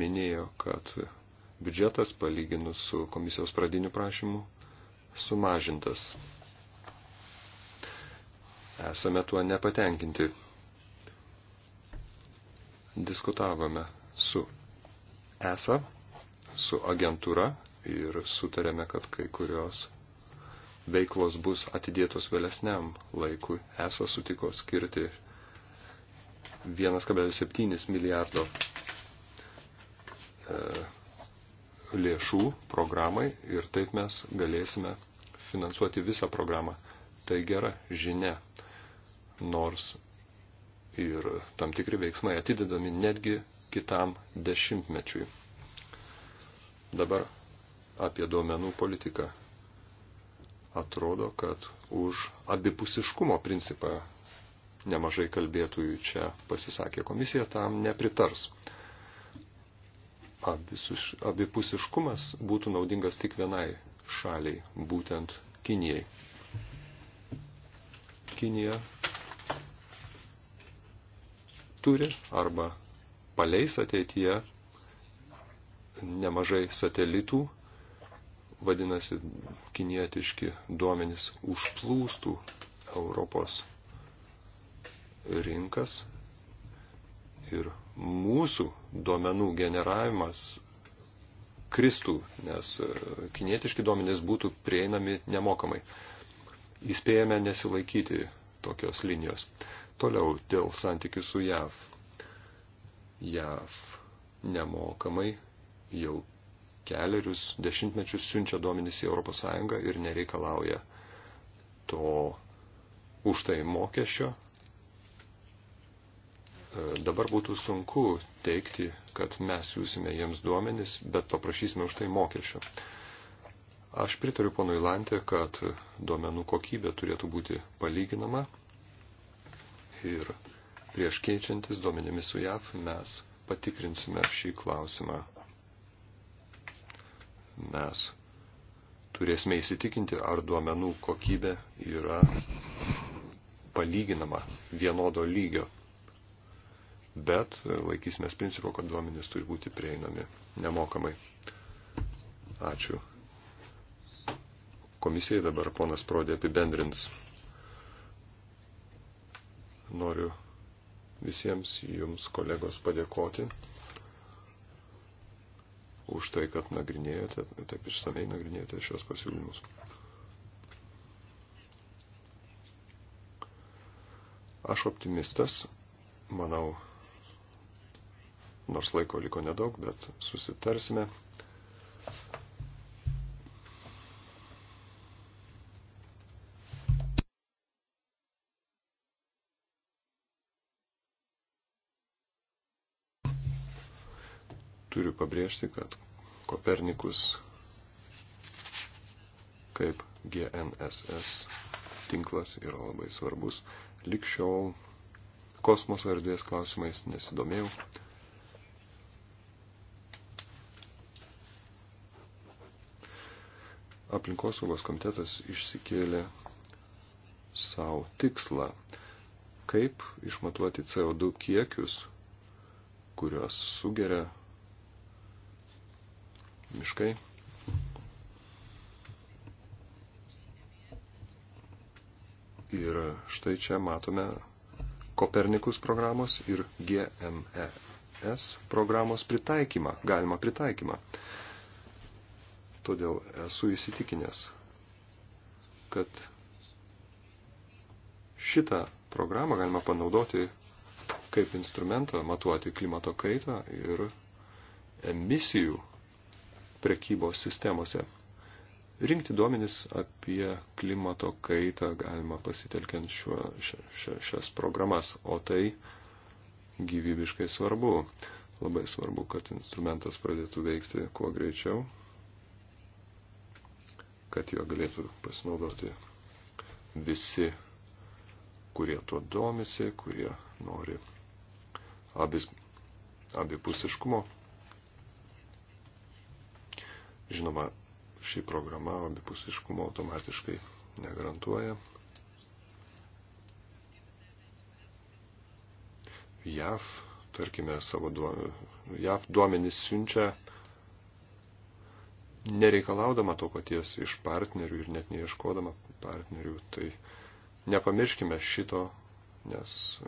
minėjo, kad biudžetas palyginus su komisijos pradiniu prašymu sumažintas. Esame tuo nepatenkinti. Diskutavome su ESA, su agentūra ir sutarėme, kad kai kurios veiklos bus atidėtos vėlesniam laikui. ESA sutiko skirti 1,7 milijardo e, lėšų programai ir taip mes galėsime finansuoti visą programą. Tai gera žinia, nors ir tam tikri veiksmai atidedami netgi kitam dešimtmečiui. Dabar apie duomenų politiką. Atrodo, kad už abipusiškumo principą nemažai kalbėtųjų čia pasisakė, komisija tam nepritars. Abisuš, abipusiškumas būtų naudingas tik vienai šaliai, būtent Kinijai. Kinija turi arba paleis ateityje nemažai satelitų, vadinasi, kinietiški duomenys užplūstų Europos rinkas ir mūsų duomenų generavimas kristų, nes e, kinietiški duomenys būtų prieinami nemokamai. Įspėjame nesilaikyti tokios linijos. Toliau dėl santykių su JAV. JAV nemokamai jau keliarius dešimtmečius siunčia duomenys į ES ir nereikalauja to už tai mokesčio, Dabar būtų sunku teikti, kad mes siūsime jiems duomenis, bet paprašysime už tai mokesčio. Aš pritariu ponui Lantė, kad duomenų kokybė turėtų būti palyginama ir prieš keičiantis duomenimis su JAV mes patikrinsime šį klausimą. Mes turėsime įsitikinti, ar duomenų kokybė yra palyginama vienodo lygio bet laikysimės principo, kad duomenys turi būti prieinami nemokamai. Ačiū. Komisijai dabar ponas Prodė apibendrins. Noriu visiems jums, kolegos, padėkoti už tai, kad nagrinėjote, taip išsamei nagrinėjote šios pasiūlymus. Aš optimistas, manau, nors laiko liko nedaug, bet susitarsime. Turiu pabrėžti, kad Kopernikus kaip GNSS tinklas yra labai svarbus. Lik šiol kosmoso erdvės klausimais nesidomėjau. aplinkosaugos komitetas išsikėlė savo tikslą, kaip išmatuoti CO2 kiekius, kuriuos sugeria miškai. Ir štai čia matome Kopernikus programos ir GMES programos pritaikymą, galima pritaikymą. Todėl esu įsitikinęs, kad šitą programą galima panaudoti kaip instrumentą matuoti klimato kaitą ir emisijų prekybos sistemose. Rinkti duomenis apie klimato kaitą galima pasitelkiant šio, šia, šia, šias programas, o tai gyvybiškai svarbu. Labai svarbu, kad instrumentas pradėtų veikti kuo greičiau kad jo galėtų pasinaudoti visi, kurie tuo domisi, kurie nori abis, abipusiškumo. Žinoma, ši programa abipusiškumo automatiškai negarantuoja. JAV, tarkime, savo duomenys, JAV duomenys siunčia nereikalaudama to paties iš partnerių ir net neieškodama partnerių. Tai nepamirškime šito, nes e,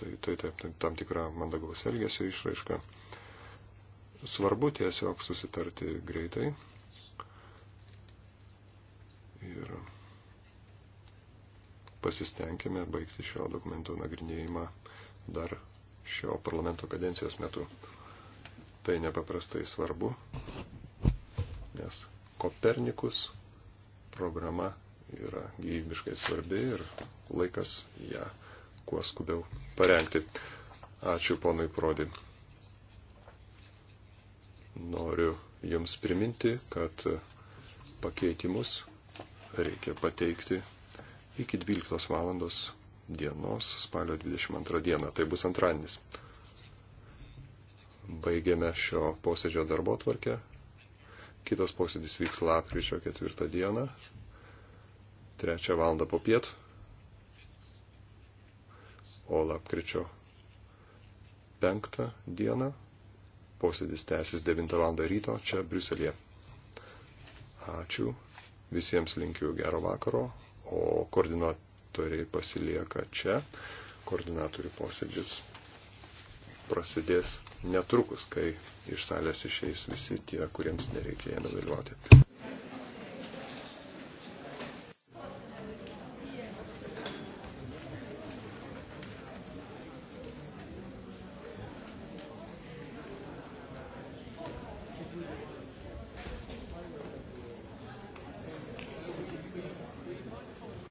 tai, tai, tai, tai tam tikra mandagaus elgesio išraiška. Svarbu tiesiog susitarti greitai. Ir pasistengime baigti šio dokumento nagrinėjimą dar šio parlamento kadencijos metu. Tai nepaprastai svarbu, nes Kopernikus programa yra gyvybiškai svarbi ir laikas ją kuo skubiau parengti. Ačiū ponui Prodi. Noriu Jums priminti, kad pakeitimus reikia pateikti iki 12 valandos dienos spalio 22 dieną. Tai bus antradienis. Baigėme šio posėdžio darbo tvarkę. Kitas posėdis vyks lapkričio ketvirtą dieną, trečią valandą po pietų, o lapkričio penktą dieną posėdis tęsis 9 val. ryto čia Briuselėje. Ačiū, visiems linkiu gero vakaro, o koordinatoriai pasilieka čia, koordinatorių posėdis prasidės netrukus, kai iš salės išeis visi tie, kuriems nereikia jame dalyvauti.